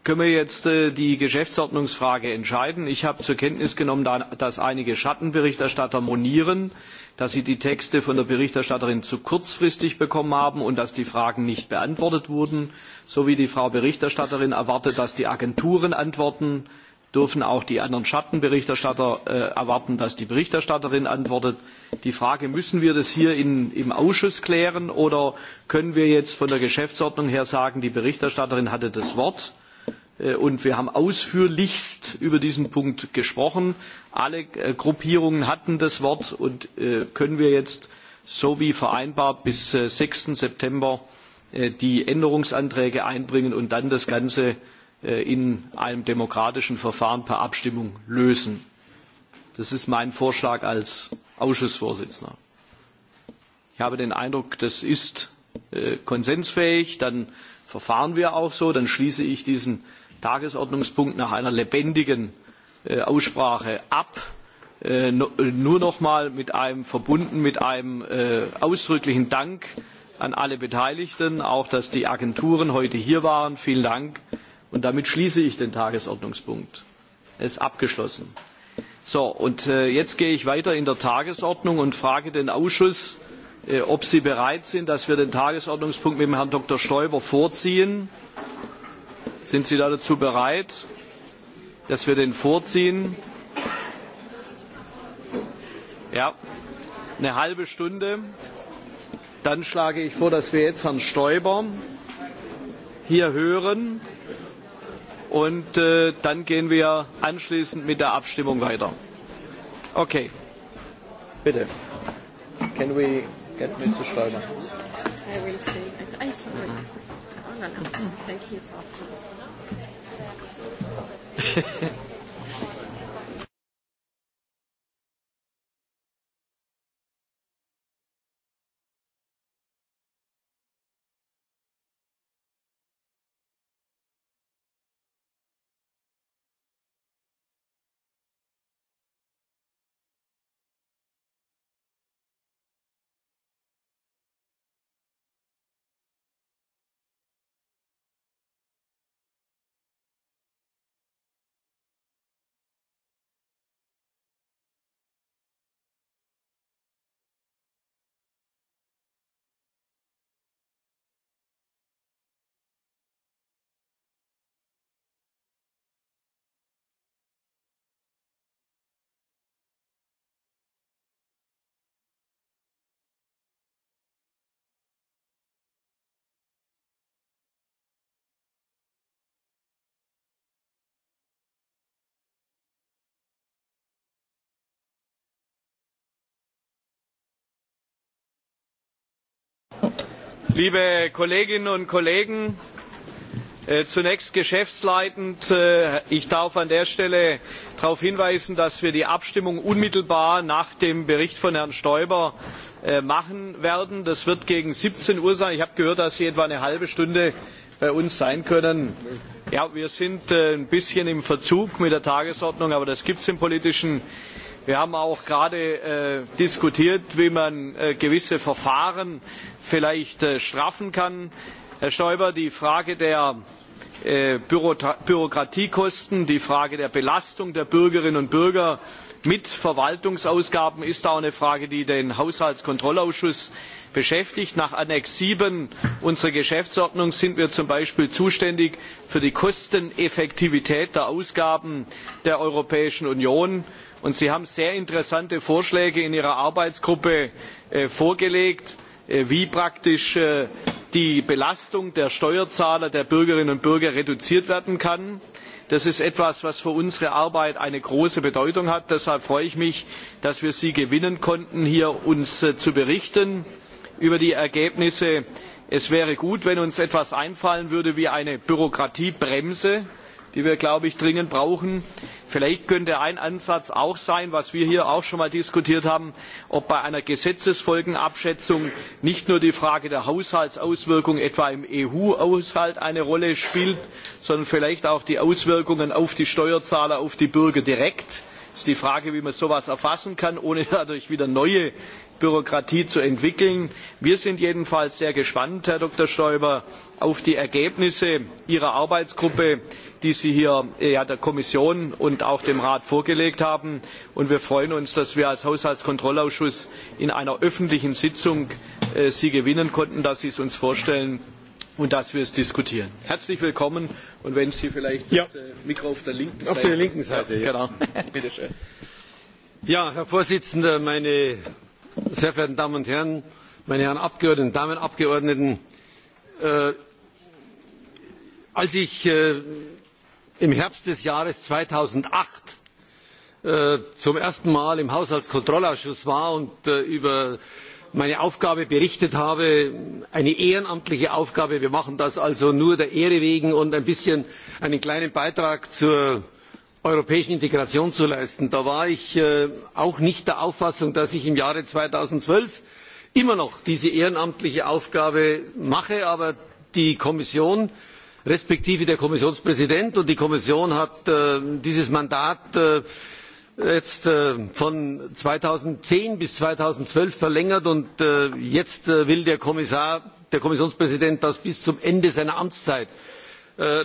können wir jetzt äh, die Geschäftsordnungsfrage entscheiden. Ich habe zur Kenntnis genommen, da, dass einige Schattenberichterstatter monieren, dass sie die Texte von der Berichterstatterin zu kurzfristig bekommen haben und dass die Fragen nicht beantwortet wurden, So wie die Frau Berichterstatterin erwartet, dass die Agenturen antworten dürfen auch die anderen Schattenberichterstatter äh, erwarten, dass die Berichterstatterin antwortet. Die Frage, müssen wir das hier in, im Ausschuss klären oder können wir jetzt von der Geschäftsordnung her sagen, die Berichterstatterin hatte das Wort? Äh, und wir haben ausführlichst über diesen Punkt gesprochen. Alle äh, Gruppierungen hatten das Wort und äh, können wir jetzt, so wie vereinbart, bis 6. Äh, September äh, die Änderungsanträge einbringen und dann das Ganze Äh, in einem demokratischen Verfahren per Abstimmung lösen. Das ist mein Vorschlag als Ausschussvorsitzender. Ich habe den Eindruck, das ist äh, konsensfähig, dann verfahren wir auch so, dann schließe ich diesen Tagesordnungspunkt nach einer lebendigen äh, Aussprache ab. Nur noch mal mit einem verbunden mit einem ausdrücklichen Dank an alle Beteiligten, auch dass die Agenturen heute hier waren. Vielen Dank Und damit schließe ich den Tagesordnungspunkt. Er ist abgeschlossen. So, und äh, jetzt gehe ich weiter in der Tagesordnung und frage den Ausschuss, äh, ob Sie bereit sind, dass wir den Tagesordnungspunkt mit dem Herrn Dr. Stoiber vorziehen. Sind Sie da dazu bereit, dass wir den vorziehen? Ja, eine halbe Stunde. Dann schlage ich vor, dass wir jetzt Herrn Stoiber hier hören und äh, dann gehen wir anschließend mit der Abstimmung weiter. Okay. Bitte. Can we get Mr. Schreiber? I will see. I, I Oh, no, no. Thank you. liebe Kolleginnen und Kollegen, äh, zunächst geschäftsleitend äh, ich darf an der stelle darauf hinweisen dass wir die abstimmung unmittelbar nach dem bericht von herrn stoiber äh, machen werden. das wird gegen. siebzehn uhr sein. ich habe gehört dass sie etwa eine halbe stunde bei uns sein können. Ja, wir sind ein bisschen im verzug mit der tagesordnung aber das gibt es im politischen Wir haben auch gerade äh, diskutiert, wie man äh, gewisse Verfahren vielleicht äh, straffen kann. Herr Stoiber, die Frage der äh, Büro Bürokratiekosten, die Frage der Belastung der Bürgerinnen und Bürger mit Verwaltungsausgaben ist auch eine Frage, die den Haushaltskontrollausschuss beschäftigt. Nach Annex 7 unserer Geschäftsordnung sind wir zum Beispiel zuständig für die Kosteneffektivität der Ausgaben der Europäischen Union und Sie haben sehr interessante Vorschläge in Ihrer Arbeitsgruppe äh, vorgelegt, äh, wie praktisch äh, die Belastung der Steuerzahler, der Bürgerinnen und Bürger reduziert werden kann. Das ist etwas, was für unsere Arbeit eine große Bedeutung hat. Deshalb freue ich mich, dass wir Sie gewinnen konnten, hier uns zu berichten über die Ergebnisse. Es wäre gut, wenn uns etwas einfallen würde wie eine Bürokratiebremse die wir, glaube ich, dringend brauchen. Vielleicht könnte ein Ansatz auch sein, was wir hier auch schon mal diskutiert haben, ob bei einer Gesetzesfolgenabschätzung nicht nur die Frage der Haushaltsauswirkung etwa im EU-Haushalt eine Rolle spielt, sondern vielleicht auch die Auswirkungen auf die Steuerzahler, auf die Bürger direkt ist die Frage, wie man sowas erfassen kann, ohne dadurch wieder neue Bürokratie zu entwickeln. Wir sind jedenfalls sehr gespannt, Herr Dr. Stoiber, auf die Ergebnisse Ihrer Arbeitsgruppe die Sie hier äh, ja, der Kommission und auch dem Rat vorgelegt haben. Und wir freuen uns, dass wir als Haushaltskontrollausschuss in einer öffentlichen Sitzung äh, Sie gewinnen konnten, dass Sie es uns vorstellen und dass wir es diskutieren. Herzlich willkommen und wenn Sie vielleicht ja. das äh, Mikro auf der linken Seite... Auf der linken Seite, ja. Genau. Bitte schön. Ja, Herr Vorsitzender, meine sehr verehrten Damen und Herren, meine Herren Abgeordneten, Damen Abgeordneten, äh, als ich äh, im herbst des jahres zweitausendacht äh, zum ersten mal im haushaltskontrollausschuss war und äh, über meine aufgabe berichtet habe eine ehrenamtliche aufgabe wir machen das also nur der ehre wegen und ein bisschen einen kleinen beitrag zur europäischen integration zu leisten da war ich äh, auch nicht der auffassung dass ich im jahre zweitausendzwölf immer noch diese ehrenamtliche aufgabe mache aber die kommission respektive der kommissionspräsident und die kommission hat äh, dieses mandat äh, jetzt äh, von zweitausendzehn bis zweitausendzwölf verlängert und jetzt will der, der kommissionspräsident das bis zum ende seiner amtszeit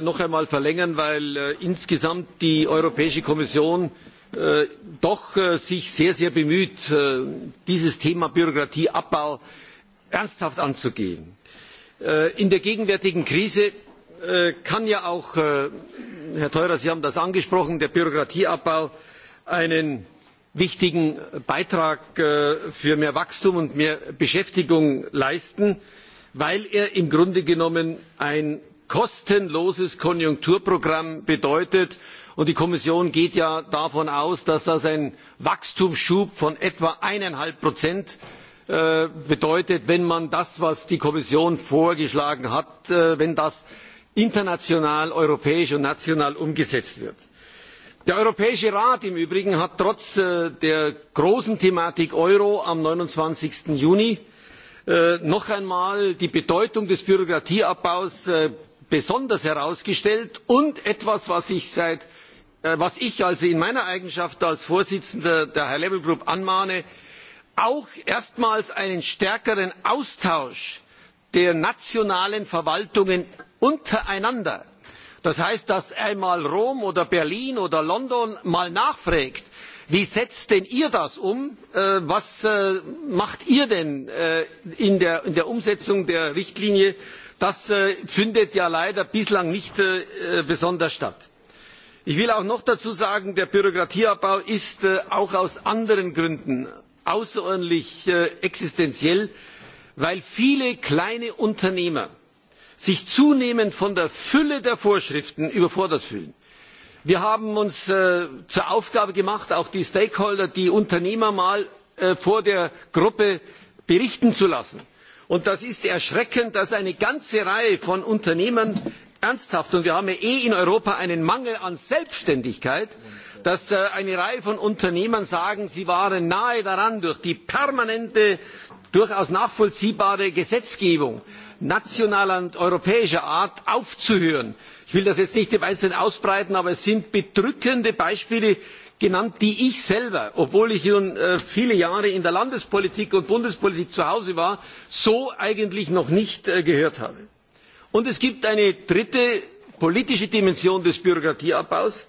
noch einmal verlängern weil insgesamt die europäische kommission doch sich sehr sehr bemüht dieses thema bürokratieabbau ernsthaft anzugehen. in der gegenwärtigen krise Äh, kann ja auch äh, herr theurer sie haben das angesprochen der bürokratieabbau einen wichtigen beitrag äh, für mehr wachstum und mehr beschäftigung leisten weil er im grunde genommen ein kostenloses konjunkturprogramm bedeutet und die kommission geht ja davon aus dass das einen wachstumsschub von etwa eins fünf bedeutet wenn man das was die kommission vorgeschlagen hat wenn das international europäisch und national umgesetzt wird. der europäische rat im übrigen hat trotz äh, der großen thematik euro am. neunundzwanzig juni äh, noch einmal die bedeutung des bürokratieabbaus äh, besonders herausgestellt und etwas was ich, in meiner eigenschaft als vorsitzender der high level group anmahne auch erstmals einen stärkeren austausch der nationalen verwaltungen untereinander das heißt dass einmal rom oder berlin oder london mal nachfragt wie setzt denn ihr das um äh, was äh, macht ihr denn äh, in der, in der umsetzung der richtlinie das findet ja leider bislang nicht besonders statt. ich will auch noch dazu sagen der bürokratieabbau ist auch aus anderen gründen außerordentlich existenziell weil viele kleine unternehmer sich zunehmend von der Fülle der Vorschriften überfordert fühlen. Wir haben uns äh, zur Aufgabe gemacht, auch die Stakeholder, die Unternehmer mal äh, vor der Gruppe berichten zu lassen. Und das ist erschreckend, dass eine ganze Reihe von Unternehmern ernsthaft, und wir haben ja eh in Europa einen Mangel an Selbstständigkeit, dass äh, eine Reihe von Unternehmern sagen, sie waren nahe daran, durch die permanente, durchaus nachvollziehbare Gesetzgebung nationaler und europäischer Art aufzuhören. Ich will das jetzt nicht im Einzelnen ausbreiten, aber es sind bedrückende Beispiele genannt, die ich selber, obwohl ich nun äh, viele Jahre in der Landespolitik und Bundespolitik zu Hause war, so eigentlich noch nicht äh, gehört habe. Und es gibt eine dritte politische Dimension des Bürokratieabbaus.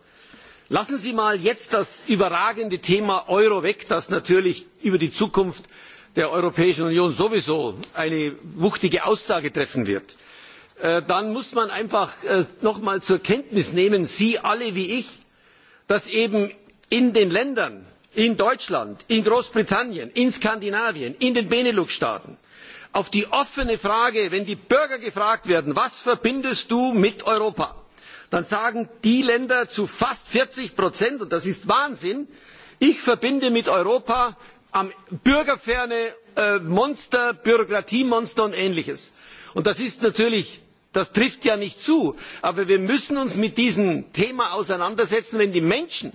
Lassen Sie mal jetzt das überragende Thema Euro weg, das natürlich über die Zukunft der Europäischen Union sowieso eine wuchtige Aussage treffen wird, äh, dann muss man einfach äh, noch mal zur Kenntnis nehmen, Sie alle wie ich, dass eben in den Ländern, in Deutschland, in Großbritannien, in Skandinavien, in den Benelux-Staaten, auf die offene Frage, wenn die Bürger gefragt werden, was verbindest du mit Europa, dann sagen die Länder zu fast 40 Prozent, und das ist Wahnsinn, ich verbinde mit Europa am bürgerferne äh, Monster, Bürokratiemonster und ähnliches. das trifft natürlich ja nicht zu. Aber wir müssen uns mit diesem Thema auseinandersetzen, wenn die Menschen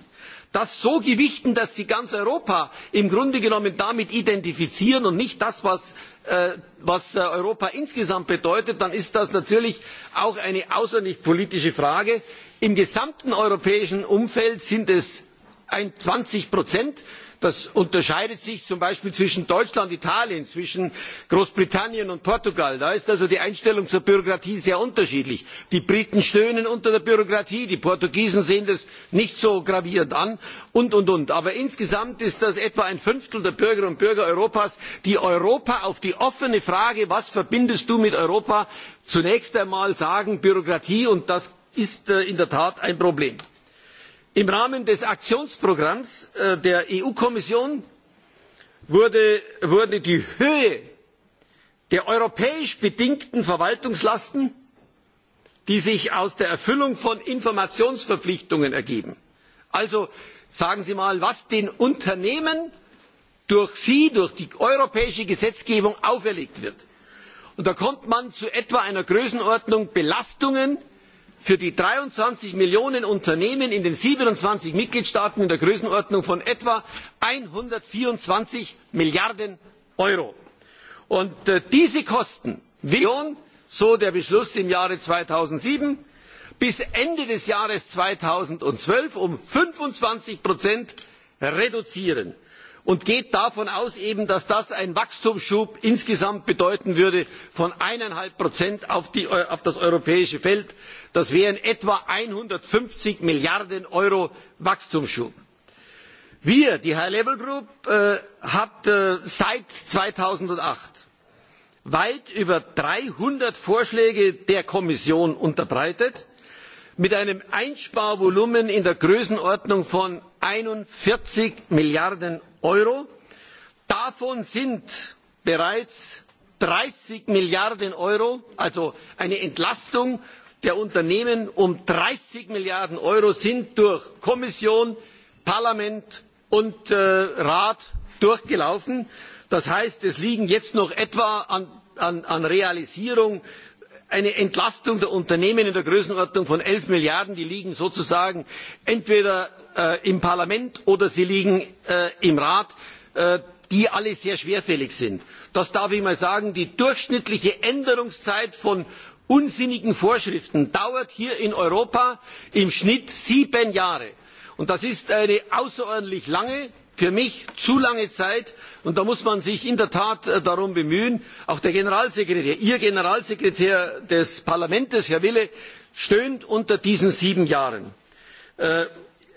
das so gewichten, dass sie ganz Europa im Grunde genommen damit identifizieren und nicht das, was, äh, äh, Europa insgesamt bedeutet, dann ist das natürlich auch eine außerordentlich politische Frage. Im gesamten europäischen Umfeld sind es zwanzig Prozent das unterscheidet sich zum beispiel zwischen deutschland und italien zwischen großbritannien und portugal. da ist also die einstellung zur bürokratie sehr unterschiedlich. die briten stöhnen unter der bürokratie die portugiesen sehen das nicht so gravierend an und und und. aber insgesamt ist das etwa ein fünftel der bürgerinnen und bürger europas die europa auf die offene frage was verbindest du mit europa zunächst einmal sagen bürokratie und das ist äh, in der tat ein problem im rahmen des aktionsprogramms äh, der eu kommission wurde, wurde die höhe der europäisch bedingten verwaltungslasten die sich aus der erfüllung von informationsverpflichtungen ergeben also sagen sie mal was den unternehmen durch sie durch die europäische gesetzgebung auferlegt wird und da kommt man zu etwa einer größenordnung belastungen für die dreiundzwanzig millionen unternehmen in den siebenundzwanzig mitgliedstaaten in der größenordnung von etwa einhundertvierundzwanzig milliarden euro. Äh, diese kosten will die kommission so der beschluss im jahre zweitausendsieben bis ende des jahres zweitausendzwölf um fünfundzwanzig reduzieren und geht davon aus eben, dass das einen Wachstumsschub insgesamt bedeuten würde von eineinhalb Prozent auf äh, das europäische Feld. Das wären etwa 150 Milliarden Euro Wachstumsschub. Wir, die High Level Group, äh, hat äh, seit 2008 weit über 300 Vorschläge der Kommission unterbreitet mit einem einsparvolumen in der größenordnung von einundvierzig milliarden euro davon sind bereits dreißig milliarden euro also eine entlastung der unternehmen um dreißig milliarden euro sind durch kommission parlament und äh, rat durchgelaufen. das heißt es liegen jetzt noch etwa an, an, an realisierung eine entlastung der unternehmen in der größenordnung von elf milliarden die liegen sozusagen entweder äh, im parlament oder sie liegen äh, im rat äh, die alle sehr schwerfällig sind. das darf ich mal sagen die durchschnittliche änderungszeit von unsinnigen vorschriften dauert hier in europa im schnitt sieben jahre und das ist eine außerordentlich lange für mich zu lange Zeit und da muss man sich in der Tat äh, darum bemühen. Auch der Generalsekretär, Ihr Generalsekretär des Parlaments, Herr Wille, stöhnt unter diesen sieben Jahren. Äh,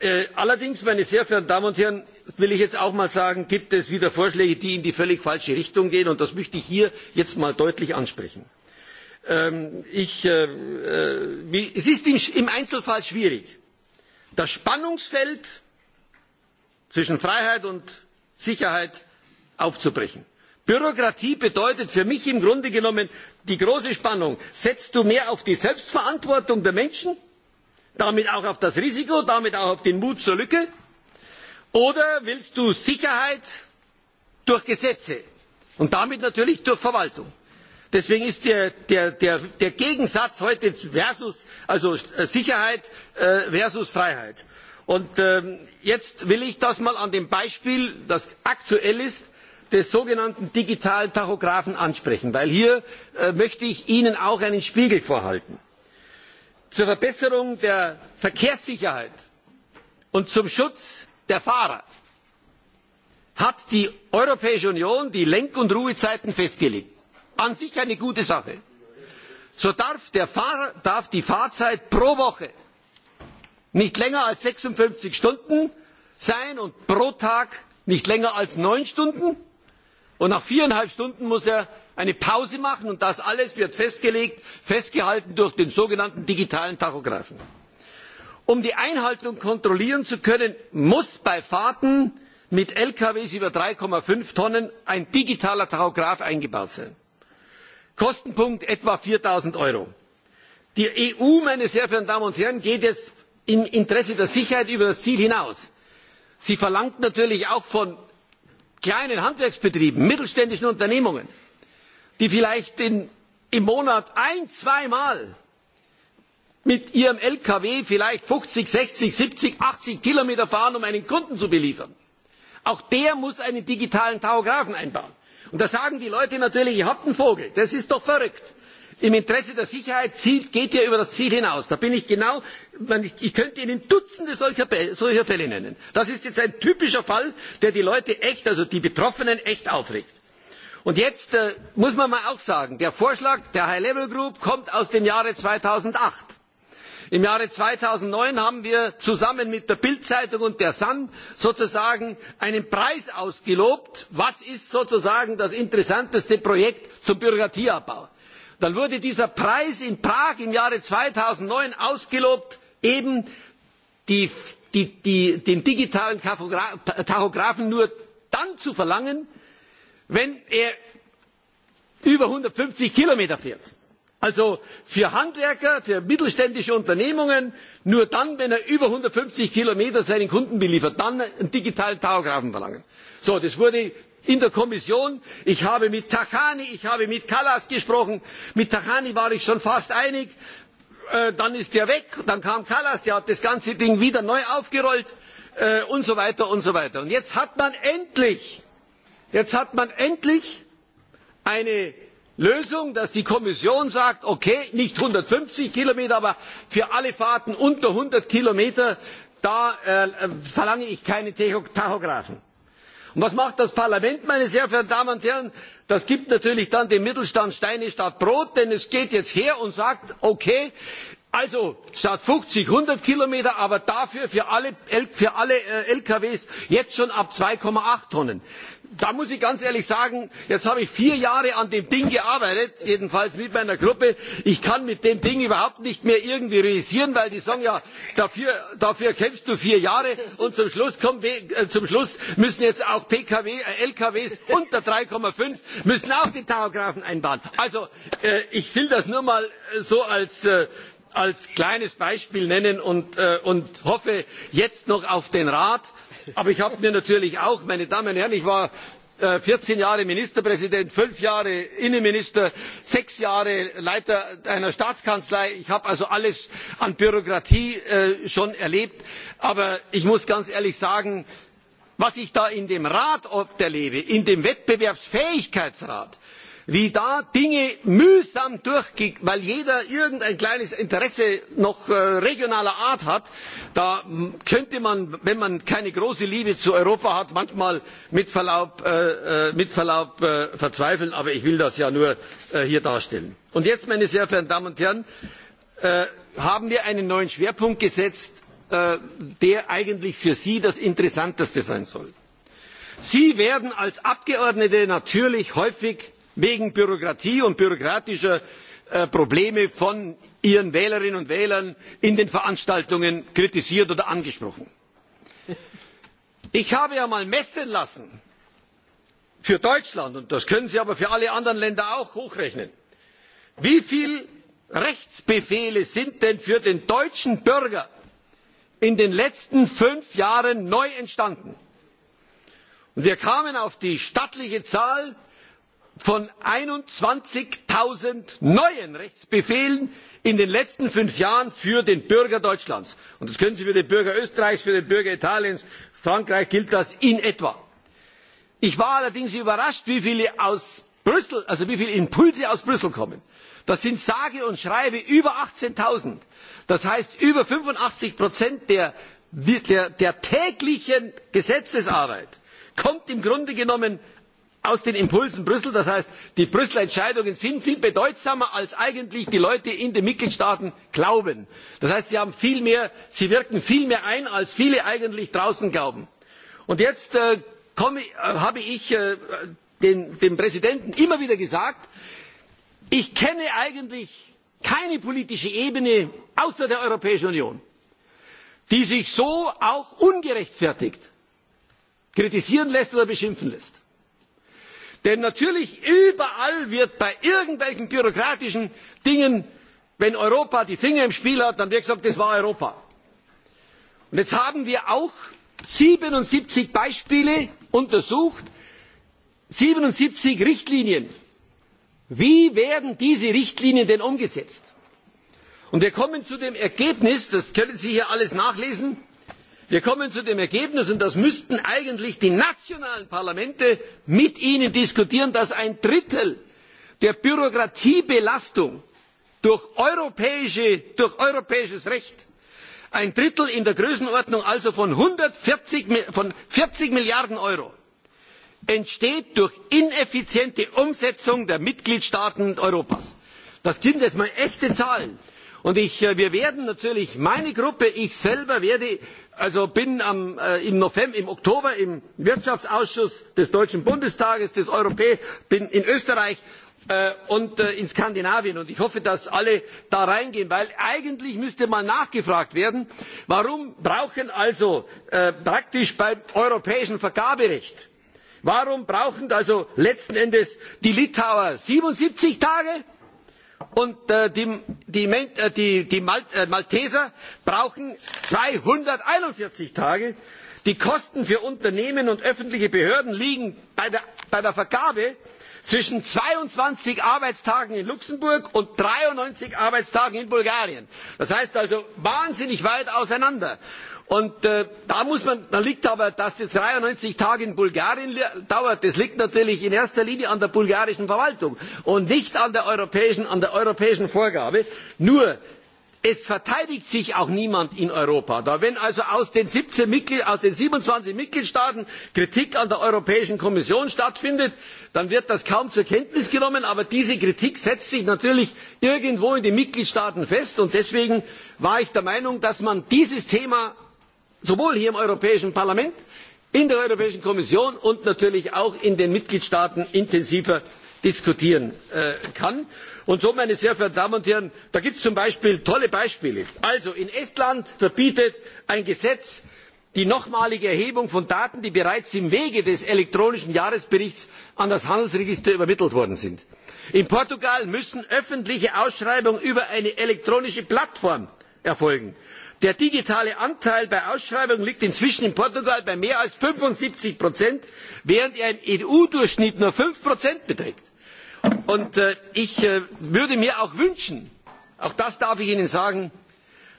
äh, allerdings, meine sehr verehrten Damen und Herren, will ich jetzt auch mal sagen, gibt es wieder Vorschläge, die in die völlig falsche Richtung gehen und das möchte ich hier jetzt mal deutlich ansprechen. Ähm, ich, es ist im Einzelfall schwierig. Das Spannungsfeld zwischen freiheit und sicherheit aufzubrechen. bürokratie bedeutet für mich im grunde genommen die große spannung setzt du mehr auf die selbstverantwortung der menschen damit auch auf das risiko damit auch auf den mut zur lücke oder willst du sicherheit durch gesetze und damit natürlich durch verwaltung? deswegen ist der, der, der, der gegensatz heute versus, also sicherheit äh, versus freiheit Und ähm, jetzt will ich das mal an dem Beispiel, das aktuell ist, des sogenannten digitalen Tachografen ansprechen, weil hier äh, möchte ich Ihnen auch einen Spiegel vorhalten. Zur Verbesserung der Verkehrssicherheit und zum Schutz der Fahrer hat die Europäische Union die Lenk- und Ruhezeiten festgelegt. An sich eine gute Sache. So darf, der Fahrer, darf die Fahrzeit pro Woche nicht länger als 56 Stunden sein und pro Tag nicht länger als neun Stunden. Und nach viereinhalb Stunden muss er eine Pause machen und das alles wird festgelegt, festgehalten durch den sogenannten digitalen Tachografen. Um die Einhaltung kontrollieren zu können, muss bei Fahrten mit LKWs über 3,5 Tonnen ein digitaler Tachograph eingebaut sein. Kostenpunkt etwa 4.000 Euro. Die EU, meine sehr verehrten Damen und Herren, geht jetzt im Interesse der Sicherheit über das Ziel hinaus. Sie verlangt natürlich auch von kleinen Handwerksbetrieben, mittelständischen Unternehmungen, die vielleicht in, im Monat ein, zweimal mit ihrem LKW vielleicht 50, 60, 70, 80 Kilometer fahren, um einen Kunden zu beliefern. Auch der muss einen digitalen Tachografen einbauen. Und da sagen die Leute natürlich, ihr habt einen Vogel, das ist doch verrückt im Interesse der Sicherheit zielt, geht ja über das Ziel hinaus. Da bin ich genau, ich könnte Ihnen Dutzende solcher, solcher Fälle nennen. Das ist jetzt ein typischer Fall, der die Leute echt, also die Betroffenen echt aufregt. Und jetzt äh, muss man mal auch sagen, der Vorschlag der High Level Group kommt aus dem Jahre 2008. Im Jahre 2009 haben wir zusammen mit der Bild-Zeitung und der Sun sozusagen einen Preis ausgelobt. Was ist sozusagen das interessanteste Projekt zum Bürokratieabbau? dann wurde dieser Preis in Prag im Jahre 2009 ausgelobt, eben die, die, die, den digitalen Tachografen nur dann zu verlangen, wenn er über 150 Kilometer fährt. Also für Handwerker, für mittelständische Unternehmungen nur dann, wenn er über 150 Kilometer seinen Kunden beliefert, dann einen digitalen Tachografen verlangen. So, das wurde in der Kommission. Ich habe mit Tajani, ich habe mit Kallas gesprochen. Mit Tajani war ich schon fast einig. Äh, dann ist er weg, dann kam Kallas, der hat das ganze Ding wieder neu aufgerollt äh, und so weiter und so weiter. Und jetzt hat man endlich, jetzt hat man endlich eine Lösung, dass die Kommission sagt, okay, nicht 150 Kilometer, aber für alle Fahrten unter 100 Kilometer, da äh, verlange ich keine Tachografen Und was macht das Parlament, meine sehr verehrten Damen und Herren? Das gibt natürlich dann dem Mittelstand Steine statt Brot, denn es geht jetzt her und sagt, okay, also statt 50 100 Kilometer, aber dafür für alle, für alle äh, LKWs jetzt schon ab 2,8 Tonnen da muss ich ganz ehrlich sagen, jetzt habe ich vier Jahre an dem Ding gearbeitet, jedenfalls mit meiner Gruppe. Ich kann mit dem Ding überhaupt nicht mehr irgendwie realisieren, weil die sagen ja, dafür, dafür kämpfst du vier Jahre und zum Schluss, kommt, äh, zum Schluss müssen jetzt auch PKW, äh, LKWs unter 3,5 müssen auch die Tachografen einbauen. Also äh, ich will das nur mal äh, so als... Äh, als kleines Beispiel nennen und, äh, und hoffe jetzt noch auf den Rat aber ich habe mir natürlich auch meine damen und herren ich war äh, vierzehn jahre ministerpräsident fünf jahre innenminister sechs jahre leiter einer staatskanzlei ich habe also alles an bürokratie äh, schon erlebt aber ich muss ganz ehrlich sagen was ich da in dem rat oft erlebe in dem wettbewerbsfähigkeitsrat wie da Dinge mühsam durchgehen, weil jeder irgendein kleines Interesse noch äh, regionaler Art hat, da könnte man, wenn man keine große Liebe zu Europa hat, manchmal mit Verlaub, äh, äh, mit Verlaub äh, verzweifeln. Aber ich will das ja nur äh, hier darstellen. Und jetzt, meine sehr verehrten Damen und Herren, äh, haben wir einen neuen Schwerpunkt gesetzt, äh, der eigentlich für Sie das Interessanteste sein soll. Sie werden als Abgeordnete natürlich häufig wegen bürokratie und bürokratischer äh, probleme von ihren wählerinnen und wählern in den veranstaltungen kritisiert oder angesprochen. ich habe einmal messen lassen für deutschland und das können sie aber für alle anderen länder auch hochrechnen wie viele rechtsbefehle sind denn für den deutschen bürger in den letzten fünf jahren neu entstanden? wir kamen auf die stattliche zahl von einundzwanzig null neuen rechtsbefehlen in den letzten fünf jahren für den bürger deutschlands. Und das können sie für den bürger österreichs für den bürger italiens frankreich gilt das in etwa. ich war allerdings überrascht wie viele aus brüssel also wie viele impulse aus brüssel kommen. das sind sage und schreibe über achtzehn null das heißt über fünfundachtzig der, der, der täglichen gesetzesarbeit kommt im grunde genommen aus den impulsen brüssel das heißt die brüsseler entscheidungen sind viel bedeutsamer als eigentlich die leute in den mitgliedstaaten glauben. das heißt sie, haben viel mehr, sie wirken viel mehr ein als viele eigentlich draußen glauben. und jetzt äh, komme, äh, habe ich äh, dem, dem präsidenten immer wieder gesagt ich kenne eigentlich keine politische ebene außer der europäischen union die sich so auch ungerechtfertigt kritisieren lässt oder beschimpfen lässt. Denn natürlich überall wird bei irgendwelchen bürokratischen Dingen, wenn Europa die Finger im Spiel hat, dann wird gesagt, das war Europa. Und jetzt haben wir auch 77 Beispiele untersucht, 77 Richtlinien. Wie werden diese Richtlinien denn umgesetzt? Und wir kommen zu dem Ergebnis, das können Sie hier alles nachlesen, wir kommen zu dem ergebnis und das müssten eigentlich die nationalen parlamente mit ihnen diskutieren dass ein drittel der bürokratiebelastung durch, europäische, durch europäisches recht ein drittel in der größenordnung also von, 140, von 40 milliarden euro entsteht durch ineffiziente umsetzung der mitgliedstaaten europas. das sind jetzt mal echte zahlen. Und ich, äh, wir werden natürlich meine gruppe ich selber werde also bin am, äh, im, November, im Oktober im Wirtschaftsausschuss des Deutschen Bundestages, des Europä, bin in Österreich äh, und äh, in Skandinavien. Und ich hoffe, dass alle da reingehen, weil eigentlich müsste mal nachgefragt werden, warum brauchen also äh, praktisch beim europäischen Vergaberecht, warum brauchen also letzten Endes die Litauer 77 Tage, und äh, die, die, äh, die, die äh, malteser brauchen zweihunderteinundvierzig tage. die kosten für unternehmen und öffentliche behörden liegen bei der, bei der vergabe zwischen zweiundzwanzig arbeitstagen in luxemburg und dreiundneunzig arbeitstagen in bulgarien. das heißt also wahnsinnig weit auseinander. Und äh, da muss man, da liegt aber, dass das 93 Tage in Bulgarien dauert, das liegt natürlich in erster Linie an der bulgarischen Verwaltung und nicht an der europäischen, an der europäischen Vorgabe. Nur, es verteidigt sich auch niemand in Europa. Da wenn also aus den, 17 Mitglied, aus den 27 Mitgliedstaaten Kritik an der Europäischen Kommission stattfindet, dann wird das kaum zur Kenntnis genommen. Aber diese Kritik setzt sich natürlich irgendwo in den Mitgliedstaaten fest. Und deswegen war ich der Meinung, dass man dieses Thema sowohl hier im europäischen parlament in der europäischen kommission und natürlich auch in den mitgliedstaaten intensiver diskutieren äh, kann. und so meine sehr verehrten damen und herren da gibt es zum beispiel tolle beispiele in estland verbietet ein gesetz die nochmalige erhebung von daten die bereits im wege des elektronischen jahresberichts an das handelsregister übermittelt worden sind. in portugal müssen öffentliche ausschreibungen über eine elektronische plattform erfolgen der digitale anteil bei ausschreibungen liegt inzwischen in portugal bei mehr als fünfundsiebzig während er im eu durchschnitt nur fünf beträgt. Und, äh, ich äh, würde mir auch wünschen auch das darf ich ihnen sagen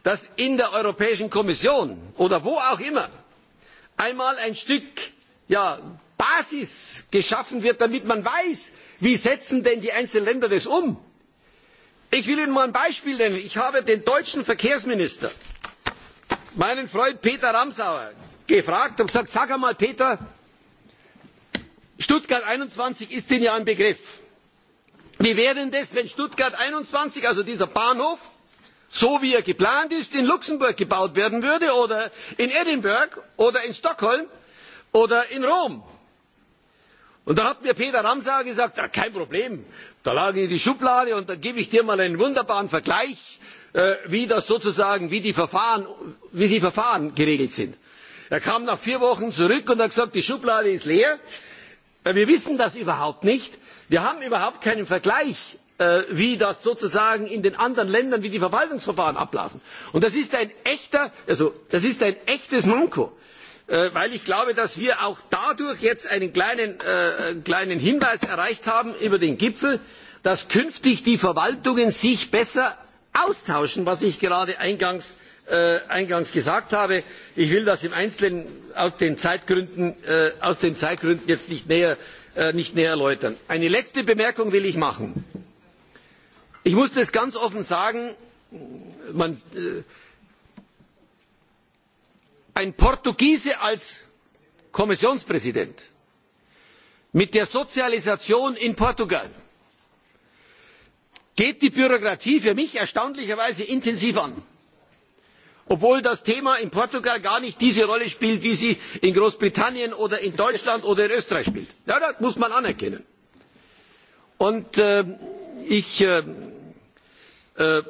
dass in der europäischen kommission oder wo auch immer einmal ein stück ja, basis geschaffen wird damit man weiß wie setzen denn die einzelnen länder das um? ich will ihnen mal ein beispiel nennen ich habe den deutschen verkehrsminister meinen Freund Peter Ramsauer gefragt und gesagt, sag einmal Peter, Stuttgart 21 ist Ihnen ja ein Begriff. Wie wäre denn das, wenn Stuttgart 21, also dieser Bahnhof, so wie er geplant ist, in Luxemburg gebaut werden würde oder in Edinburgh oder in Stockholm oder in Rom? Und dann hat mir Peter Ramsauer gesagt, ja, kein Problem, da lag in die Schublade und dann gebe ich dir mal einen wunderbaren Vergleich Äh, wie das sozusagen, wie die Verfahren, wie die Verfahren geregelt sind. Er kam nach vier Wochen zurück und hat gesagt, die Schublade ist leer. Äh, wir wissen das überhaupt nicht. Wir haben überhaupt keinen Vergleich, äh, wie das sozusagen in den anderen Ländern, wie die Verwaltungsverfahren ablaufen. Und das ist ein echter, also das ist ein echtes Manko weil ich glaube, dass wir auch dadurch jetzt einen kleinen, äh, kleinen Hinweis erreicht haben über den Gipfel, dass künftig die Verwaltungen sich besser austauschen was ich gerade eingangs, äh, eingangs gesagt habe. ich will das im einzelnen aus den zeitgründen, äh, aus den zeitgründen jetzt nicht näher, äh, nicht näher erläutern. eine letzte bemerkung will ich machen. ich muss das ganz offen sagen man, äh, ein portugiese als kommissionspräsident mit der sozialisation in portugal geht die Bürokratie für mich erstaunlicherweise intensiv an. Obwohl das Thema in Portugal gar nicht diese Rolle spielt, wie sie in Großbritannien oder in Deutschland oder in Österreich spielt. das muss man anerkennen. Und äh, ich äh, äh,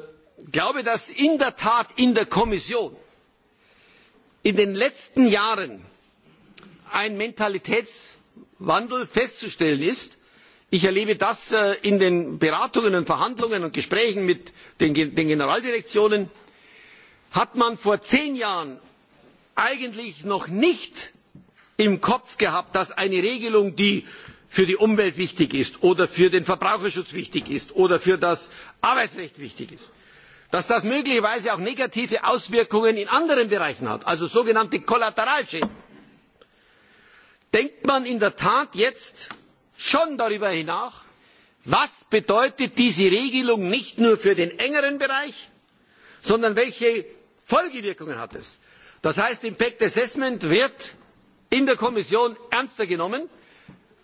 glaube, dass in der Tat in der Kommission in den letzten Jahren ein Mentalitätswandel festzustellen ich erlebe das äh, in den beratungen und verhandlungen und gesprächen mit den generaldirektionen hat man vor zehn jahren eigentlich noch nicht im kopf gehabt dass eine regelung die für die umwelt wichtig ist oder für den verbraucherschutz wichtig ist oder für das arbeitsrecht wichtig ist dass das möglicherweise auch negative auswirkungen in anderen bereichen hat also sogenannte kollateralschäden. denkt man in der tat jetzt schon darüber hinaus, was bedeutet diese Regelung nicht nur für den engeren Bereich, sondern welche Folgewirkungen hat es. Das heißt, Impact Assessment wird in der Kommission ernster genommen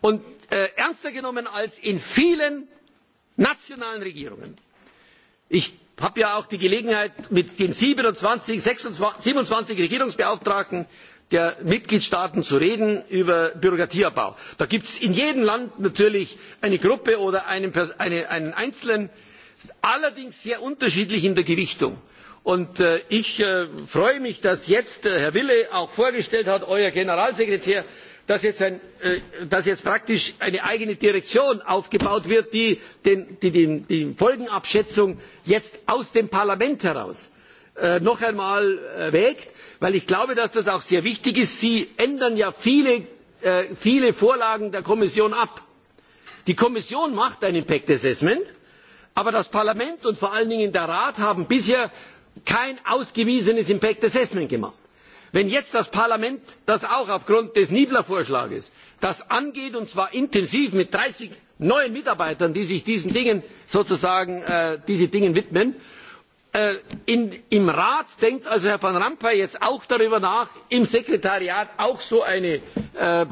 und äh, ernster genommen als in vielen nationalen Regierungen. Ich habe ja auch die Gelegenheit, mit den siebenundzwanzig 26, Regierungsbeauftragten der Mitgliedstaaten zu reden über Bürokratieabbau. Da gibt es in jedem Land natürlich eine Gruppe oder einen, eine, einen Einzelnen, allerdings sehr unterschiedlich in der Gewichtung. Und äh, ich äh, freue mich, dass jetzt äh, Herr Wille auch vorgestellt hat, euer Generalsekretär, dass jetzt, ein, äh, dass jetzt praktisch eine eigene Direktion aufgebaut wird, die, den, die, die, die Folgenabschätzung jetzt aus dem Parlament heraus Äh, noch einmal äh, erwägt weil ich glaube dass das auch sehr wichtig ist sie ändern ja viele, äh, viele vorlagen der kommission ab. die kommission macht ein impact assessment aber das parlament und vor allen dingen der rat haben bisher kein ausgewiesenes impact assessment gemacht. wenn jetzt das parlament das auch aufgrund des niebler vorschlags das angeht und zwar intensiv mit dreißig neuen mitarbeitern die sich diesen dingen sozusagen äh, diese Dingen widmen Äh, im rat denkt also herr van rompuy jetzt auch darüber nach im sekretariat auch so eine äh, äh,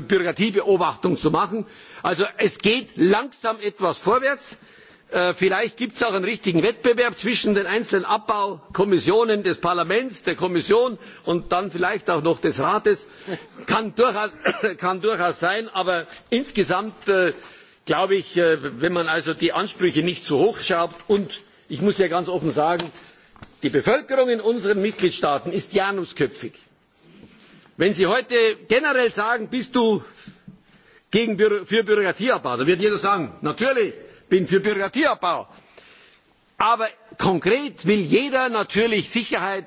bürokratiebeobachtung zu machen. also es geht langsam etwas vorwärts. vielleicht gibt es auch einen richtigen wettbewerb zwischen den einzelnen abbaukommissionen des parlaments der kommission und dann vielleicht auch noch des rates. kann durchaus sein aber insgesamt glaube ich, äh, wenn man also die Ansprüche nicht zu hoch schraubt und ich muss ja ganz offen sagen, die Bevölkerung in unseren Mitgliedstaaten ist janusköpfig. Wenn Sie heute generell sagen, bist du gegen, für Bürokratieabbau, dann wird jeder sagen, natürlich, bin für Bürokratieabbau. Aber konkret will jeder natürlich Sicherheit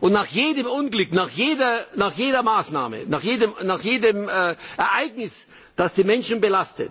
und nach jedem Unglück, nach jeder, nach jeder Maßnahme, nach jedem, nach jedem äh, Ereignis, das die Menschen belastet,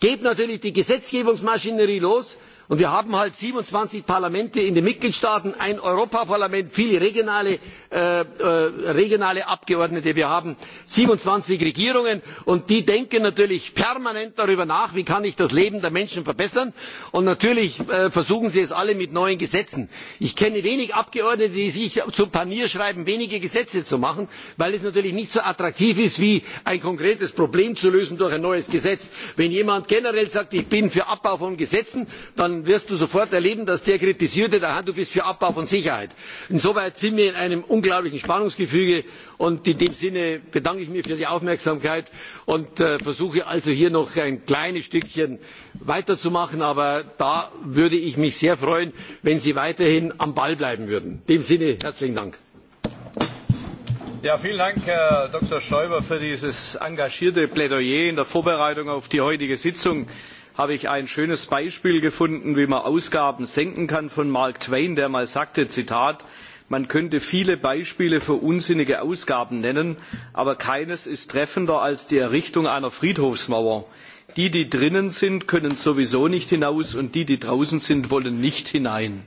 geht natürlich die Gesetzgebungsmaschinerie los und wir haben halt siebenundzwanzig Parlamente in den Mitgliedstaaten, ein Europaparlament, viele regionale Äh, äh, regionale abgeordnete wir haben siebenundzwanzig regierungen und die denken natürlich permanent darüber nach wie kann ich das leben der menschen verbessern und natürlich äh, versuchen sie es alle mit neuen gesetzen. ich kenne wenig abgeordnete die sich zum panier schreiben wenige gesetze zu machen weil es natürlich nicht so attraktiv ist wie ein konkretes problem zu lösen durch ein neues gesetz. wenn jemand generell sagt ich bin für abbau von gesetzen dann wirst du sofort erleben dass der kritisiert wird aha du bist für abbau von sicherheit. insoweit sind wir in einem unglaublichen Spannungsgefüge. Und in dem Sinne bedanke ich mich für die Aufmerksamkeit und äh, versuche also hier noch ein kleines Stückchen weiterzumachen. Aber da würde ich mich sehr freuen, wenn Sie weiterhin am Ball bleiben würden. In dem Sinne herzlichen Dank. Ja, vielen Dank, Herr Dr. Stoiber, für dieses engagierte Plädoyer. In der Vorbereitung auf die heutige Sitzung habe ich ein schönes Beispiel gefunden, wie man Ausgaben senken kann von Mark Twain, der mal sagte, Zitat, Man könnte viele Beispiele für unsinnige Ausgaben nennen, aber keines ist treffender als die Errichtung einer Friedhofsmauer. Die, die drinnen sind, können sowieso nicht hinaus und die, die draußen sind, wollen nicht hinein.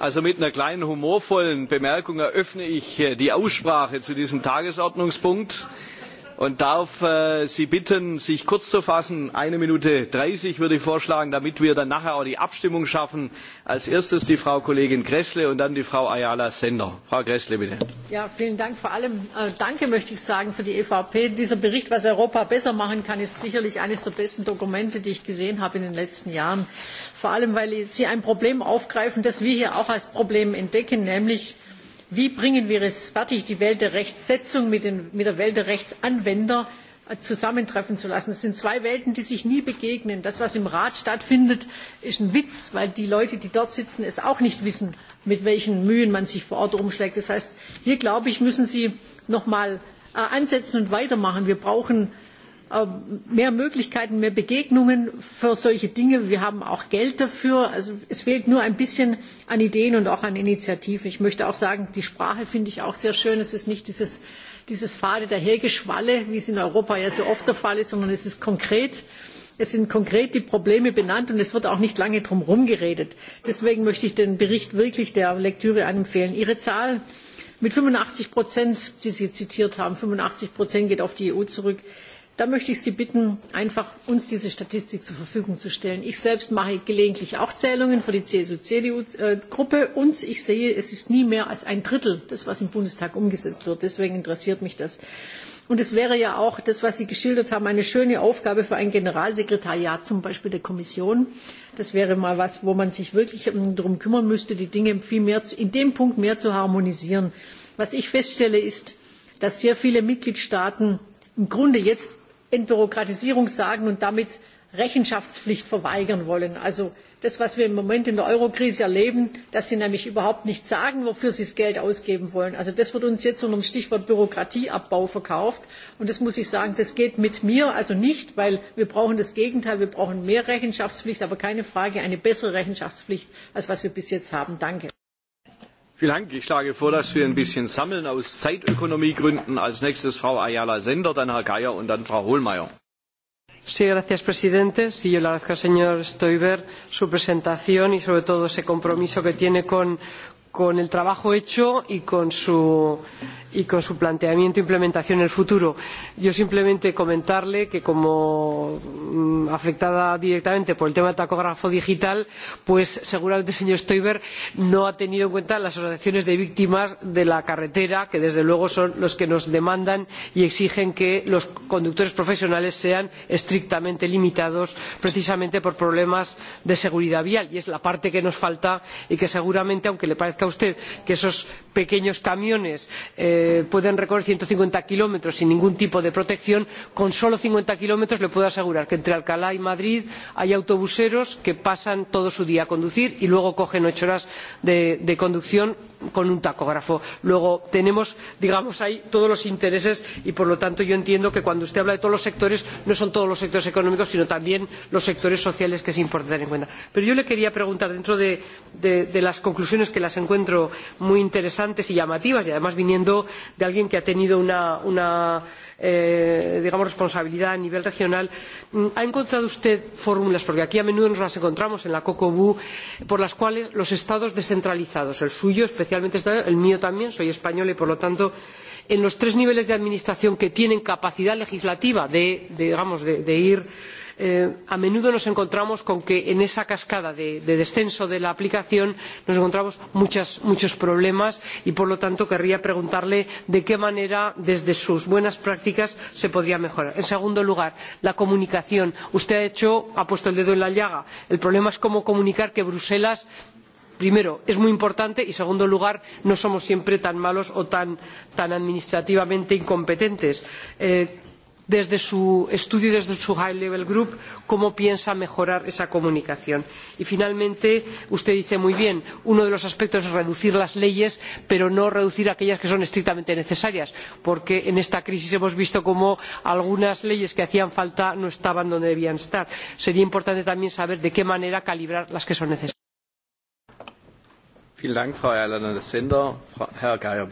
Also mit einer kleinen humorvollen Bemerkung eröffne ich äh, die Aussprache zu diesem Tagesordnungspunkt und darf äh, Sie bitten, sich kurz zu fassen. Eine Minute dreißig würde ich vorschlagen, damit wir dann nachher auch die Abstimmung schaffen. Als erstes die Frau Kollegin Gressle und dann die Frau Ayala Sender. Frau Gressle, bitte. Ja, vielen Dank. Vor allem äh, Danke möchte ich sagen für die EVP. Dieser Bericht, was Europa besser machen kann, ist sicherlich eines der besten Dokumente, die ich gesehen habe in den letzten Jahren. Vor allem, weil Sie ein Problem aufgreifen, das wir hier auch als Problem entdecken, nämlich wie bringen wir es fertig die welt der rechtsetzung mit, der welt der rechtsanwender äh, zusammentreffen zu lassen. das sind zwei Welten, die sich nie begegnen. Das, was im Rat stattfindet, ist ein Witz, weil die Leute, die dort sitzen, es auch nicht wissen, mit welchen Mühen man sich vor Ort herumschlägt. Das heißt, hier, müssen Sie noch einmal äh, ansetzen und weitermachen. Wir brauchen Äh, mehr Möglichkeiten, mehr Begegnungen für solche Dinge. Wir haben auch Geld dafür. Also es fehlt nur ein bisschen an Ideen und auch an Initiativen. Ich möchte auch sagen, die Sprache finde ich auch sehr schön. Es ist nicht dieses, dieses fade Dahergeschwalle, wie es in Europa ja so oft der Fall ist, sondern es ist konkret. Es sind konkret die Probleme benannt und es wird auch nicht lange drum herum geredet. Deswegen möchte ich den Bericht wirklich der Lektüre anempfehlen. Ihre Zahl mit 85 Prozent, die Sie zitiert haben, 85 Prozent geht auf die EU zurück da möchte ich Sie bitten, einfach uns diese Statistik zur Verfügung zu stellen. Ich selbst mache gelegentlich auch Zählungen für die CSU-CDU-Gruppe äh, und ich sehe, es ist nie mehr als ein Drittel, das was im Bundestag umgesetzt wird. Deswegen interessiert mich das. Und es wäre ja auch das, was Sie geschildert haben, eine schöne Aufgabe für ein Generalsekretariat, zum Beispiel der Kommission. Das wäre mal etwas wo man sich wirklich ähm, darum kümmern müsste, die Dinge viel mehr, in dem Punkt mehr zu harmonisieren. Was ich feststelle, ist, dass sehr viele Mitgliedstaaten im Grunde jetzt Entbürokratisierung sagen und damit Rechenschaftspflicht verweigern wollen. Also das, was wir im Moment in der Eurokrise erleben, dass sie nämlich überhaupt nicht sagen, wofür sie das Geld ausgeben wollen. Also das wird uns jetzt unter dem Stichwort Bürokratieabbau verkauft. Und das muss ich sagen, das geht mit mir also nicht, weil wir brauchen das Gegenteil. Wir brauchen mehr Rechenschaftspflicht, aber keine Frage eine bessere Rechenschaftspflicht, als was wir bis jetzt haben. Danke. Vielen Ich schlage vor, dass wir ein bisschen sammeln aus Zeitökonomiegründen. Als nächstes Frau Ayala Sender, dann Herr Geier und dann Frau Hohlmeier. Sí, gracias, presidente. Sí, yo le agradezco al señor Stoiber su presentación y sobre todo ese compromiso que tiene con, con el trabajo hecho y con su y con su planteamiento e implementación en el futuro. yo simplemente comentarle que como mm, afectada directamente por el tema del tacógrafo digital pues seguramente el señor stoiber no ha tenido en cuenta las asociaciones de víctimas de la carretera que desde luego son las que nos demandan y exigen que los conductores profesionales sean estrictamente limitados precisamente por problemas de seguridad vial y es la parte que nos falta y que seguramente aunque le parezca a usted que esos pequeños camiones eh, pueden recorrer ciento cincuenta kilómetros sin ningún tipo de protección con solo cincuenta kilómetros le puedo asegurar que entre alcalá y madrid hay autobuseros que pasan todo su día conduciendo y luego cogen ocho horas de, de conducción con un tacógrafo. luego tenemos digamos ahí todos los intereses y por lo tanto yo entiendo que cuando usted habla de todos los sectores no son todos los sectores económicos sino también los sectores sociales que es importante tener en cuenta. pero yo le quería preguntar dentro de, de, de las conclusiones que las encuentro muy interesantes y llamativas y además viniendo de alguien que ha tenido una, una Eh, digamos, responsabilidad a nivel regional, mm, ¿ha encontrado usted fórmulas, porque aquí a menudo nos las encontramos en la COCOBU, por las cuales los estados descentralizados, el suyo especialmente, el mío también, soy española y por lo tanto en los tres niveles de administración que tienen capacidad legislativa de, digamos, de ir Eh, a menudo nos encontramos con que en esa cascada de, descenso de la aplicación nos encontramos muchos problemas y por lo tanto querría preguntarle de qué manera desde sus buenas prácticas se podría mejorar. en segundo lugar la comunicación. usted ha, puesto el dedo en la llaga. el problema es cómo comunicar que bruselas primero es muy importante y en segundo lugar no somos siempre tan malos o tan, tan administrativamente incompetentes. Eh, desde su estudio y desde su high level group cómo piensa mejorar esa comunicación. y finalmente usted dice muy bien uno de los aspectos es reducir las leyes pero no reducir aquellas que son estrictamente necesarias porque en esta crisis hemos visto cómo algunas leyes que hacían falta no estaban donde debían estar. sería importante también saber de qué manera calibrar las que son necesarias. Vielen Dank, Frau Erlander-Sender. Herr Geier,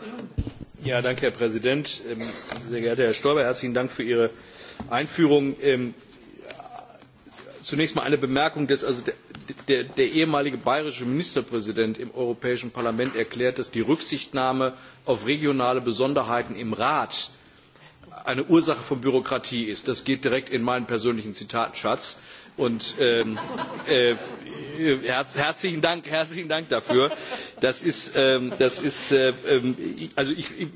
bitte. Ja, danke, Herr Präsident. Ähm, sehr geehrter Herr Stoiber, herzlichen Dank für Ihre Einführung. Ähm, zunächst mal eine Bemerkung, dass also der, der, der ehemalige bayerische Ministerpräsident im Europäischen Parlament erklärt, dass die Rücksichtnahme auf regionale Besonderheiten im Rat eine Ursache von Bürokratie ist. Das geht direkt in meinen persönlichen Zitatenschatz. Und ähm, äh, herz, herzlichen, Dank, herzlichen Dank dafür. Das ist, ähm, das ist äh, ähm, also ich, ich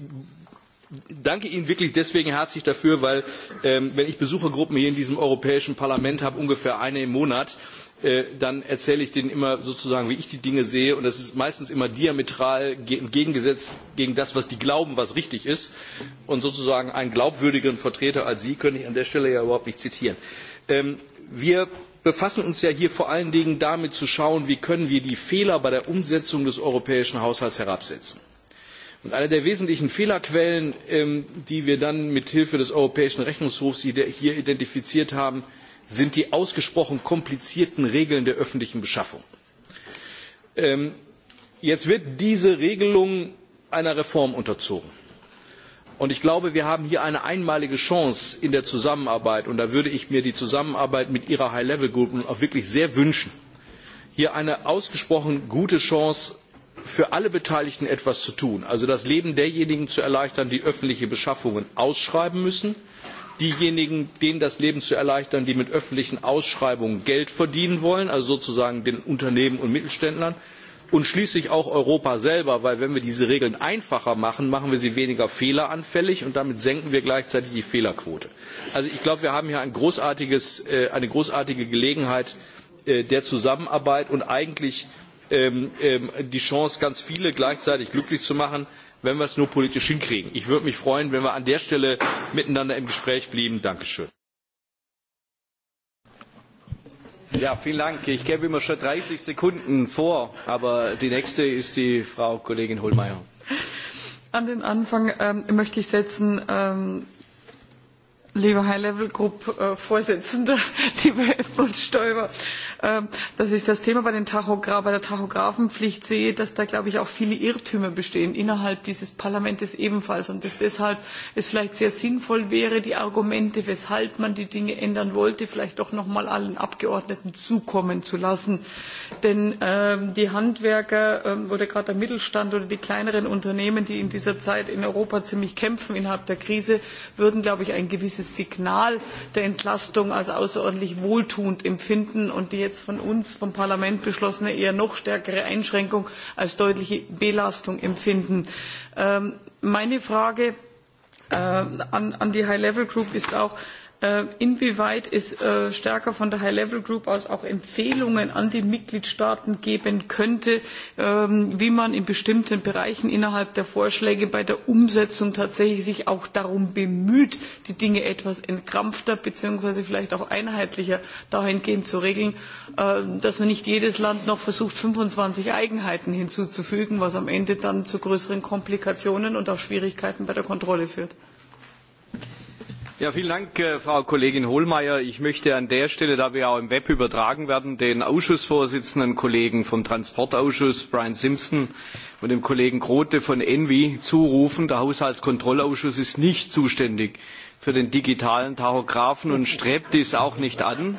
danke Ihnen wirklich deswegen herzlich dafür, weil ähm, wenn ich Besuchergruppen hier in diesem Europäischen Parlament habe, ungefähr eine im Monat, äh, dann erzähle ich denen immer sozusagen, wie ich die Dinge sehe. Und das ist meistens immer diametral entgegengesetzt gegen das, was die glauben, was richtig ist. Und sozusagen einen glaubwürdigeren Vertreter als Sie könnte ich an der Stelle ja überhaupt nicht zitieren. Ähm, wir befassen uns ja hier vor allen Dingen damit zu schauen, wie können wir die Fehler bei der Umsetzung des europäischen Haushalts herabsetzen. Und eine der wesentlichen Fehlerquellen, ähm, die wir dann mit Hilfe des Europäischen Rechnungshofs hier identifiziert haben, sind die ausgesprochen komplizierten Regeln der öffentlichen Beschaffung. Ähm, jetzt wird diese Regelung einer Reform unterzogen. Und ich glaube, wir haben hier eine einmalige Chance in der Zusammenarbeit. Und da würde ich mir die Zusammenarbeit mit Ihrer High-Level-Group auch wirklich sehr wünschen. Hier eine ausgesprochen gute Chance für alle Beteiligten etwas zu tun. Also das Leben derjenigen zu erleichtern, die öffentliche Beschaffungen ausschreiben müssen, diejenigen, denen das Leben zu erleichtern, die mit öffentlichen Ausschreibungen Geld verdienen wollen, also sozusagen den Unternehmen und Mittelständlern, und schließlich auch Europa selber, weil wenn wir diese Regeln einfacher machen, machen wir sie weniger fehleranfällig und damit senken wir gleichzeitig die Fehlerquote. Also ich glaube, wir haben hier ein großartiges, äh, eine großartige Gelegenheit äh, der Zusammenarbeit und eigentlich ähm, ähm, die Chance, ganz viele gleichzeitig glücklich zu machen, wenn wir es nur politisch hinkriegen. Ich würde mich freuen, wenn wir an der Stelle miteinander im Gespräch blieben. Dankeschön. Ja, vielen Dank. Ich gebe immer schon 30 Sekunden vor, aber die nächste ist die Frau Kollegin Hohlmeier. An den Anfang ähm, möchte ich setzen, ähm, Liebe High-Level-Group-Vorsitzende, liebe Edmund Stoiber, ähm, dass ich das Thema bei, den bei der Tachografenpflicht sehe, dass da, glaube ich, auch viele Irrtümer bestehen, innerhalb dieses Parlaments ebenfalls. Und dass deshalb es vielleicht sehr sinnvoll wäre, die Argumente, weshalb man die Dinge ändern wollte, vielleicht doch nochmal allen Abgeordneten zukommen zu lassen. Denn ähm, die Handwerker ähm, oder gerade der Mittelstand oder die kleineren Unternehmen, die in dieser Zeit in Europa ziemlich kämpfen innerhalb der Krise, würden, glaube ich, ein gewisses dieses Signal der Entlastung als außerordentlich wohltuend empfinden und die jetzt von uns, vom Parlament beschlossene eher noch stärkere Einschränkung als deutliche Belastung empfinden. Ähm, meine Frage äh, an die High-Level-Group ist auch, Äh, inwieweit es äh, stärker von der High Level Group aus auch Empfehlungen an die Mitgliedstaaten geben könnte, ähm, wie man in bestimmten Bereichen innerhalb der Vorschläge bei der Umsetzung tatsächlich sich auch darum bemüht, die Dinge etwas entkrampfter bzw. vielleicht auch einheitlicher dahingehend zu regeln, ähm, dass man nicht jedes Land noch versucht, 25 Eigenheiten hinzuzufügen, was am Ende dann zu größeren Komplikationen und auch Schwierigkeiten bei der Kontrolle führt vielen Dank, äh, Frau Kollegin Hohlmeier. Ich möchte an der Stelle, da wir auch im Web übertragen werden, den Ausschussvorsitzenden Kollegen vom Transportausschuss, Brian Simpson, und dem Kollegen Grote von Envi zurufen. Der Haushaltskontrollausschuss ist nicht zuständig für den digitalen Tachografen und strebt dies auch nicht an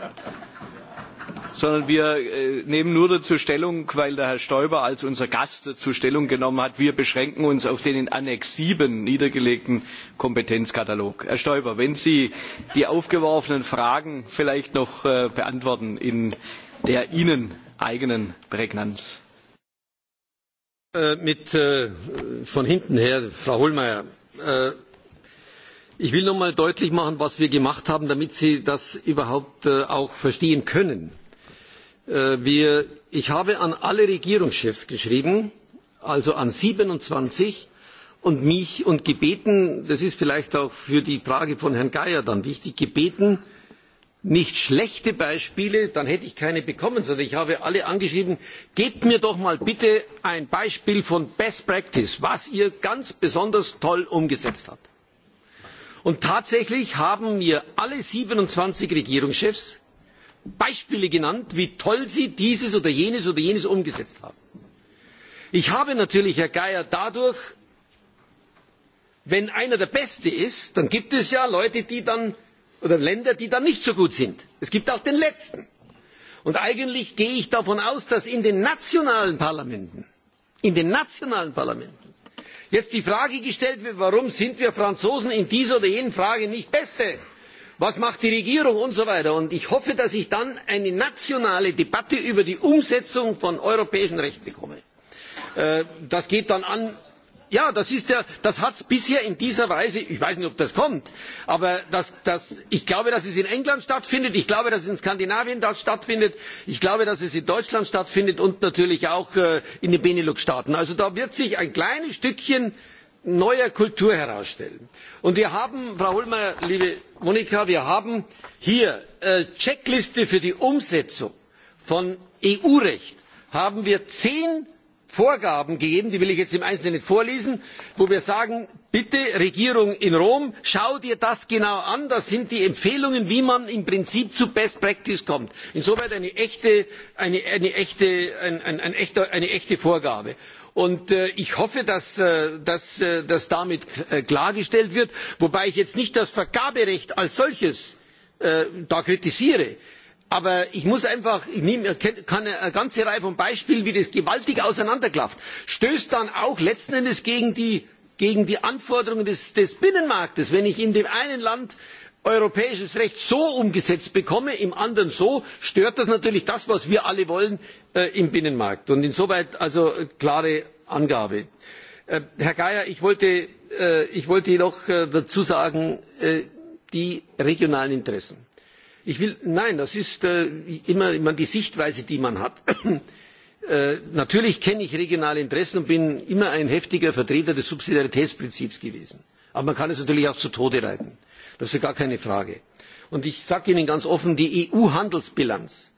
sondern wir äh, nehmen nur dazu Stellung, weil der Herr Stoiber als unser Gast dazu Stellung genommen hat. Wir beschränken uns auf den in Annex 7 niedergelegten Kompetenzkatalog. Herr Stoiber, wenn Sie die aufgeworfenen Fragen vielleicht noch äh, beantworten in der Ihnen eigenen Prägnanz. Äh, mit äh, von hinten her, Frau Hohlmeier. Äh, ich will noch mal deutlich machen, was wir gemacht haben, damit Sie das überhaupt äh, auch verstehen können Äh, wir, ich habe an alle Regierungschefs geschrieben, also an 27, und mich und gebeten, das ist vielleicht auch für die Frage von Herrn Geier dann wichtig, gebeten, nicht schlechte Beispiele, dann hätte ich keine bekommen, sondern ich habe alle angeschrieben, gebt mir doch mal bitte ein Beispiel von Best Practice, was ihr ganz besonders toll umgesetzt habt. Und tatsächlich haben mir alle 27 Regierungschefs Beispiele genannt, wie toll sie dieses oder jenes oder jenes umgesetzt haben. Ich habe natürlich, Herr Geier, dadurch, wenn einer der Beste ist, dann gibt es ja Leute, die dann, oder Länder, die dann nicht so gut sind. Es gibt auch den Letzten. Und eigentlich gehe ich davon aus, dass in den nationalen Parlamenten, in den nationalen Parlamenten, jetzt die Frage gestellt wird, warum sind wir Franzosen in dieser oder jenen Frage nicht Beste? was macht die regierung und so weiter. Und ich hoffe dass ich dann eine nationale debatte über die umsetzung von europäischem recht bekomme. Äh, das geht dann an ja das, ist ja, das hat es bisher in dieser weise ich weiß nicht ob das kommt aber das, das, ich glaube dass es in england stattfindet ich glaube dass es in skandinavien stattfindet ich glaube dass es in deutschland stattfindet und natürlich auch äh, in den benelux staaten. also da wird sich ein kleines stückchen neuer Kultur herausstellen. Und wir haben, Frau Ulmer, liebe Monika, wir haben hier äh, Checkliste für die Umsetzung von EU-Recht. Haben wir zehn Vorgaben gegeben, die will ich jetzt im Einzelnen nicht vorlesen, wo wir sagen, bitte Regierung in Rom, schau dir das genau an, das sind die Empfehlungen, wie man im Prinzip zu Best Practice kommt. Insoweit eine echte, eine, eine echte, ein, ein, ein echter, eine echte Vorgabe. Und äh, ich hoffe, dass, äh, dass äh, das damit äh, klargestellt wird, wobei ich jetzt nicht das Vergaberecht als solches da kritisiere. Aber ich muss einfach, ich nehme, kann eine ganze Reihe von Beispielen, wie das gewaltig auseinanderklafft, stößt dann auch letzten Endes gegen die, gegen die Anforderungen des, des Binnenmarktes. Wenn ich in dem einen Land europäisches Recht so umgesetzt bekomme, im anderen so, stört das natürlich das, was wir alle wollen äh, im Binnenmarkt. Und insoweit also äh, klare Angabe. Äh, Herr Geier, ich wollte, äh, ich wollte jedoch äh, dazu sagen, äh, die regionalen Interessen. Ich will, nein, das ist äh, immer, immer die Sichtweise, die man hat. Äh, natürlich kenne ich regionale Interessen und bin immer ein heftiger Vertreter des Subsidiaritätsprinzips gewesen. Aber man kann es natürlich auch zu Tode reiten das ist gar keine frage. und ich sage ihnen ganz offen die eu handelsbilanz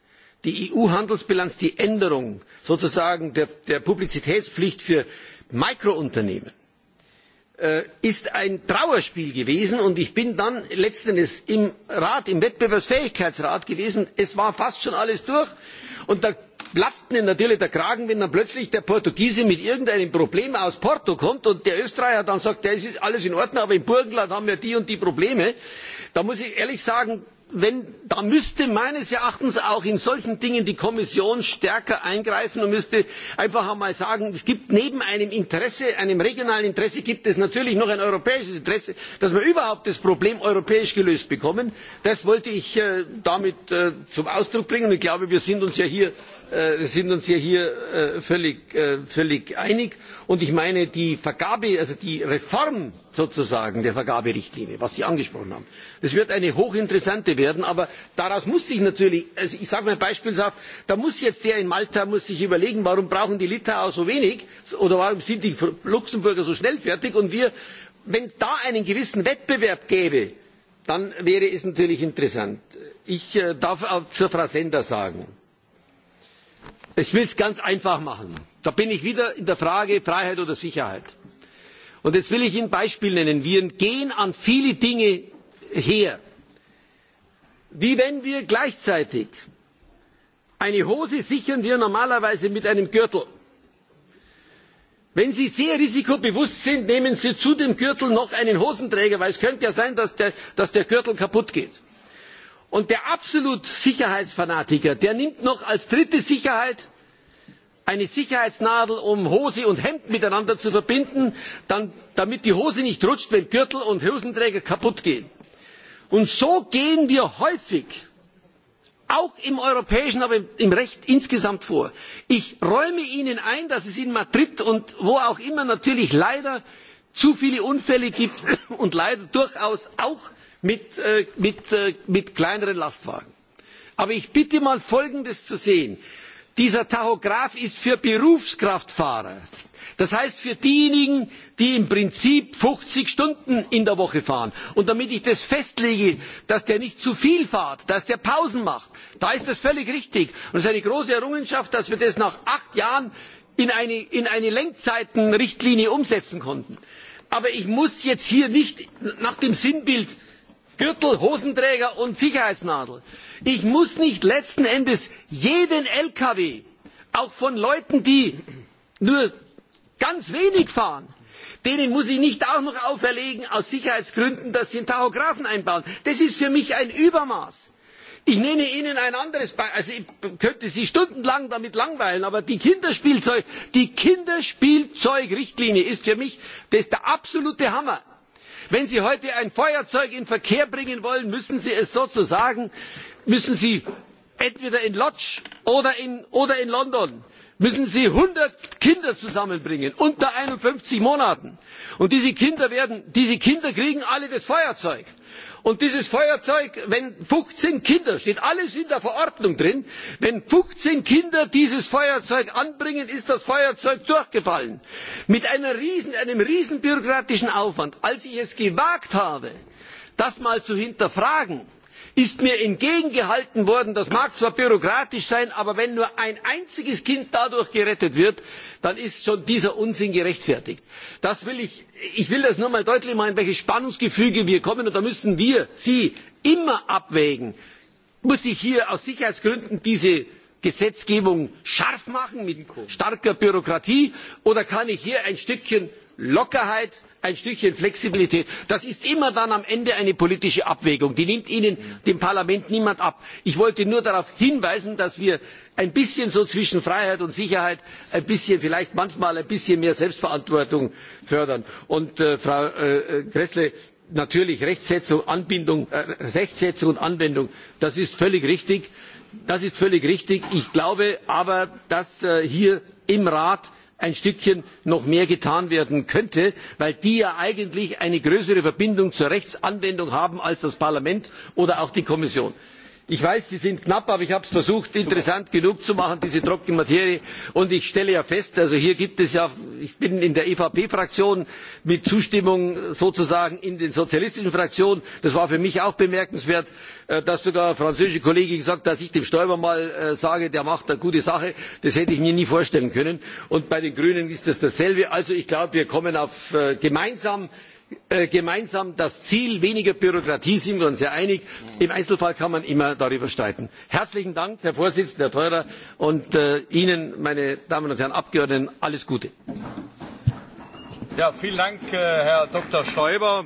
die eu handelsbilanz die änderung sozusagen der, der publizitätspflicht für mikrounternehmen äh, ist ein trauerspiel gewesen und ich bin dann letzten endes im rat im wettbewerbsfähigkeitsrat gewesen es war fast schon alles durch und da platzt mir natürlich der kragen wenn dann plötzlich der portugiese mit irgendeinem problem aus porto kommt und der österreicher dann sagt es ist alles in ordnung aber im burgenland haben wir die und die probleme. da muss ich ehrlich sagen wenn, da müsste meines Erachtens auch in solchen Dingen die Kommission stärker eingreifen und müsste einfach einmal sagen, es gibt neben einem Interesse, einem regionalen Interesse, gibt es natürlich noch ein europäisches Interesse, dass wir überhaupt das Problem europäisch gelöst bekommen. Das wollte ich äh, damit äh, zum Ausdruck bringen und ich glaube, wir sind uns ja hier Äh, sind uns ja hier äh, völlig, äh, völlig einig. Und ich meine, die Vergabe, also die Reform sozusagen der Vergaberichtlinie, was Sie angesprochen haben, das wird eine hochinteressante werden. Aber daraus muss sich natürlich, also ich sage mal beispielshaft, da muss jetzt der in Malta muss sich überlegen, warum brauchen die Litauer so wenig oder warum sind die Luxemburger so schnell fertig und wir, wenn es da einen gewissen Wettbewerb gäbe, dann wäre es natürlich interessant. Ich darf auch zur Frau Sender sagen, ich will es ganz einfach machen da bin ich wieder in der frage freiheit oder sicherheit. und jetzt will ich ihnen ein beispiel nennen wir gehen an viele dinge her wie wenn wir gleichzeitig eine hose sichern wir normalerweise mit einem gürtel. wenn sie sehr risikobewusst sind nehmen sie zu dem gürtel noch einen hosenträger weil es könnte ja sein dass der, dass der gürtel kaputt geht. Und der absolut Sicherheitsfanatiker, der nimmt noch als dritte Sicherheit eine Sicherheitsnadel, um Hose und Hemd miteinander zu verbinden, dann, damit die Hose nicht rutscht, wenn Gürtel und Hosenträger kaputt gehen. Und so gehen wir häufig, auch im europäischen, aber im Recht insgesamt vor. Ich räume Ihnen ein, dass es in Madrid und wo auch immer natürlich leider zu viele Unfälle gibt und leider durchaus auch mit, äh, mit, äh, mit kleineren Lastwagen. Aber ich bitte mal Folgendes zu sehen. Dieser Tachograph ist für Berufskraftfahrer. Das heißt für diejenigen, die im Prinzip 50 Stunden in der Woche fahren. Und damit ich das festlege, dass der nicht zu viel fährt, dass der Pausen macht, da ist das völlig richtig. Und es ist eine große Errungenschaft, dass wir das nach acht Jahren in eine, in eine Lenkzeitenrichtlinie umsetzen konnten. Aber ich muss jetzt hier nicht nach dem Sinnbild Gürtel, Hosenträger und Sicherheitsnadel. Ich muss nicht letzten Endes jeden LKW, auch von Leuten, die nur ganz wenig fahren, denen muss ich nicht auch noch auferlegen aus Sicherheitsgründen, dass sie einen Tachografen einbauen. Das ist für mich ein Übermaß. Ich nenne Ihnen ein anderes Beispiel. Also ich könnte Sie stundenlang damit langweilen, aber die Kinderspielzeug, die Kinderspielzeugrichtlinie ist für mich das der absolute Hammer Wenn Sie heute ein Feuerzeug in Verkehr bringen wollen, müssen Sie es sozusagen, müssen Sie entweder in Lodz oder in, oder in London müssen sie 100 Kinder zusammenbringen, unter 51 Monaten. Und diese Kinder, werden, diese Kinder kriegen alle das Feuerzeug. Und dieses Feuerzeug, wenn 15 Kinder, steht alles in der Verordnung drin, wenn 15 Kinder dieses Feuerzeug anbringen, ist das Feuerzeug durchgefallen. Mit einer riesen, einem riesen bürokratischen Aufwand. Als ich es gewagt habe, das mal zu hinterfragen, ist mir entgegengehalten worden das mag zwar bürokratisch sein aber wenn nur ein einziges kind dadurch gerettet wird dann ist schon dieser unsinn gerechtfertigt. Das will ich, ich will das nur einmal deutlich machen in welches spannungsgefüge wir kommen und da müssen wir sie immer abwägen muss ich hier aus sicherheitsgründen diese gesetzgebung scharf machen mit starker bürokratie oder kann ich hier ein stückchen lockerheit ein Stückchen Flexibilität. Das ist immer dann am Ende eine politische Abwägung. Die nimmt Ihnen, dem Parlament, niemand ab. Ich wollte nur darauf hinweisen, dass wir ein bisschen so zwischen Freiheit und Sicherheit ein bisschen, vielleicht manchmal ein bisschen mehr Selbstverantwortung fördern. Und äh, Frau äh, äh Gressle, natürlich Rechtsetzung, Anbindung, äh, Rechtsetzung und Anwendung, das ist völlig richtig. Das ist völlig richtig. Ich glaube aber, dass äh, hier im Rat ein Stückchen noch mehr getan werden könnte, weil die ja eigentlich eine größere Verbindung zur Rechtsanwendung haben als das Parlament oder auch die Kommission ich weiß sie sind knapp aber ich habe es versucht interessant genug zu machen diese trockene materie und ich stelle ja fest also hier gibt es ja ich bin in der evp fraktion mit zustimmung sozusagen in den sozialistischen fraktionen das war für mich auch bemerkenswert äh, dass sogar ein französischer kollege gesagt hat dass ich dem stoiber mal äh, sage der macht eine gute sache das hätte ich mir nie vorstellen können und bei den grünen ist es dasselbe. also ich glaube wir kommen auf äh, gemeinsam Äh, gemeinsam das ziel weniger bürokratie sind wir uns ja einig im einzelfall kann man immer darüber streiten. herzlichen dank herr präsident herr theurer und äh, ihnen meine damen und herren abgeordneten alles gute! Ja, vielen dank äh, herr dr. stoiber!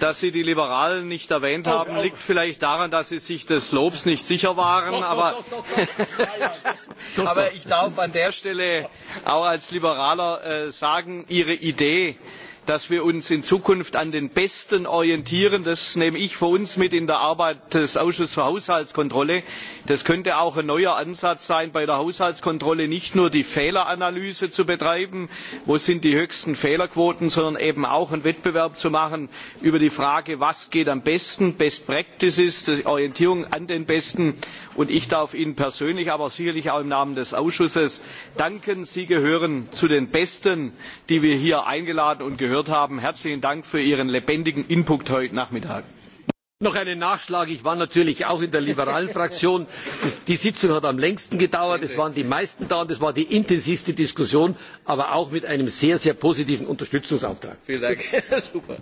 dass sie die liberalen nicht erwähnt oh, haben oh. liegt vielleicht daran dass sie sich des lobs nicht sicher waren oh, aber, aber ich darf an der stelle auch als liberaler sagen ihre idee dass wir uns in zukunft an den besten orientieren das nehme ich für uns mit in der arbeit des ausschusses für haushaltskontrolle. das könnte auch ein neuer ansatz sein bei der haushaltskontrolle nicht nur die fehleranalyse zu betreiben wo sind die höchsten fehlerquoten sondern eben auch einen wettbewerb zu machen über die frage was geht am besten best practices die orientierung an den besten. und ich darf ihnen persönlich aber sicherlich auch im namen des ausschusses danken sie gehören zu den besten die wir hier eingeladen und gehört haben. Herzlichen Dank für Ihren lebendigen Input heute Nachmittag. Noch einen Nachschlag. Ich war natürlich auch in der liberalen Fraktion. Das, die Sitzung hat am längsten gedauert. Es waren die meisten da und es war die intensivste Diskussion, aber auch mit einem sehr, sehr positiven Unterstützungsauftrag. Vielen Dank. Super.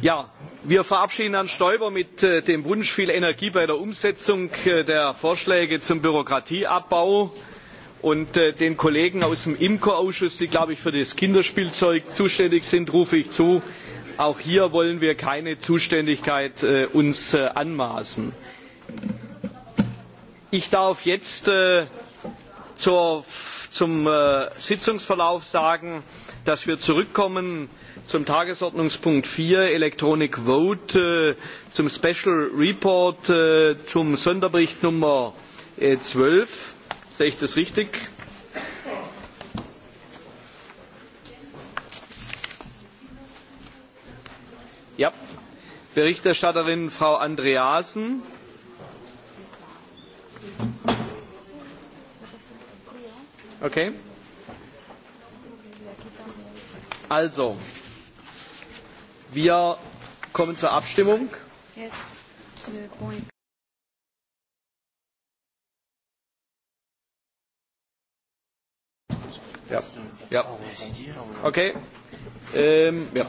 Ja, wir verabschieden herrn stoiber mit äh, dem wunsch viel energie bei der umsetzung äh, der vorschläge zum bürokratieabbau und äh, den kollegen aus dem imco ausschuss die glaube ich für das kinderspielzeug zuständig sind rufe ich zu auch hier wollen wir uns keine zuständigkeit anmaßen. ich darf jetzt zum sitzungsverlauf sagen dass wir zurückkommen zum Tagesordnungspunkt 4 Electronic Vote, äh, zum Special Report, äh, zum Sonderbericht Nummer äh, 12. Sehe ich das richtig? Ja. Berichterstatterin Frau Andreasen. Okay. Also, wir kommen zur Abstimmung. Yes, Ja. ja. Okay. Ähm, ja.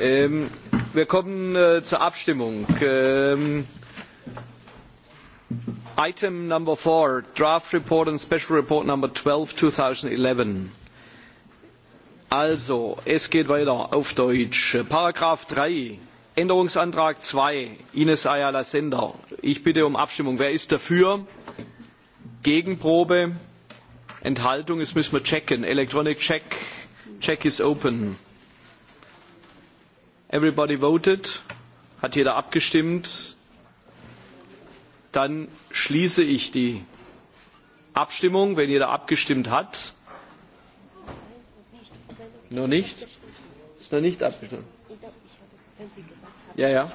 Ähm, wir kommen äh, zur Abstimmung. Ähm, item number four, draft report and special report number 12, 2011 Also, es geht weiter auf Deutsch. Paragraph 3, Änderungsantrag 2, Ines Ayala Sender. Ich bitte um Abstimmung. Wer ist dafür? Gegenprobe? Enthaltung? Das müssen wir checken. Electronic Check. Check is open. Everybody voted? Hat jeder abgestimmt? Dann schließe ich die Abstimmung, wenn jeder abgestimmt hat Noch nicht? Ist noch nicht abgeschlossen. Ja, ja.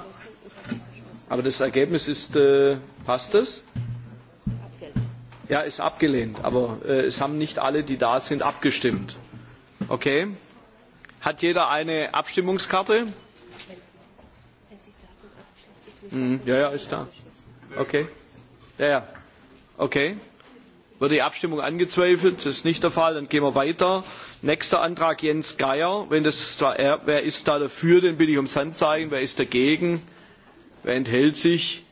Aber das Ergebnis ist, äh, passt das? Ja, ist abgelehnt, aber äh, es haben nicht alle, die da sind, abgestimmt. Okay. Hat jeder eine Abstimmungskarte? Mhm. Ja, ja, ist da. Okay. Ja, ja. Okay. Wird die Abstimmung angezweifelt? Das ist nicht der Fall. Dann gehen wir weiter. Nächster Antrag Jens Geier. Wenn das, er, wer ist da dafür? Den bitte ich ums Handzeichen. Wer ist dagegen? Wer enthält sich?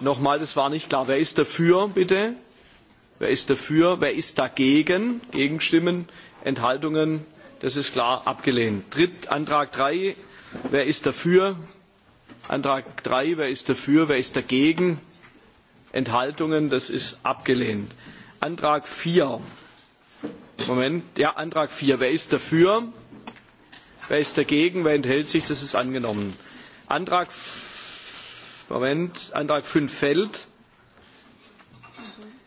Nochmal, das war nicht klar. Wer ist dafür, bitte? Wer ist dafür? Wer ist dagegen? Gegenstimmen? Enthaltungen? Das ist klar abgelehnt. Dritt, Antrag 3. Wer ist dafür? Antrag 3. Wer ist dafür? Wer ist dagegen? Enthaltungen. Das ist abgelehnt. Antrag 4. Moment, ja, Antrag 4. Wer ist dafür? Wer ist dagegen? Wer enthält sich? Das ist angenommen. Antrag, Moment, Antrag 5 fällt.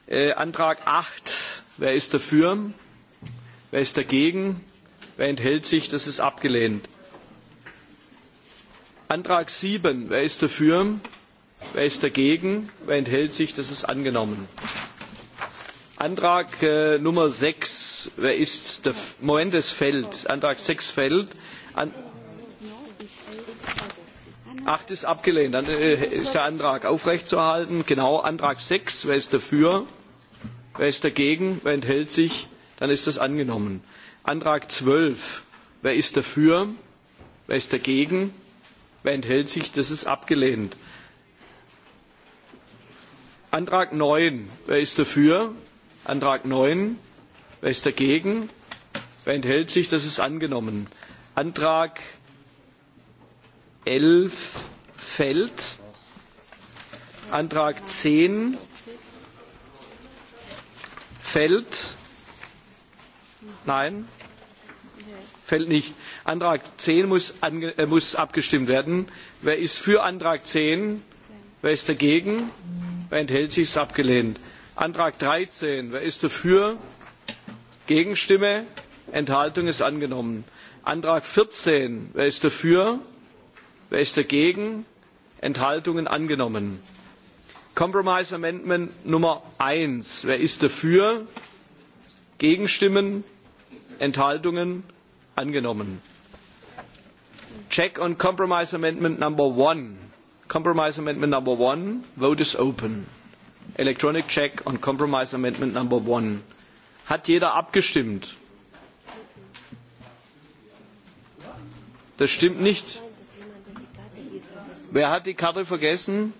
Äh, Antrag 8. Wer ist dafür? Wer ist dagegen? Wer enthält sich? Das ist abgelehnt. Antrag 7. Wer ist dafür? Wer ist dagegen? Wer enthält sich? Das ist angenommen. Antrag äh, Nummer 6, wer ist der F Moment, es fällt. Antrag 6 fällt. An 8 ist abgelehnt. Dann äh, ist der Antrag aufrechtzuerhalten. Genau, Antrag 6, wer ist dafür? Wer ist dagegen? Wer enthält sich? Dann ist das angenommen. Antrag 12, wer ist dafür? Wer ist dagegen? Wer enthält sich? Das ist abgelehnt. Antrag 9. Wer ist dafür? Antrag 9. Wer ist dagegen? Wer enthält sich? Das ist angenommen. Antrag 11 fällt. Antrag 10 fällt. Nein, fällt nicht. Antrag 10 muss, ange, äh, muss abgestimmt werden. Wer ist für Antrag 10? Wer ist dagegen? Mhm. Wer enthält sich? Ist abgelehnt. Antrag 13. Wer ist dafür? Gegenstimme? Enthaltung ist angenommen. Antrag 14. Wer ist dafür? Wer ist dagegen? Enthaltungen angenommen. Compromise Amendment Nummer 1. Wer ist dafür? Gegenstimmen? Enthaltungen? Angenommen. Check on Compromise Amendment Number 1. Compromise amendment number one. Vote is open. Electronic check on compromise amendment number one. Hat jeder abgestimmt? Das stimmt nicht. Wer hat die Karte vergessen?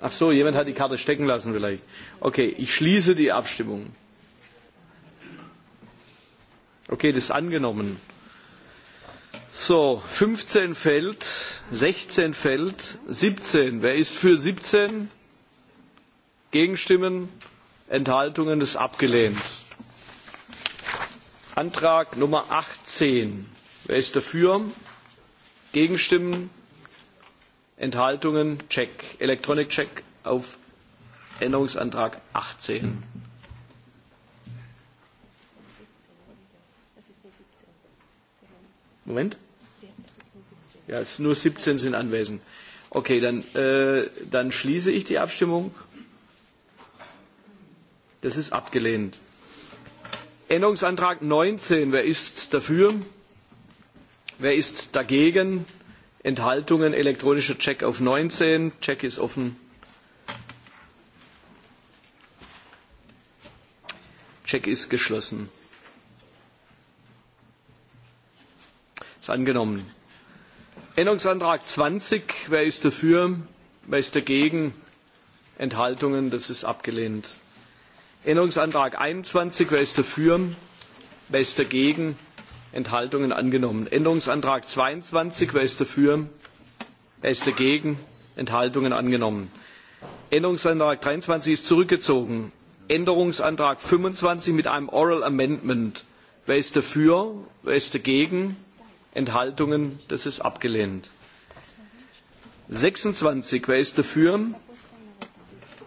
Ach so, jemand hat die Karte stecken lassen vielleicht. Okay, ich schließe die Abstimmung. Okay, das ist angenommen. So, 15 fällt, 16 fällt, 17. Wer ist für 17? Gegenstimmen, Enthaltungen ist abgelehnt. Antrag Nummer 18. Wer ist dafür? Gegenstimmen, Enthaltungen, Check. Electronic Check auf Änderungsantrag 18. Moment. Ja, es nur 17 sind anwesend. Okay, dann, äh, dann schließe ich die Abstimmung. Das ist abgelehnt. Änderungsantrag 19. Wer ist dafür? Wer ist dagegen? Enthaltungen? Elektronischer Check auf 19. Check ist offen. Check ist geschlossen. Ist angenommen. Änderungsantrag zwanzig wer ist dafür? Wer ist dagegen? Enthaltungen, das ist abgelehnt. Änderungsantrag einundzwanzig wer ist dafür? Wer ist dagegen? Enthaltungen angenommen. Änderungsantrag zweiundzwanzig wer ist dafür? Wer ist dagegen? Enthaltungen angenommen. Änderungsantrag dreiundzwanzig ist zurückgezogen. Änderungsantrag fünfundzwanzig mit einem Oral Amendment. Wer ist dafür? Wer ist dagegen? Enthaltungen. Das ist abgelehnt. 26. Wer ist dafür?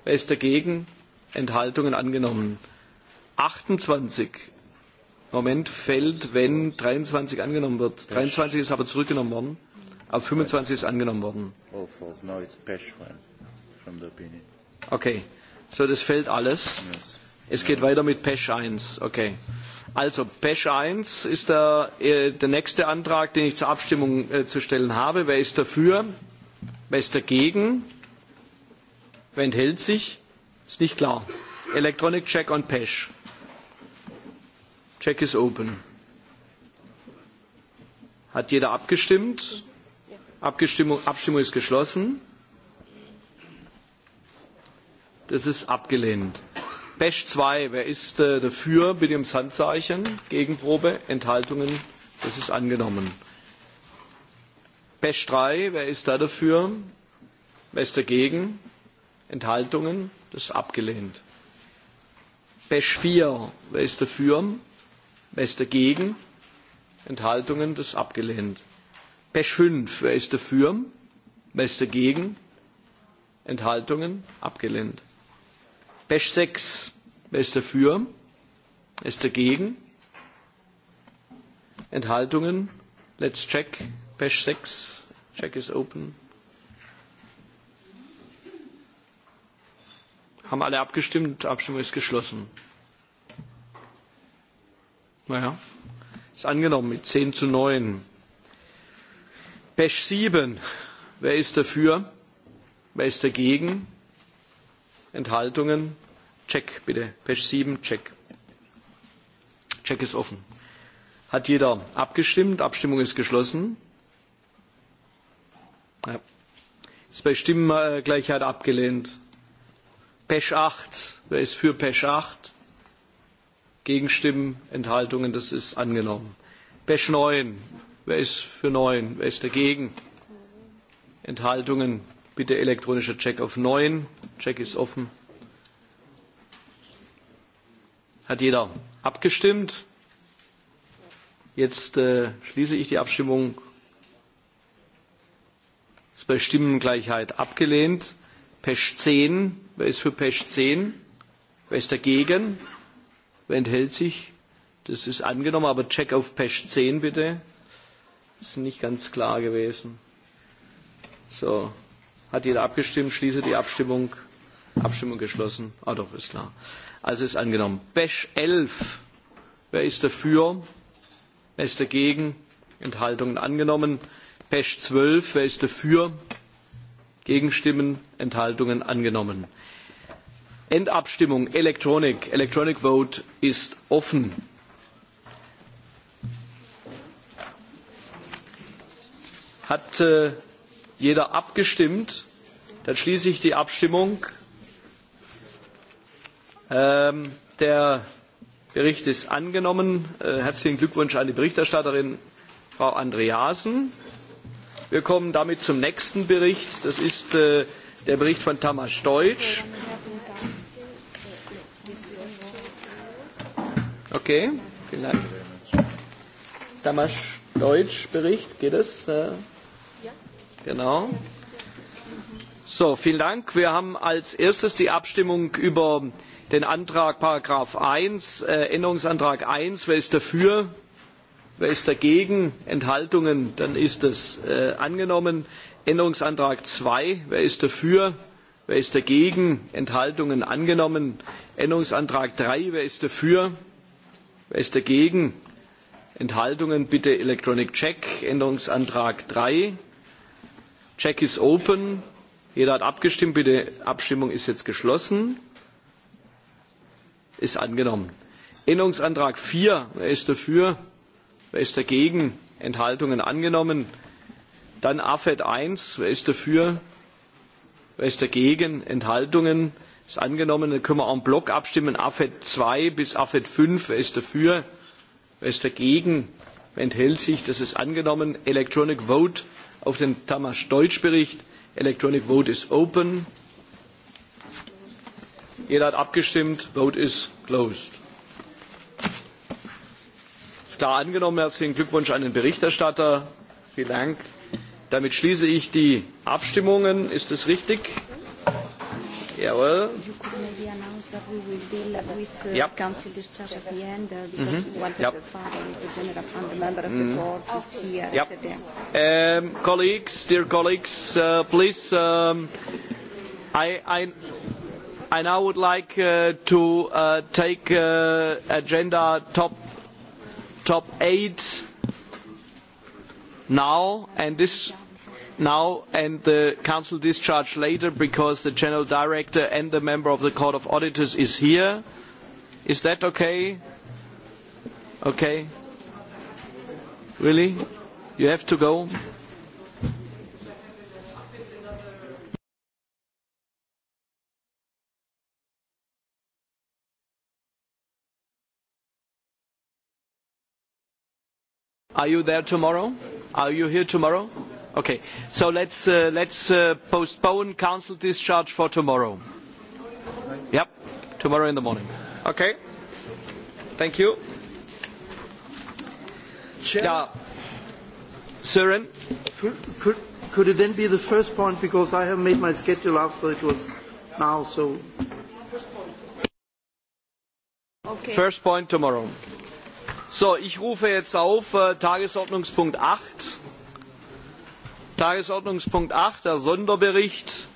Wer ist dagegen? Enthaltungen angenommen. 28. Moment fällt, wenn 23 angenommen wird. 23 ist aber zurückgenommen worden. Aber 25 ist angenommen worden. Okay. So, das fällt alles. Es geht weiter mit Pesh 1. Okay. Also Bash 1 ist der, äh, der nächste Antrag, den ich zur Abstimmung äh, zu stellen habe. Wer ist dafür? Wer ist dagegen? Wer enthält sich? Ist nicht klar. Electronic Check on Pesh. Check is open. Hat jeder abgestimmt? Abgestimmung, Abstimmung ist geschlossen. Das ist abgelehnt. Bash 2, wer ist äh, dafür? Bitte ums Handzeichen. Gegenprobe, Enthaltungen, das ist angenommen. Bash 3, wer ist da dafür? Wer ist dagegen? Enthaltungen, das ist abgelehnt. Bash 4, wer ist dafür? Wer ist dagegen? Enthaltungen, das ist abgelehnt. Bash 5, wer ist dafür? Wer ist dagegen? Enthaltungen, abgelehnt. Pesch 6, wer ist dafür? Wer ist dagegen? Enthaltungen? Let's check. Pesch 6, check is open. Haben alle abgestimmt? Abstimmung ist geschlossen. Naja, ist angenommen mit 10 zu 9. Pesch 7, wer ist dafür? Wer ist dagegen? Enthaltungen? Check bitte. Page 7, check. Check ist offen. Hat jeder abgestimmt? Abstimmung ist geschlossen. Ja. Ist bei Stimmengleichheit abgelehnt. Pech 8. Wer ist für Pech 8? Gegenstimmen, Enthaltungen, das ist angenommen. Pech 9. Wer ist für 9? Wer ist dagegen? Enthaltungen Bitte elektronischer Check auf 9. Check ist offen. Hat jeder abgestimmt? Jetzt äh, schließe ich die Abstimmung. Ist bei Stimmengleichheit abgelehnt. Pesch 10. Wer ist für Pesch 10? Wer ist dagegen? Wer enthält sich? Das ist angenommen, aber Check auf Pesch 10 bitte. Das ist nicht ganz klar gewesen. So. Hat jeder abgestimmt? Schließe die Abstimmung. Abstimmung geschlossen. Ah doch, ist klar. Also ist angenommen. Besch 11. Wer ist dafür? Wer ist dagegen? Enthaltungen angenommen. Pesch 12. Wer ist dafür? Gegenstimmen, Enthaltungen angenommen. Endabstimmung, Elektronik. Electronic Vote ist offen. Hat äh, jeder abgestimmt? Dann schließe ich die Abstimmung. Ähm, der Bericht ist angenommen. Äh, herzlichen Glückwunsch an die Berichterstatterin, Frau Andreasen. Wir kommen damit zum nächsten Bericht. Das ist äh, der Bericht von Tamas Deutsch. Okay, vielen Dank. Tamas Deutsch Bericht, geht es? Äh Genau. So, vielen Dank. Wir haben als erstes die Abstimmung über den Antrag Paragraph 1, äh, Änderungsantrag 1. Wer ist dafür? Wer ist dagegen? Enthaltungen? Dann ist es äh, angenommen. Änderungsantrag 2. Wer ist dafür? Wer ist dagegen? Enthaltungen angenommen. Änderungsantrag 3. Wer ist dafür? Wer ist dagegen? Enthaltungen bitte Electronic Check. Änderungsantrag 3. Check is open. Jeder hat abgestimmt. Bitte, Abstimmung ist jetzt geschlossen. Ist angenommen. Änderungsantrag 4. Wer ist dafür? Wer ist dagegen? Enthaltungen angenommen. Dann AFED 1. Wer ist dafür? Wer ist dagegen? Enthaltungen ist angenommen. Dann können wir en bloc abstimmen. AFED 2 bis AFED 5. Wer ist dafür? Wer ist dagegen? Wer enthält sich? Das ist angenommen. Electronic Vote auf den Tamas-Deutsch-Bericht. Electronic Vote is open. Jeder hat abgestimmt. Vote is closed. Ist klar angenommen. Herzlichen Glückwunsch an den Berichterstatter. Vielen Dank. Damit schließe ich die Abstimmungen. Ist es richtig? Jawohl that we will deal with yep. council discharge at the end uh, because mm-hmm. yep. father the general the member of mm-hmm. board is here yep. Um, colleagues, dear colleagues, uh, please, um, I, I, I now would like uh, to uh, take uh, agenda top, top eight now, and this now and the council discharge later because the general director and the member of the court of auditors is here is that okay okay really you have to go Are you there tomorrow? Are you here tomorrow? Okay, so let's, uh, let's uh, postpone council discharge for tomorrow. Yep, tomorrow in the morning. Okay, thank you. Chair, yeah. Søren? Could, could, could it then be the first point, because I have made my schedule after it was now, so... Okay. First point tomorrow. So, ich rufe jetzt auf äh, Tagesordnungspunkt 8 tagesordnungspunkt acht der sonderbericht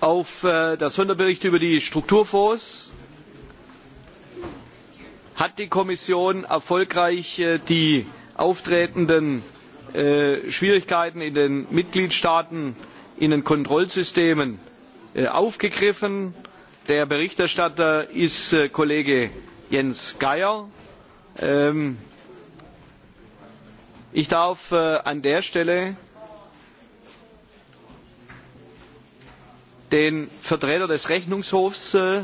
äh, der sonderbericht über die strukturfonds hat die kommission erfolgreich äh, die auftretenden äh, schwierigkeiten in den mitgliedstaaten in den kontrollsystemen aufgegriffen. der berichterstatter ist kollege jens geier. Ähm, ich darf an der stelle den Vertreter des Rechnungshofs äh,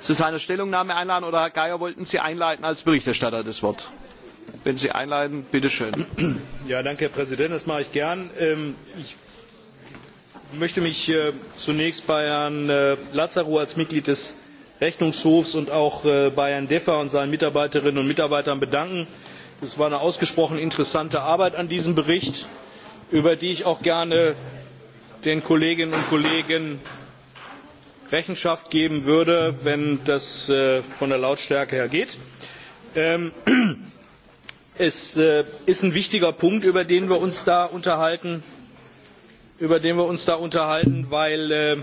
zu seiner Stellungnahme einladen? Oder Herr Geier, wollten Sie einleiten als Berichterstatter das Wort? Wenn Sie einleiten, bitte schön. Ja, danke, Herr Präsident, das mache ich gern. Ähm, ich möchte mich äh, zunächst bei Herrn äh, Lazaro als Mitglied des Rechnungshofs und auch äh, bei Herrn Deffer und seinen Mitarbeiterinnen und Mitarbeitern bedanken. Es war eine ausgesprochen interessante Arbeit an diesem Bericht, über die ich auch gerne den Kolleginnen und Kollegen Rechenschaft geben würde, wenn das äh, von der Lautstärke her geht. Ähm, es äh, ist ein wichtiger Punkt, über den wir uns da unterhalten, über den wir uns da unterhalten, weil äh,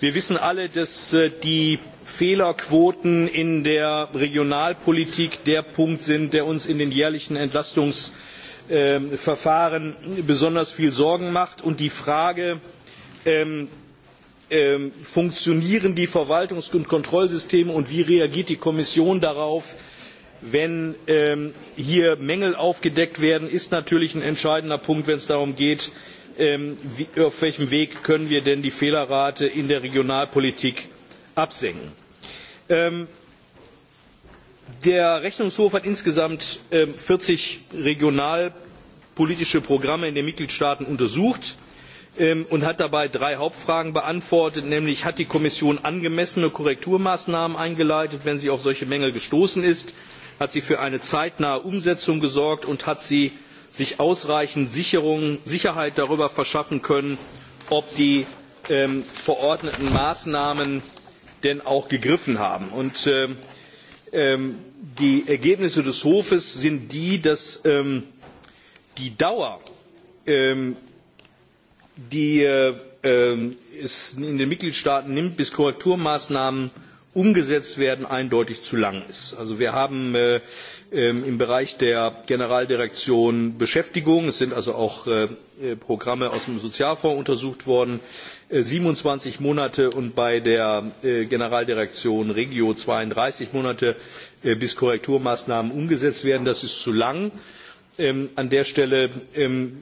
wir wissen alle, dass äh, die Fehlerquoten in der Regionalpolitik der Punkt sind, der uns in den jährlichen Entlastungs Ähm, Verfahren besonders viel Sorgen macht und die Frage, ähm, ähm, funktionieren die Verwaltungs- und Kontrollsysteme und wie reagiert die Kommission darauf, wenn ähm, hier Mängel aufgedeckt werden, ist natürlich ein entscheidender Punkt, wenn es darum geht, ähm, wie, auf welchem Weg können wir denn die Fehlerrate in der Regionalpolitik absenken. Ähm, Der Rechnungshof hat insgesamt 40 ähm, regionalpolitische Programme in den Mitgliedstaaten untersucht ähm, und hat dabei drei Hauptfragen beantwortet, nämlich hat die Kommission angemessene Korrekturmaßnahmen eingeleitet, wenn sie auf solche Mängel gestoßen ist, hat sie für eine zeitnahe Umsetzung gesorgt und hat sie sich ausreichend Sicherung, Sicherheit darüber verschaffen können, ob die ähm, verordneten Maßnahmen denn auch gegriffen haben. Und äh, Ähm, die Ergebnisse des Hofes sind die, dass ähm, die Dauer, ähm, die äh, es in den Mitgliedstaaten nimmt, bis Korrekturmaßnahmen umgesetzt werden, eindeutig zu lang ist. Also wir haben äh, ähm, im Bereich der Generaldirektion Beschäftigung, es sind also auch äh, äh, Programme aus dem Sozialfonds untersucht worden, 27 Monate und bei der Generaldirektion Regio 32 Monate, bis Korrekturmaßnahmen umgesetzt werden. Das ist zu lang. Ähm, an der Stelle ähm,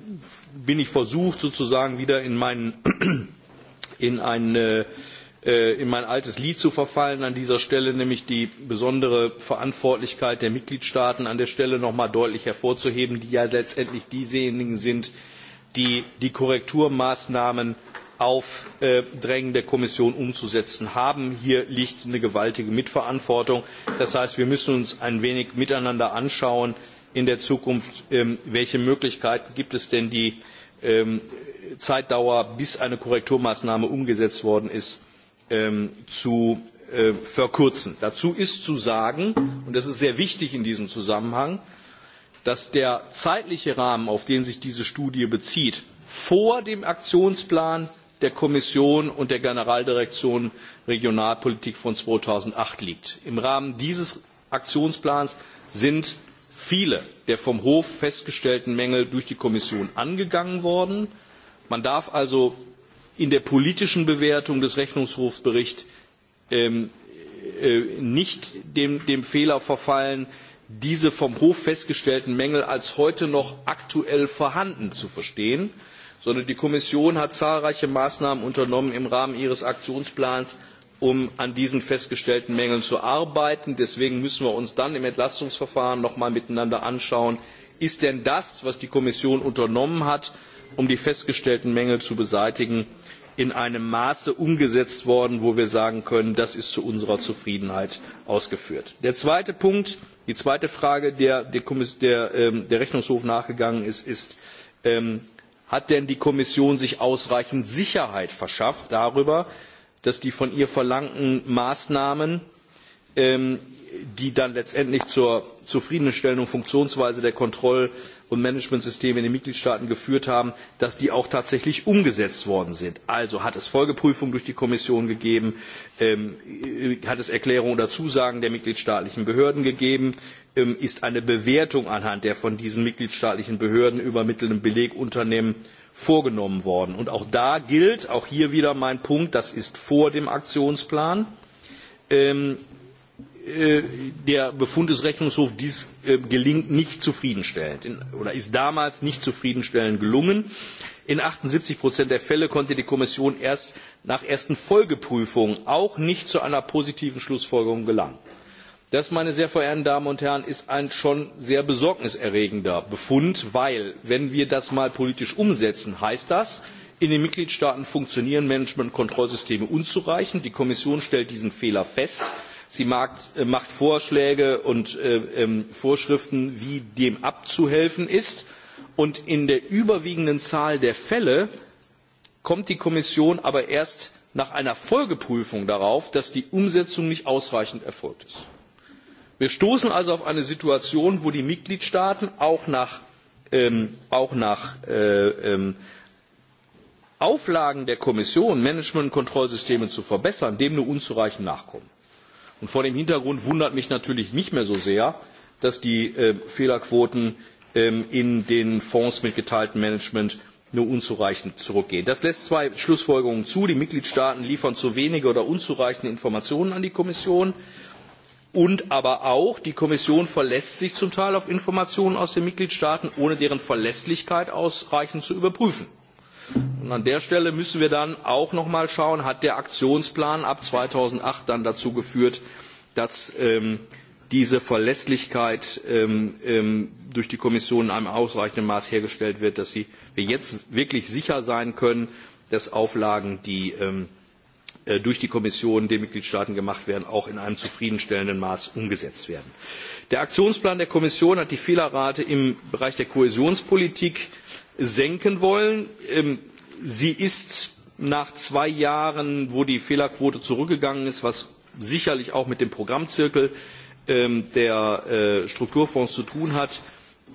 bin ich versucht, sozusagen wieder in meinen in ein äh, Äh, in mein altes Lied zu verfallen an dieser Stelle, nämlich die besondere Verantwortlichkeit der Mitgliedstaaten an der Stelle noch einmal deutlich hervorzuheben, die ja letztendlich diejenigen sind, die die Korrekturmaßnahmen auf äh, Drängen der Kommission umzusetzen haben. Hier liegt eine gewaltige Mitverantwortung. Das heißt, wir müssen uns ein wenig miteinander anschauen in der Zukunft, ähm, welche Möglichkeiten gibt es denn, die ähm, Zeitdauer, bis eine Korrekturmaßnahme umgesetzt worden ist, Ähm, zu äh, verkürzen. Dazu ist zu sagen, und das ist sehr wichtig in diesem Zusammenhang, dass der zeitliche Rahmen, auf den sich diese Studie bezieht, vor dem Aktionsplan der Kommission und der Generaldirektion Regionalpolitik von 2008 liegt. Im Rahmen dieses Aktionsplans sind viele der vom Hof festgestellten Mängel durch die Kommission angegangen worden. Man darf also in der politischen Bewertung des Rechnungshofsberichts ähm, äh, nicht dem, dem Fehler verfallen, diese vom Hof festgestellten Mängel als heute noch aktuell vorhanden zu verstehen, sondern die Kommission hat zahlreiche Maßnahmen unternommen im Rahmen ihres Aktionsplans, um an diesen festgestellten Mängeln zu arbeiten. Deswegen müssen wir uns dann im Entlastungsverfahren noch einmal miteinander anschauen, ist denn das, was die Kommission unternommen hat, um die festgestellten Mängel zu beseitigen, in einem Maße umgesetzt worden, wo wir sagen können, das ist zu unserer Zufriedenheit ausgeführt. Der zweite Punkt, die zweite Frage, der der, der, ähm, der Rechnungshof nachgegangen ist, ist, ähm, hat denn die Kommission sich ausreichend Sicherheit verschafft darüber, dass die von ihr verlangten Maßnahmen, ähm, die dann letztendlich zur zufriedenstellenden Funktionsweise der Kontroll- und Managementsysteme in den Mitgliedstaaten geführt haben, dass die auch tatsächlich umgesetzt worden sind. Also hat es Folgeprüfungen durch die Kommission gegeben, ähm, äh, hat es Erklärungen oder Zusagen der mitgliedstaatlichen Behörden gegeben, ähm, ist eine Bewertung anhand der von diesen mitgliedstaatlichen Behörden übermittelten Belegunternehmen vorgenommen worden. Und auch da gilt, auch hier wieder mein Punkt, das ist vor dem Aktionsplan. Ähm, Äh, der Befund des Rechnungshofs, dies äh, gelingt nicht zufriedenstellend oder ist damals nicht zufriedenstellend gelungen. In 78 Prozent der Fälle konnte die Kommission erst nach ersten Folgeprüfungen auch nicht zu einer positiven Schlussfolgerung gelangen. Das, meine sehr verehrten Damen und Herren, ist ein schon sehr besorgniserregender Befund, weil, wenn wir das mal politisch umsetzen, heißt das, in den Mitgliedstaaten funktionieren Management-Kontrollsysteme unzureichend. Die Kommission stellt diesen Fehler fest Sie äh, macht Vorschläge und äh, ähm, Vorschriften, wie dem abzuhelfen ist. Und in der überwiegenden Zahl der Fälle kommt die Kommission aber erst nach einer Folgeprüfung darauf, dass die Umsetzung nicht ausreichend erfolgt ist. Wir stoßen also auf eine Situation, wo die Mitgliedstaaten auch nach, ähm, auch nach äh, ähm, Auflagen der Kommission, Management- und Kontrollsysteme zu verbessern, dem nur unzureichend nachkommen. Und vor dem Hintergrund wundert mich natürlich nicht mehr so sehr, dass die äh, Fehlerquoten ähm, in den Fonds mit geteiltem Management nur unzureichend zurückgehen. Das lässt zwei Schlussfolgerungen zu. Die Mitgliedstaaten liefern zu wenige oder unzureichende Informationen an die Kommission. Und aber auch, die Kommission verlässt sich zum Teil auf Informationen aus den Mitgliedstaaten, ohne deren Verlässlichkeit ausreichend zu überprüfen. Und an der Stelle müssen wir dann auch noch mal schauen, hat der Aktionsplan ab 2008 dann dazu geführt, dass ähm, diese Verlässlichkeit ähm, ähm, durch die Kommission in einem ausreichenden Maß hergestellt wird, dass sie, wir jetzt wirklich sicher sein können, dass Auflagen, die ähm, äh, durch die Kommission den Mitgliedstaaten gemacht werden, auch in einem zufriedenstellenden Maß umgesetzt werden. Der Aktionsplan der Kommission hat die Fehlerrate im Bereich der Kohäsionspolitik senken wollen. Ähm, sie ist nach zwei Jahren, wo die Fehlerquote zurückgegangen ist, was sicherlich auch mit dem Programmzirkel ähm, der äh, Strukturfonds zu tun hat,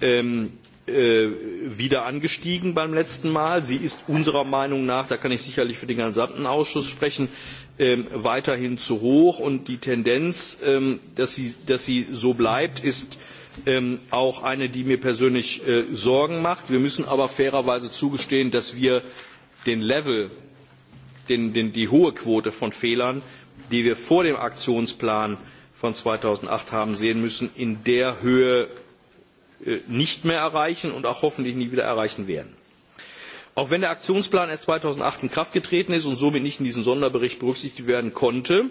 ähm, äh, wieder angestiegen beim letzten Mal. Sie ist unserer Meinung nach, da kann ich sicherlich für den gesamten Ausschuss sprechen, weiterhin zu hoch und die Tendenz, dass sie, dass sie so bleibt, ist Ähm, auch eine, die mir persönlich äh, Sorgen macht. Wir müssen aber fairerweise zugestehen, dass wir den Level, den, den, die hohe Quote von Fehlern, die wir vor dem Aktionsplan von 2008 haben sehen müssen, in der Höhe äh, nicht mehr erreichen und auch hoffentlich nie wieder erreichen werden. Auch wenn der Aktionsplan erst 2008 in Kraft getreten ist und somit nicht in diesen Sonderbericht berücksichtigt werden konnte,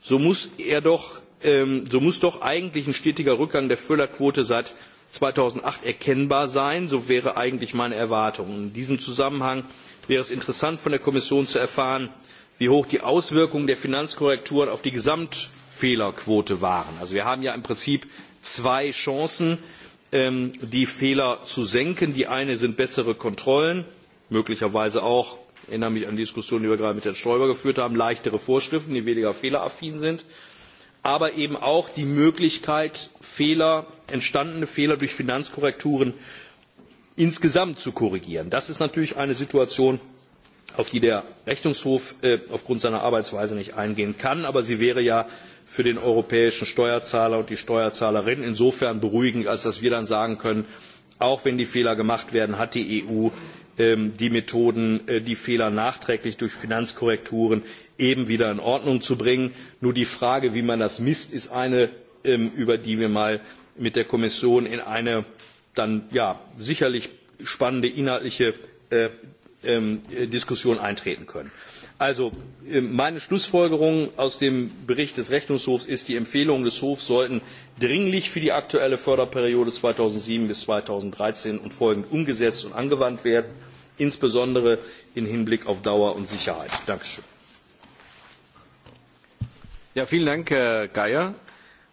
so muss er doch Ähm, so muss doch eigentlich ein stetiger Rückgang der Füllerquote seit 2008 erkennbar sein. So wäre eigentlich meine Erwartung. In diesem Zusammenhang wäre es interessant von der Kommission zu erfahren, wie hoch die Auswirkungen der Finanzkorrekturen auf die Gesamtfehlerquote waren. Also wir haben ja im Prinzip zwei Chancen, ähm, die Fehler zu senken. Die eine sind bessere Kontrollen, möglicherweise auch, ich erinnere mich an die Diskussion, die wir gerade mit Herrn Stoiber geführt haben, leichtere Vorschriften, die weniger fehleraffin sind aber eben auch die Möglichkeit, Fehler, entstandene Fehler durch Finanzkorrekturen insgesamt zu korrigieren. Das ist natürlich eine Situation, auf die der Rechnungshof äh, aufgrund seiner Arbeitsweise nicht eingehen kann, aber sie wäre ja für den europäischen Steuerzahler und die Steuerzahlerin insofern beruhigend, als dass wir dann sagen können, auch wenn die Fehler gemacht werden, hat die EU Ähm, die Methoden, äh, die Fehler nachträglich durch Finanzkorrekturen eben wieder in Ordnung zu bringen. Nur die Frage, wie man das misst, ist eine, ähm, über die wir mal mit der Kommission in eine dann ja sicherlich spannende inhaltliche äh, ähm, äh, Diskussion eintreten können. Also äh, meine Schlussfolgerung aus dem Bericht des Rechnungshofs ist, die Empfehlungen des Hofs sollten dringlich für die aktuelle Förderperiode 2007 bis 2013 und folgend umgesetzt und angewandt werden, insbesondere im Hinblick auf Dauer und Sicherheit. Dankeschön. Ja, vielen Dank, Herr Geier,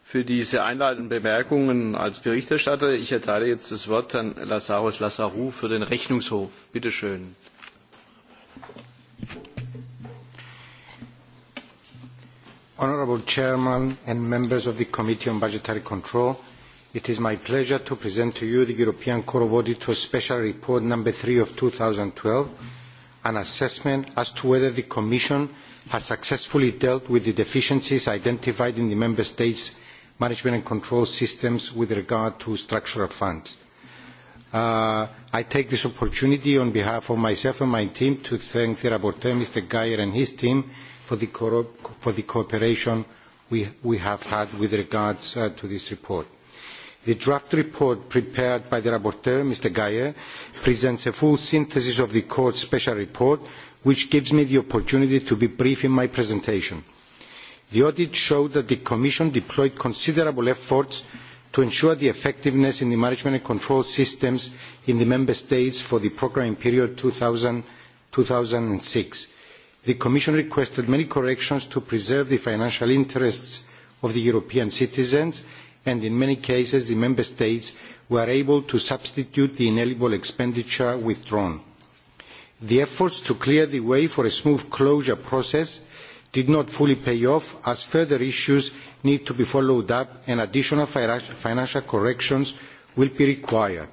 für diese einleitenden Bemerkungen als Berichterstatter. Ich erteile jetzt das Wort Herrn Lazarus Lazarou für den Rechnungshof. Bitte schön. Honourable Chairman and members of the Committee on Budgetary Control, it is my pleasure to present to you the European Court of Auditors Special Report number three of 2012, an assessment as to whether the Commission has successfully dealt with the deficiencies identified in the Member States' management and control systems with regard to structural funds. Uh, I take this opportunity on behalf of myself and my team to thank the rapporteur, Mr. Geyer, and his team for the, for the cooperation we, we, have had with regards uh, to this report. The draft report prepared by the rapporteur, Mr. Geyer, presents a full synthesis of the court's special report, which gives me the opportunity to be brief in my presentation. The audit showed that the Commission deployed considerable efforts to ensure the effectiveness in the management and control systems in the Member States for the programming period 2000, 2006 the Commission requested many corrections to preserve the financial interests of the European citizens and in many cases the Member States were able to substitute the ineligible expenditure withdrawn. The efforts to clear the way for a smooth closure process did not fully pay off as further issues need to be followed up and additional financial corrections will be required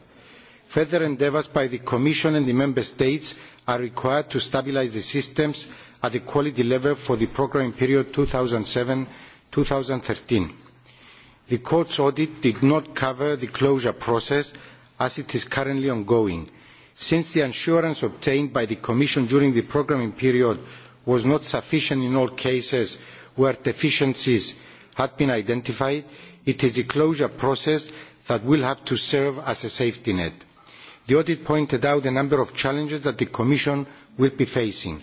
further endeavours by the commission and the member states are required to stabilise the systems at a quality level for the programming period. two thousand and seven two thousand and thirteen the court's audit did not cover the closure process as it is currently ongoing. since the assurance obtained by the commission during the programming period was not sufficient in all cases where deficiencies had been identified it is the closure process that will have to serve as a safety net. The audit pointed out a number of challenges that the Commission will be facing.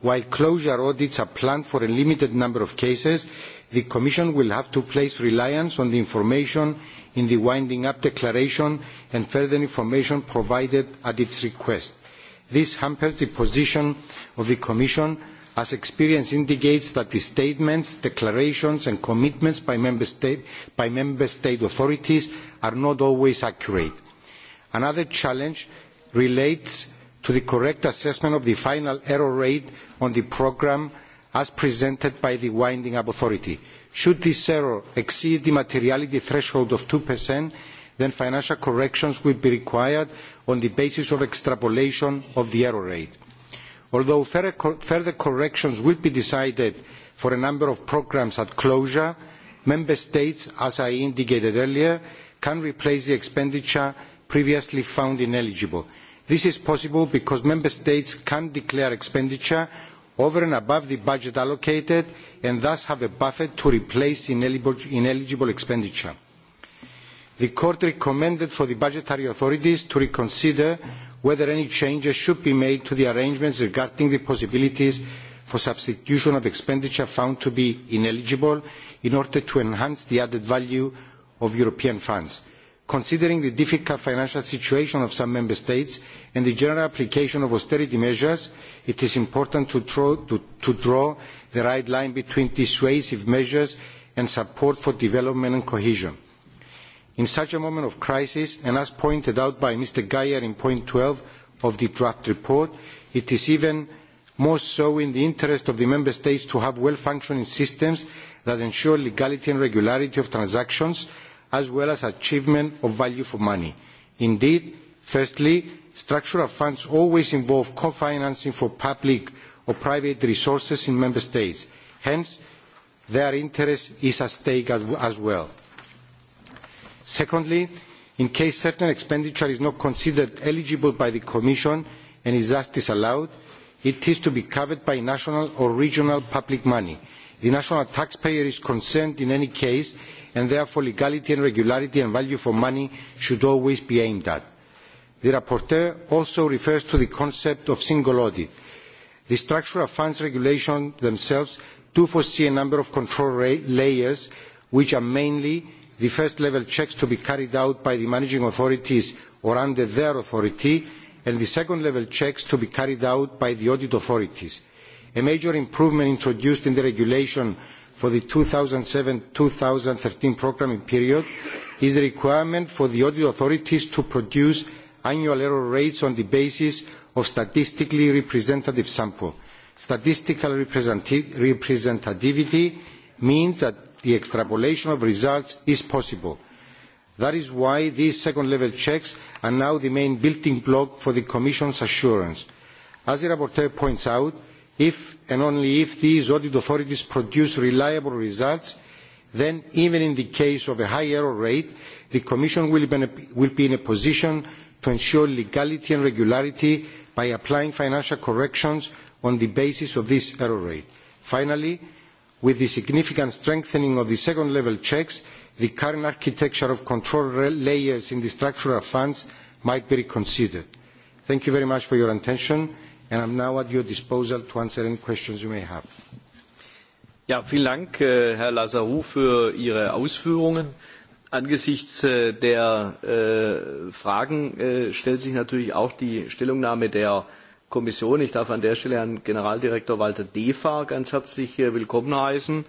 While closure audits are planned for a limited number of cases, the Commission will have to place reliance on the information in the winding up declaration and further information provided at its request. This hampers the position of the Commission as experience indicates that the statements, declarations and commitments by member, state, authorities are not always accurate. Another challenge relates to the correct assessment of the final error rate on the programme as presented by the winding up authority. Should this error exceed the materiality threshold of 2%, then financial corrections will be required on the basis of extrapolation of the error rate. Although further corrections will be decided for a number of programmes at closure, Member States, as I indicated earlier, can replace the expenditure previously found ineligible. This is possible because Member States can declare expenditure over and above the budget allocated and thus have a buffer to replace ineligible expenditure. The Court recommended for the budgetary authorities to reconsider whether any changes should be made to the arrangements regarding the possibilities for substitution of expenditure found to be ineligible in order to enhance the added value of European funds considering the difficult financial situation of some member states and the general application of austerity measures it is important to draw, to, to draw the right line between dissuasive measures and support for development and cohesion. in such a moment of crisis and as pointed out by mr geier in point twelve of the draft report it is even more so in the interest of the member states to have well functioning systems that ensure legality and regularity of transactions as well as achievement of value for money. Indeed, firstly, structural funds always involve co-financing for public or private resources in member states. Hence, their interest is at stake as well. Secondly, in case certain expenditure is not considered eligible by the Commission and is thus disallowed, it is to be covered by national or regional public money. The national taxpayer is concerned in any case and therefore legality and regularity and value for money should always be aimed at. The rapporteur also refers to the concept of single audit. The structural funds regulation themselves do foresee a number of control layers which are mainly the first level checks to be carried out by the managing authorities or under their authority and the second level checks to be carried out by the audit authorities. A major improvement introduced in the regulation for the 2007-2013 programming period is the requirement for the audit authorities to produce annual error rates on the basis of statistically representative sample. Statistical representativity means that the extrapolation of results is possible. That is why these second-level checks are now the main building block for the Commission's assurance. As the rapporteur points out, if and only if these audit authorities produce reliable results then even in the case of a high error rate the commission will be in a position to ensure legality and regularity by applying financial corrections on the basis of this error rate. finally with the significant strengthening of the second level checks the current architecture of control layers in the structural funds might be reconsidered. thank you very much for your attention and I'm now at your disposal to answer any questions you may have. Ja, vielen Dank, äh, Herr Lazarou, für Ihre Ausführungen. Angesichts äh, der äh, Fragen äh, stellt sich natürlich auch die Stellungnahme der Kommission. Ich darf an der Stelle Herrn Generaldirektor Walter Defa ganz herzlich äh, willkommen heißen.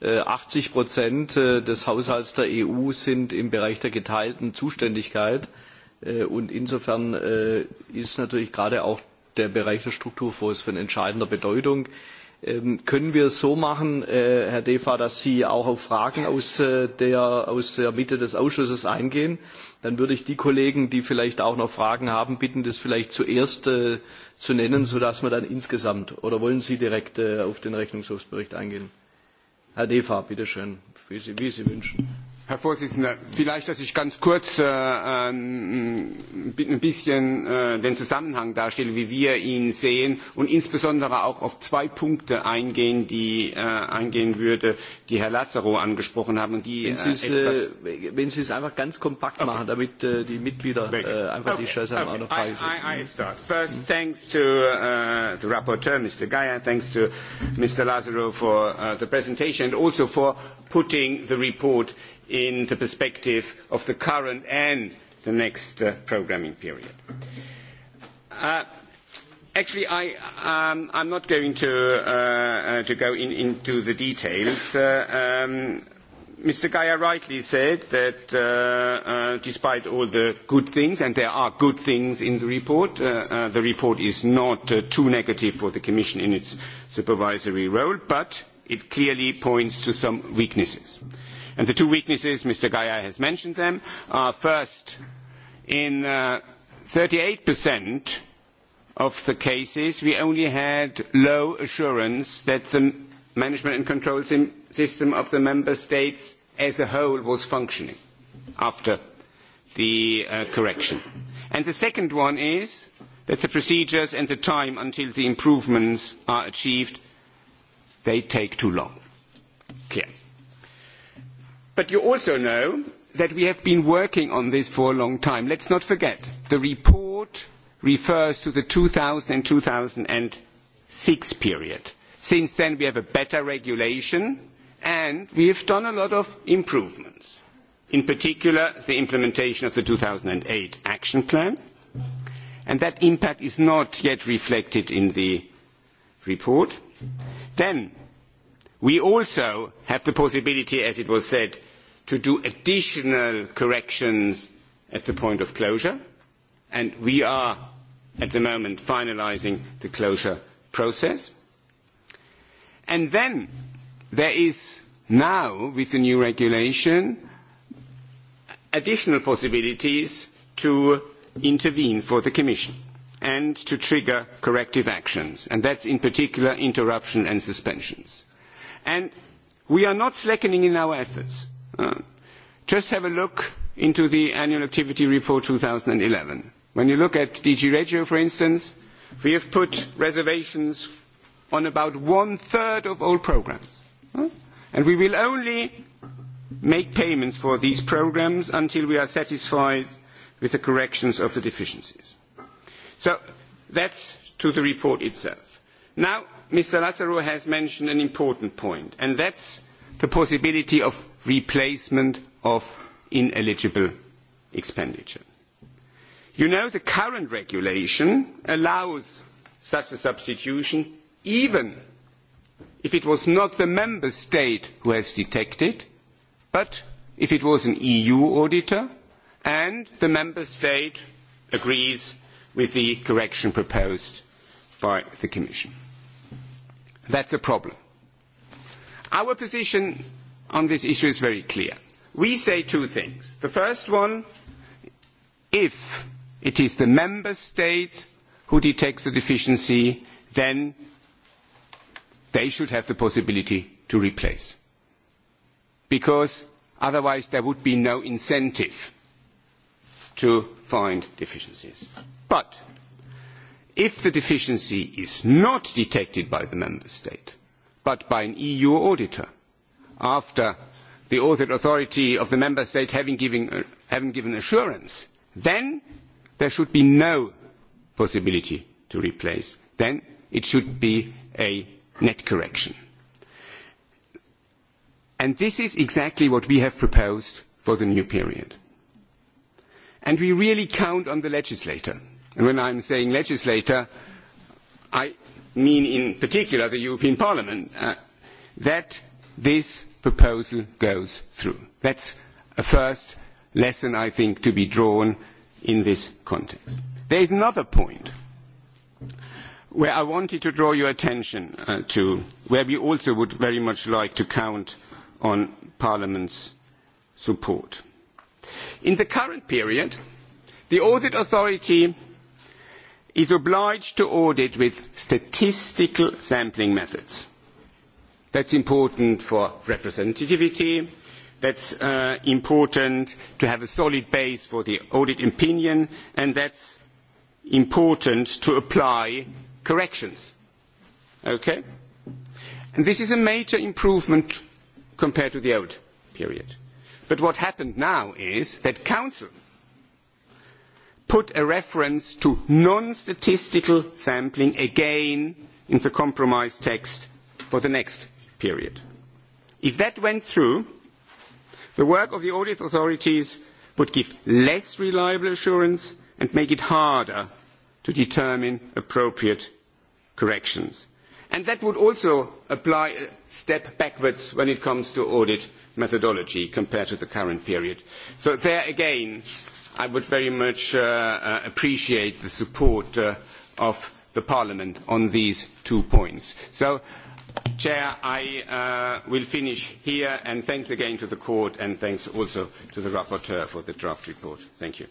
80 äh, Prozent des Haushalts der EU sind im Bereich der geteilten Zuständigkeit. Und insofern ist natürlich gerade auch der Bereich der Strukturfonds von entscheidender Bedeutung. Ähm, können wir es so machen, äh, Herr Defa, dass Sie auch auf Fragen aus, äh, der, aus der Mitte des Ausschusses eingehen? Dann würde ich die Kollegen, die vielleicht auch noch Fragen haben, bitten, das vielleicht zuerst äh, zu nennen, sodass wir dann insgesamt, oder wollen Sie direkt äh, auf den Rechnungshofsbericht eingehen? Herr Defa, bitteschön, wie Sie, wie Sie wünschen. Herr Vorsitzender, vielleicht, dass ich ganz kurz äh, ähm, ein bisschen äh, den Zusammenhang darstelle, wie wir ihn sehen und insbesondere auch auf zwei Punkte eingehen, die äh, eingehen würde, die Herr Lazaro angesprochen haben. Die, wenn äh, Sie es, äh, wenn Sie es einfach ganz kompakt okay. machen, damit äh, die Mitglieder äh, einfach okay. die Chance haben, okay. auch noch Fragen zu I, I, mhm. start. First, thanks to uh, the rapporteur, Mr. Gaia, thanks to Mr. Lazaro for uh, the presentation and also for putting the report in the perspective of the current and the next uh, programming period. Uh, actually, I, um, I'm not going to, uh, uh, to go in, into the details. Uh, Um, Mr. Gaia rightly said that uh, uh, despite all the good things, and there are good things in the report, uh, uh, the report is not uh, too negative for the Commission in its supervisory role, but it clearly points to some weaknesses. Uh, the two weaknesses, Mr. Gaia has mentioned them, are first, in 38% uh, of the cases, we only had low assurance that the management and control system of the member states as a whole was functioning after the uh, correction. And the second one is that the procedures and the time until the improvements are achieved, they take too long. But you also know that we have been working on this for a long time. Let's not forget, the report refers to the 2000 and 2006 period. Since then, we have a better regulation, and we have done a lot of improvements. In particular, the implementation of the 2008 action plan, and that impact is not yet reflected in the report. Then, we also have the possibility, as it was said, to do additional corrections at the point of closure, and we are at the moment finalizing the closure process. And then there is now, with the new regulation, additional possibilities to intervene for the Commission and to trigger corrective actions, and that's in particular interruption and suspensions. And we are not slackening in our efforts Uh, just have a look into the annual activity report 2011. When you look at DG Regio, for instance, we have put reservations on about one-third of all programs. And we will only make payments for these programs until we are satisfied with the corrections of the deficiencies. So that's to the report itself. Now, Mr. Lazaro has mentioned an important point, and that's the possibility of replacement of ineligible expenditure. You know, the current regulation allows such a substitution even if it was not the member state who has detected, but if it was an EU auditor and the member state agrees with the correction proposed by the Commission. That's a problem. Our position on this issue is very clear. We say two things. The first one, if it is the member state who detects the deficiency, then they should have the possibility to replace. Because otherwise there would be no incentive to find deficiencies. But if the deficiency is not detected by the member state, but by an EU auditor, after the audit authority of the member state having given, uh, having given assurance, then there should be no possibility to replace. Then it should be a net correction. And this is exactly what we have proposed for the new period. And we really count on the legislator. And when I'm saying legislator, I mean in particular the European Parliament, uh, that this proposal goes through. That's a first lesson, I think, to be drawn in this context. There is another point where I wanted to draw your attention uh, to, where we also would very much like to count on Parliament's support. In the current period, the audit authority is obliged to audit with statistical sampling methods That's important for representativity. That's uh, important to have a solid base for the audit opinion, and that's important to apply corrections. Okay? And this is a major improvement compared to the old period. But what happened now is that Council put a reference to non-statistical sampling again in the compromise text for the next period. If that went through, the work of the audit authorities would give less reliable assurance and make it harder to determine appropriate corrections. And that would also apply a step backwards when it comes to audit methodology compared to the current period. So there again, I would very much uh, uh appreciate the support uh, of the Parliament on these two points. So Chair, I uh, will finish here, and thanks again to the court, and thanks also to the rapporteur for the draft report. Thank you.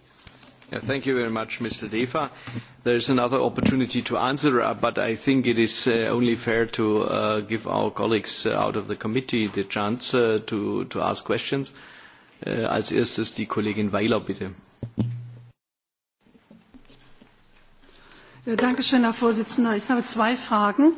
Yeah, thank you very much, Mr. Defa. There is another opportunity to answer, uh, but I think it is uh, only fair to uh, give our colleagues uh, out of the committee the chance uh, to, to ask questions. Uh, als erstes die Kollegin Weiler, bitte. Dankeschön, Herr Vorsitzender. Ich habe zwei Fragen.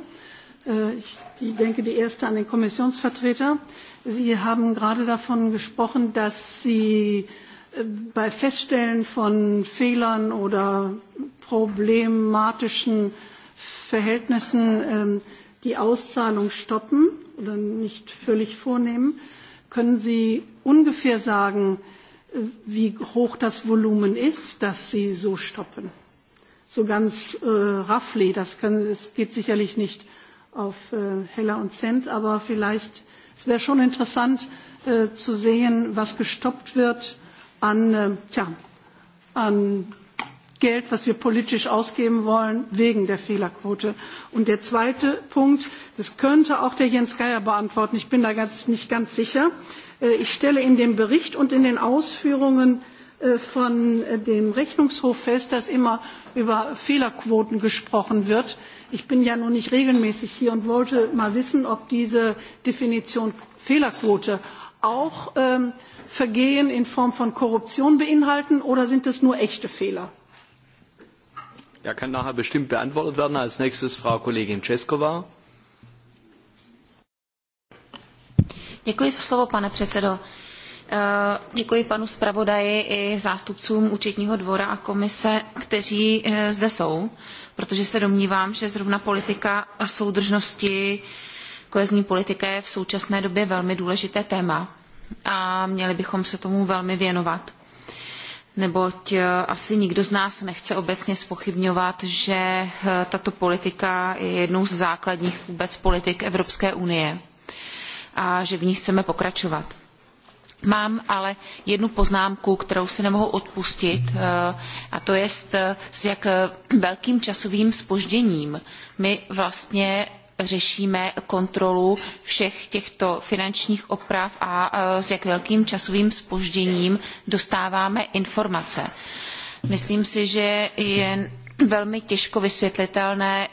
Äh, ich Ich denke, die erste an den Kommissionsvertreter. Sie haben gerade davon gesprochen, dass Sie äh, bei Feststellen von Fehlern oder problematischen Verhältnissen ähm, die Auszahlung stoppen oder nicht völlig vornehmen. Können Sie ungefähr sagen, äh, wie hoch das Volumen ist, das Sie so stoppen? So ganz äh, raffli, das, können, das geht sicherlich nicht auf äh, Heller und Cent, aber vielleicht es wäre schon interessant äh, zu sehen, was gestoppt wird an, äh, tja, an Geld, was wir politisch ausgeben wollen, wegen der Fehlerquote. Und der zweite Punkt, das könnte auch der Jens Geier beantworten, ich bin da ganz, nicht ganz sicher. Äh, ich stelle in dem Bericht und in den Ausführungen äh, von äh, dem Rechnungshof fest, dass immer über Fehlerquoten gesprochen wird. Ich bin ja nun nicht regelmäßig hier und wollte mal wissen, ob diese Definition Fehlerquote auch ähm, Vergehen in Form von Korruption beinhalten oder sind das nur echte Fehler? Ja, kann nachher bestimmt beantwortet werden. Als nächstes Frau Kollegin Ceskova. Děkuji za slovo, pane předsedo. Eh, děkuji panu zpravodaji i zástupcům účetního dvora a komise, kteří eh, zde jsou protože se domnívám, že zrovna politika a soudržnosti kohezní politika je v současné době velmi důležité téma a měli bychom se tomu velmi věnovat neboť eh, asi nikdo z nás nechce obecně spochybňovat, že eh, tato politika je jednou z základních vůbec politik Evropské unie a že v ní chceme pokračovat. Mám ale jednu poznámku, kterou si nemohu odpustit, eh, a to je, eh, s jak eh, velkým časovým spožděním my vlastně řešíme kontrolu všech těchto finančních oprav a s jak velkým časovým spožděním dostáváme informace. Myslím si, že je velmi těžko vysvětlitelné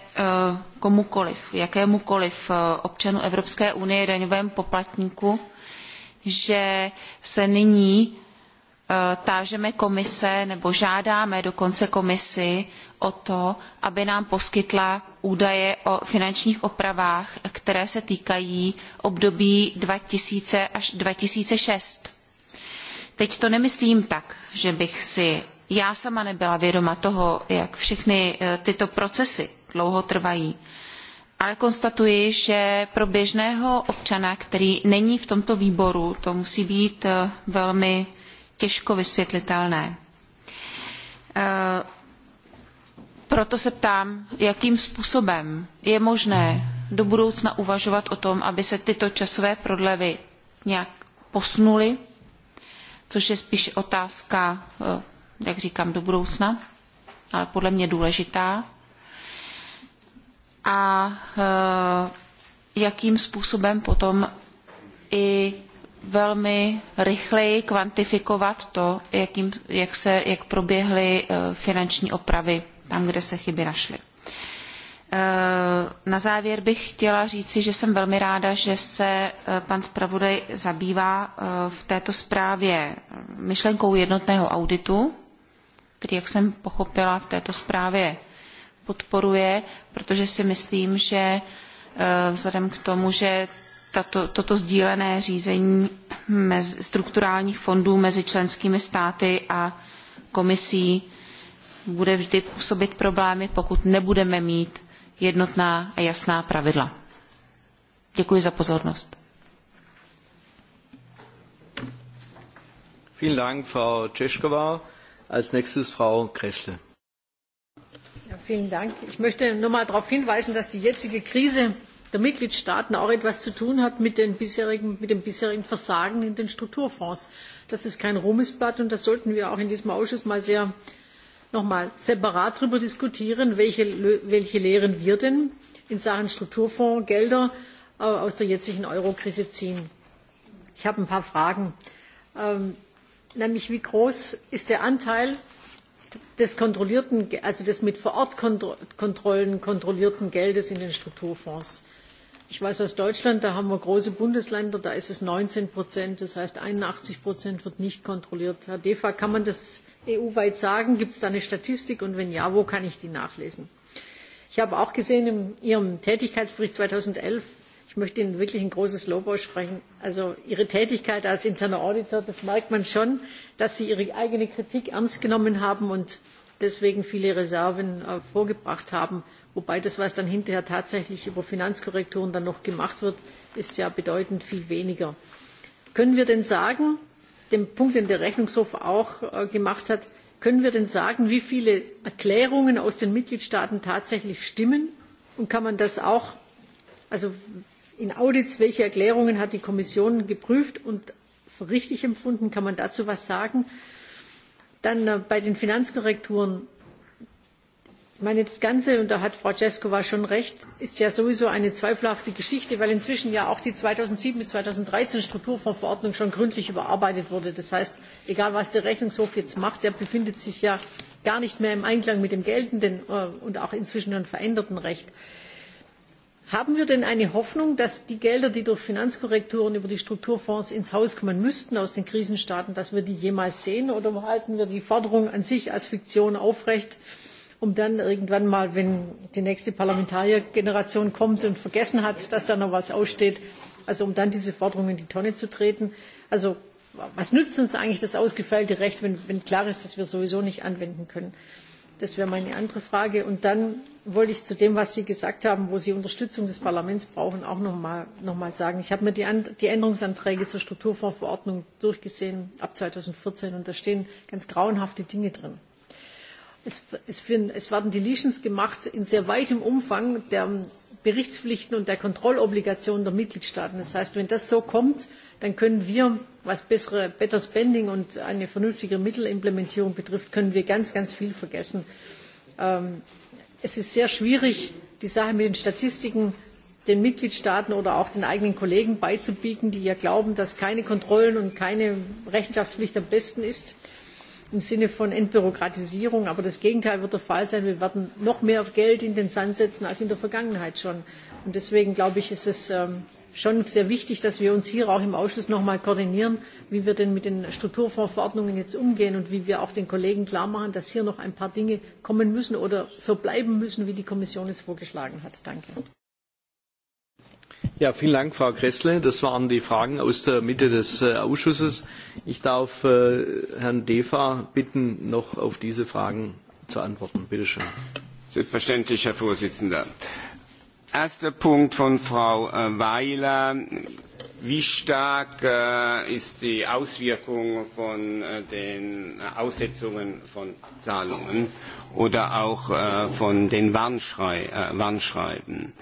komukoliv, jakémukoliv občanu Evropské unie, daňovému poplatníku, že se nyní eh, tážeme komise nebo žádáme dokonce komisi o to, aby nám poskytla údaje o finančních opravách, které se týkají období 2000 až 2006. Teď to nemyslím tak, že bych si já sama nebyla vědoma toho, jak všechny eh, tyto procesy dlouho trvají, ale konstatuji, že pro běžného občana, který není v tomto výboru, to musí být eh, velmi těžko vysvětlitelné. Eh, proto se ptám, jakým způsobem je možné do budoucna uvažovat o tom, aby se tyto časové prodlevy nějak posunuly, což je spíš otázka, eh, jak říkám, do budoucna, ale podle mě důležitá a jakým způsobem potom i velmi rychleji kvantifikovat to, jakým, jak, se, jak proběhly finanční opravy tam, kde se chyby našly. Na závěr bych chtěla říci, že jsem velmi ráda, že se pan zpravodaj zabývá v této zprávě myšlenkou jednotného auditu, který, jak jsem pochopila, v této zprávě podporuje, protože si myslím, že eh, vzhledem k tomu, že tato, toto sdílené řízení mezi, strukturálních fondů mezi členskými státy a komisí bude vždy působit problémy, pokud nebudeme mít jednotná a jasná pravidla. Děkuji za pozornost. Vielen Dank, Frau Tscheschkova. Als nächstes Frau Kressle. Ich möchte noch einmal darauf hinweisen, dass die jetzige Krise der Mitgliedstaaten auch etwas zu tun hat mit, dem bisherigen Versagen in den Strukturfonds. Das ist kein Ruhmesblatt und das sollten wir auch in diesem Ausschuss noch sehr separat darüber diskutieren, welche, Lehren wir denn in Sachen Strukturfondsgelder äh, aus der jetzigen Eurokrise ziehen. Ich habe ein paar Fragen. Ähm, nämlich, wie groß ist der Anteil des kontrollierten, also des mit vor Ort Kontrollen kontrollierten Geldes in den Strukturfonds. Ich weiß aus Deutschland, da haben wir große Bundesländer, da ist es neunzehn das heißt einundachtzig wird nicht kontrolliert. Herr deva kann man das EU-weit sagen? Gibt es da eine Statistik? Und wenn ja, wo kann ich die nachlesen? Ich habe auch gesehen, in Ihrem Tätigkeitsbericht zweitausendelf Ich möchte Ihnen wirklich ein großes Lob aussprechen. Also Ihre Tätigkeit als interner Auditor, das merkt man schon, dass Sie Ihre eigene Kritik ernst genommen haben und deswegen viele Reserven äh, vorgebracht haben. Wobei das, was dann hinterher tatsächlich über Finanzkorrekturen dann noch gemacht wird, ist ja bedeutend viel weniger. Können wir denn sagen, den Punkt, den der Rechnungshof auch äh, gemacht hat, können wir denn sagen, wie viele Erklärungen aus den Mitgliedstaaten tatsächlich stimmen? Und kann man das auch, also in Audits, welche Erklärungen hat die Kommission geprüft und für richtig empfunden? Kann man dazu etwas sagen? Dann äh, bei den Finanzkorrekturen. Ich meine, das Ganze, und da hat Frau Ceskova schon recht, ist ja sowieso eine zweifelhafte Geschichte, weil inzwischen ja auch die zweitausendsieben bis zweitausenddreizehn Strukturfondsverordnung schon gründlich überarbeitet wurde. Das heißt, egal was der Rechnungshof jetzt macht, er befindet sich ja gar nicht mehr im Einklang mit dem geltenden äh, und auch inzwischen schon veränderten Recht. Haben wir denn eine Hoffnung, dass die Gelder, die durch Finanzkorrekturen über die Strukturfonds ins Haus kommen müssten aus den Krisenstaaten, jemals sehen? Oder halten wir die Forderung an sich als Fiktion aufrecht, um dann irgendwann mal, wenn die nächste Parlamentariergeneration kommt und vergessen hat, dass da noch etwas aussteht, um diese Forderung in die Tonne zu treten? Also was nützt uns eigentlich das ausgefeilte Recht, wenn, klar ist, dass wir es sowieso nicht anwenden können? Das wäre meine andere Frage. Und dann wollte ich zu dem, was Sie gesagt haben, wo Sie Unterstützung des Parlaments brauchen, auch noch mal, noch mal sagen. Ich habe mir die, die Änderungsanträge zur Strukturfondsverordnung durchgesehen ab 2014 und da stehen ganz grauenhafte Dinge drin. Es, es, es werden Deletions gemacht in sehr weitem Umfang der Berichtspflichten und der Kontrollobligationen der Mitgliedstaaten. Das heißt, wenn das so kommt, dann können wir, was bessere, Better Spending und eine vernünftige Mittelimplementierung betrifft, können wir ganz, ganz viel vergessen. Ähm, es ist sehr schwierig, die Sache mit den Statistiken den Mitgliedstaaten oder auch den eigenen Kollegen beizubiegen, die ja glauben, dass keine Kontrollen und keine Rechenschaftspflicht am besten ist im Sinne von Entbürokratisierung. Aber das Gegenteil wird der Fall sein. Wir werden noch mehr Geld in den Sand setzen als in der Vergangenheit schon. Und deswegen glaube ich, ist es ähm, schon sehr wichtig, dass wir uns hier auch im Ausschuss noch einmal koordinieren, wie wir denn mit den Strukturfondsverordnungen jetzt umgehen und wie wir auch den Kollegen klar machen, dass hier noch ein paar Dinge kommen müssen oder so bleiben müssen, wie die Kommission es vorgeschlagen hat. Danke. Ja, vielen Dank, Frau Gressle. Das waren die Fragen aus der Mitte des äh, Ausschusses. Ich darf äh, Herrn Defa bitten, noch auf diese Fragen zu antworten. Bitte schön. Selbstverständlich, Herr Vorsitzender. Erster Punkt von Frau äh, Weiler. Wie stark äh, ist die Auswirkung von äh, den Aussetzungen von Zahlungen oder auch äh, von den Warnschrei äh, Warnschreiben?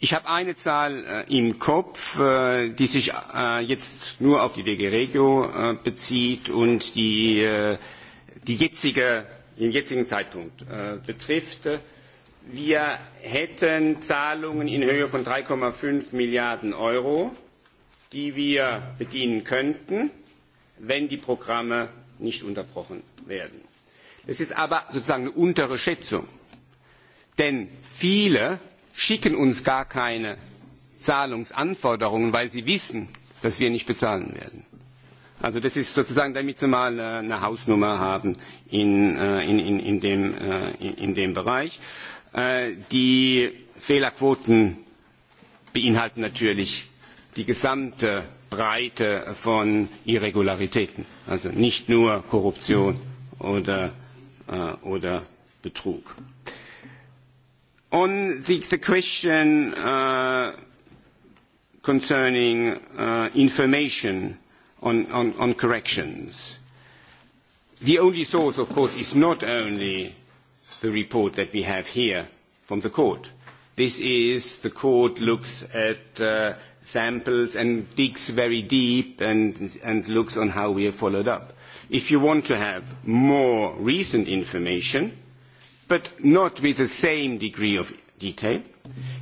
Ich habe eine Zahl äh, im Kopf, die sich jetzt nur auf die DG Regio bezieht und die die jetzige, den jetzigen Zeitpunkt betrifft. Wir hätten Zahlungen in Höhe von 3,5 Milliarden Euro, die wir bedienen könnten, wenn die Programme nicht unterbrochen werden. Das ist aber sozusagen eine untere Schätzung. Denn viele schicken uns gar keine Zahlungsanforderungen, weil sie wissen, dass wir nicht bezahlen werden. Also das ist sozusagen, damit Sie mal eine Hausnummer haben in, äh, in, in, in, dem, äh, in dem Bereich. Äh, die Fehlerquoten beinhalten natürlich die gesamte Breite von Irregularitäten, also nicht nur Korruption oder, äh, oder Betrug. On the, the question uh, concerning uh, information on, on, on corrections, the only source, of course, is not only the report that we have here from the court. This is, the court looks at uh, samples and digs very deep and, and looks on how we have followed up. If you want to have more recent information, but not with the same degree of detail,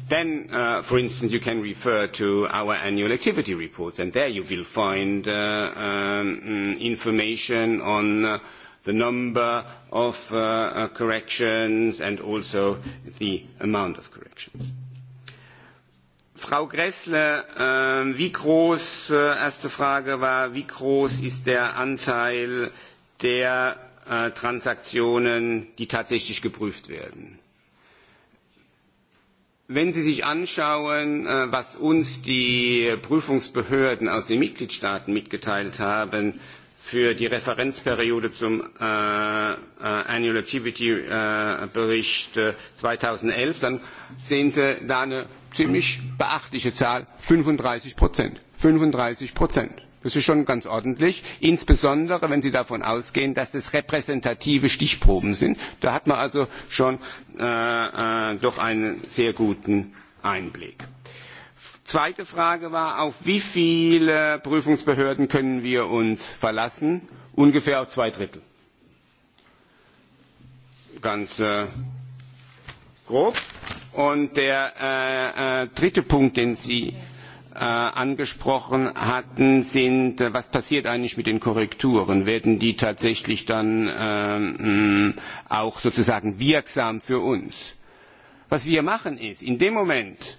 then, uh, for instance, you can refer to our annual activity reports, and there you will find uh, um, mm, information on uh, the number of uh, uh, corrections and also the amount of corrections. Frau Gräßle, ähm, wie groß, äh, erste Frage war, wie groß ist der Anteil der äh, Transaktionen, die tatsächlich geprüft werden? Wenn Sie sich anschauen, äh, was uns die Prüfungsbehörden aus den Mitgliedstaaten mitgeteilt haben, für die Referenzperiode zum äh, äh, Annual Activity äh, Bericht äh, 2011, dann sehen Sie da eine ziemlich beachtliche Zahl, 35 Prozent. 35 Prozent. Das ist schon ganz ordentlich, insbesondere wenn Sie davon ausgehen, dass es repräsentative Stichproben sind. Da hat man also schon äh, äh, doch einen sehr guten Einblick. Zweite Frage war, auf wie viele Prüfungsbehörden können wir uns verlassen? Ungefähr auf zwei Drittel. Ganz äh, grob. Und der äh, äh, dritte Punkt, den Sie äh, angesprochen hatten, sind, äh, was passiert eigentlich mit den Korrekturen? Werden die tatsächlich dann ähm, auch sozusagen wirksam für uns? Was wir machen ist, in dem Moment,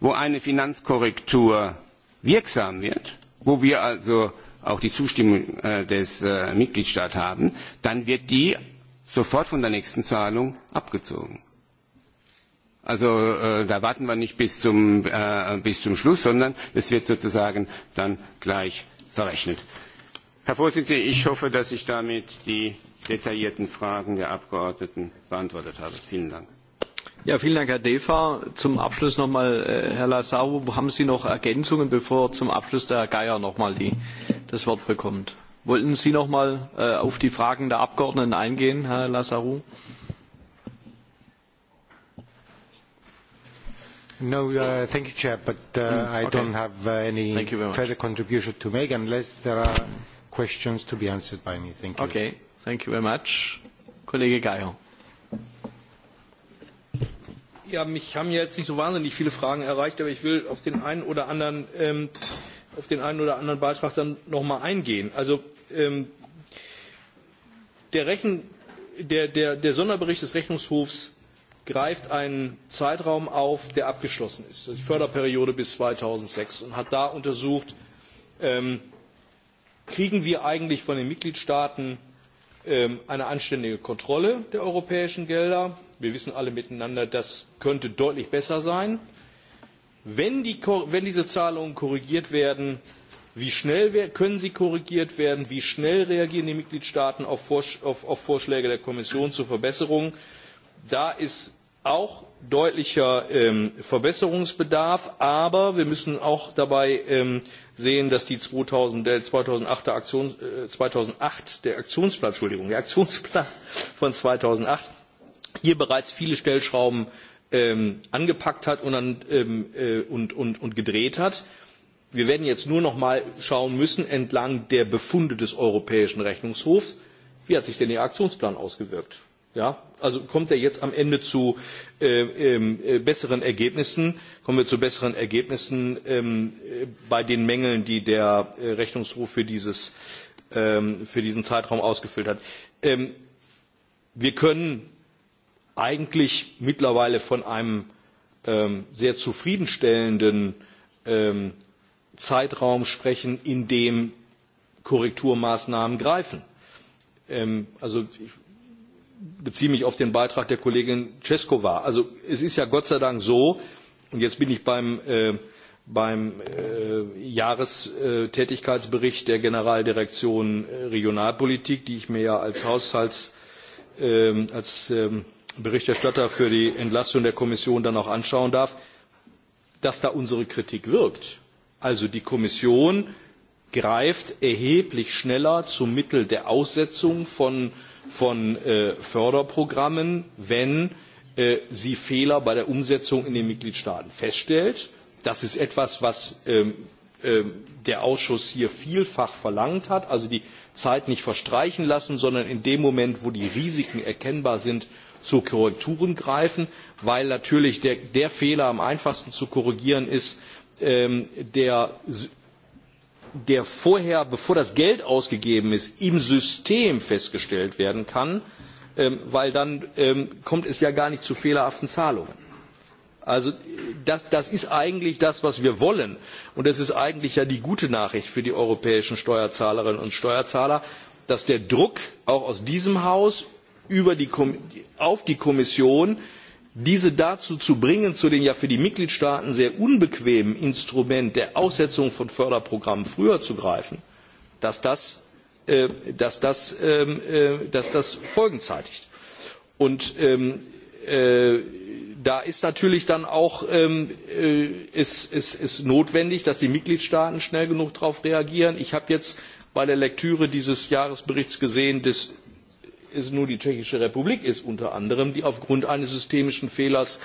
wo eine Finanzkorrektur wirksam wird, wo wir also auch die Zustimmung äh, des äh, Mitgliedstaats haben, dann wird die sofort von der nächsten Zahlung abgezogen. Also äh, da warten wir nicht bis zum, äh, bis zum Schluss, sondern es wird sozusagen dann gleich verrechnet. Herr Vorsitzender, ich hoffe, dass ich damit die detaillierten Fragen der Abgeordneten beantwortet habe. Vielen Dank. Ja, vielen Dank, Herr Defa. Zum Abschluss nochmal, äh, Herr Lazaro, haben Sie noch Ergänzungen, bevor zum Abschluss der Herr Geier nochmal die, das Wort bekommt? Wollten Sie nochmal äh, auf die Fragen der Abgeordneten eingehen, Herr Lazaro? No, uh, thank you, Chair, but uh, mm, okay. I don't have uh, any further contribution to make unless there are questions to be answered by me. Thank you. Okay, thank you very much. Kollege Geier. Ja, mich haben ja jetzt nicht so wahnsinnig viele Fragen erreicht, aber ich will auf den einen oder anderen, ähm, auf den einen oder anderen Beitrag dann nochmal eingehen. Also ähm, der, Rechen, der, der, der Sonderbericht des Rechnungshofs greift einen Zeitraum auf, der abgeschlossen ist, die Förderperiode bis 2006, und hat da untersucht, ähm, kriegen wir eigentlich von den Mitgliedstaaten ähm, eine anständige Kontrolle der europäischen Gelder? Wir wissen alle miteinander, das könnte deutlich besser sein. Wenn, die, wenn diese Zahlungen korrigiert werden, wie schnell können sie korrigiert werden? Wie schnell reagieren die Mitgliedstaaten auf, Vorsch auf, auf Vorschläge der Kommission zur Verbesserung? Da ist auch deutlicher ähm, Verbesserungsbedarf, aber wir müssen auch dabei ähm, sehen, dass die 2000, der 2008, Aktion, äh, 2008 äh, der Aktionsplan, Entschuldigung, der Aktionsplan von 2008 hier bereits viele Stellschrauben ähm, angepackt hat und, an, ähm, äh, und, und, und gedreht hat. Wir werden jetzt nur noch mal schauen müssen entlang der Befunde des Europäischen Rechnungshofs, wie hat sich denn der Aktionsplan ausgewirkt? Ja, also kommt er jetzt am Ende zu äh, ähm, äh, besseren Ergebnissen? Kommen wir zu besseren Ergebnissen ähm, äh, bei den Mängeln, die der äh, Rechnungshof für, dieses, ähm, für diesen Zeitraum ausgefüllt hat? Ähm, wir können eigentlich mittlerweile von einem ähm, sehr zufriedenstellenden ähm, Zeitraum sprechen, in dem Korrekturmaßnahmen greifen. Ähm, also ich beziehe mich auf den Beitrag der Kollegin Ceskova. Also es ist ja Gott sei Dank so, und jetzt bin ich beim, äh, beim äh, Jahrestätigkeitsbericht der Generaldirektion äh, Regionalpolitik, die ich mir ja als Haushalts, äh, als ähm, Berichterstatter für die Entlastung der Kommission dann auch anschauen darf, dass da unsere Kritik wirkt. Also die Kommission greift erheblich schneller zum Mittel der Aussetzung von, von äh, Förderprogrammen, wenn äh, sie Fehler bei der Umsetzung in den Mitgliedstaaten feststellt. Das ist etwas, was ähm, ähm der Ausschuss hier vielfach verlangt hat, also die Zeit nicht verstreichen lassen, sondern in dem Moment, wo die Risiken erkennbar sind, zu Korrekturen greifen, weil natürlich der, der Fehler am einfachsten zu korrigieren ist, ähm, der der vorher, bevor das Geld ausgegeben ist, im System festgestellt werden kann, ähm, weil dann ähm, kommt es ja gar nicht zu fehlerhaften Zahlungen. Also das, das ist eigentlich das, was wir wollen. Und das ist eigentlich ja die gute Nachricht für die europäischen Steuerzahlerinnen und Steuerzahler, dass der Druck auch aus diesem Haus die, auf die Kommission, diese dazu zu bringen, zu dem ja für die Mitgliedstaaten sehr unbequemen Instrument der Aussetzung von Förderprogrammen früher zu greifen, dass das, äh, dass das, ähm, äh, dass das Folgen zeitigt. Und ähm, äh, da ist natürlich dann auch ähm, ist, ist, ist notwendig, dass die Mitgliedstaaten schnell genug darauf reagieren. Ich habe jetzt bei der Lektüre dieses Jahresberichts gesehen dass ist nun die Tschechische Republik ist, unter anderem, die aufgrund eines systemischen Fehlers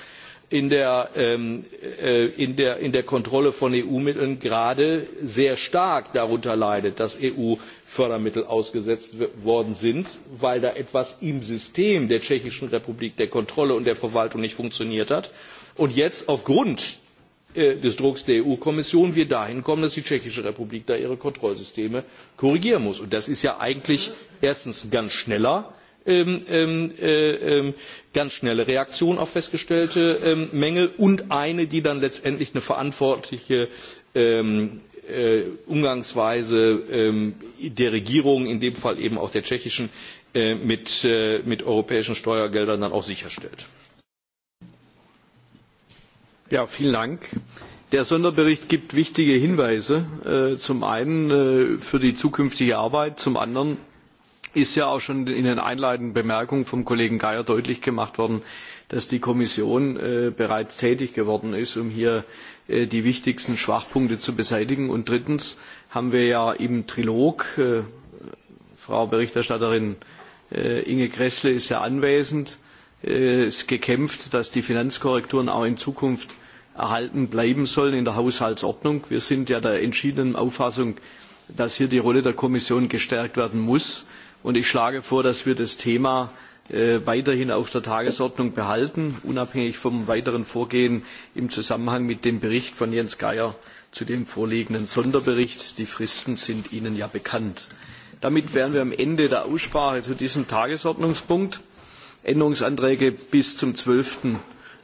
in der, ähm, äh, in der, in der Kontrolle von EU-Mitteln gerade sehr stark darunter leidet, dass EU-Fördermittel ausgesetzt worden sind, weil da etwas im System der Tschechischen Republik, der Kontrolle und der Verwaltung nicht funktioniert hat. Und jetzt aufgrund äh, des Drucks der EU-Kommission wir dahin kommen, dass die Tschechische Republik da ihre Kontrollsysteme korrigieren muss. Und das ist ja eigentlich erstens ganz schneller Ähm, ähm, äh, ähm, ganz schnelle Reaktion auf festgestellte Mängel und eine, die dann letztendlich eine verantwortliche äh, Umgangsweise der Regierung, in dem Fall eben auch der tschechischen, äh, mit, mit europäischen Steuergeldern dann auch sicherstellt. Ja, vielen Dank. Der Sonderbericht gibt wichtige Hinweise, zum einen für die zukünftige Arbeit, zum anderen ist ja auch schon in den einleitenden Bemerkungen vom Kollegen Geier deutlich gemacht worden, dass die Kommission äh, bereits tätig geworden ist, um hier äh, die wichtigsten Schwachpunkte zu beseitigen. Und drittens haben wir ja im Trilog, äh, Frau Berichterstatterin äh, Inge Gressle ist ja anwesend, äh, gekämpft, dass die Finanzkorrekturen auch in Zukunft erhalten bleiben sollen in der Haushaltsordnung. Wir sind ja der entschiedenen Auffassung, dass hier die Rolle der Kommission gestärkt werden muss Und ich schlage vor, dass wir das Thema äh, weiterhin auf der Tagesordnung behalten, unabhängig vom weiteren Vorgehen im Zusammenhang mit dem Bericht von Jens Geier zu dem vorliegenden Sonderbericht. Die Fristen sind Ihnen ja bekannt. Damit wären wir am Ende der Aussprache zu diesem Tagesordnungspunkt. Änderungsanträge bis zum 12.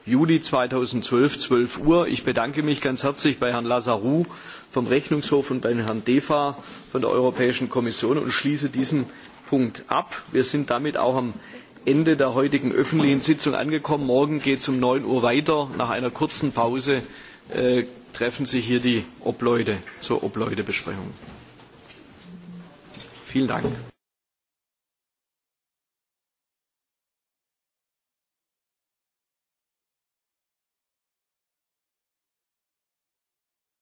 Juli 2012, 12 Uhr. Ich bedanke mich ganz herzlich bei Herrn Lazarou vom Rechnungshof und bei Herrn Defa von der Europäischen Kommission und schließe diesen Punkt ab. Wir sind damit auch am Ende der heutigen öffentlichen Sitzung angekommen. Morgen geht es um 9 Uhr weiter. Nach einer kurzen Pause äh, treffen sich hier die Obleute zur Obleutebesprechung. Vielen Dank.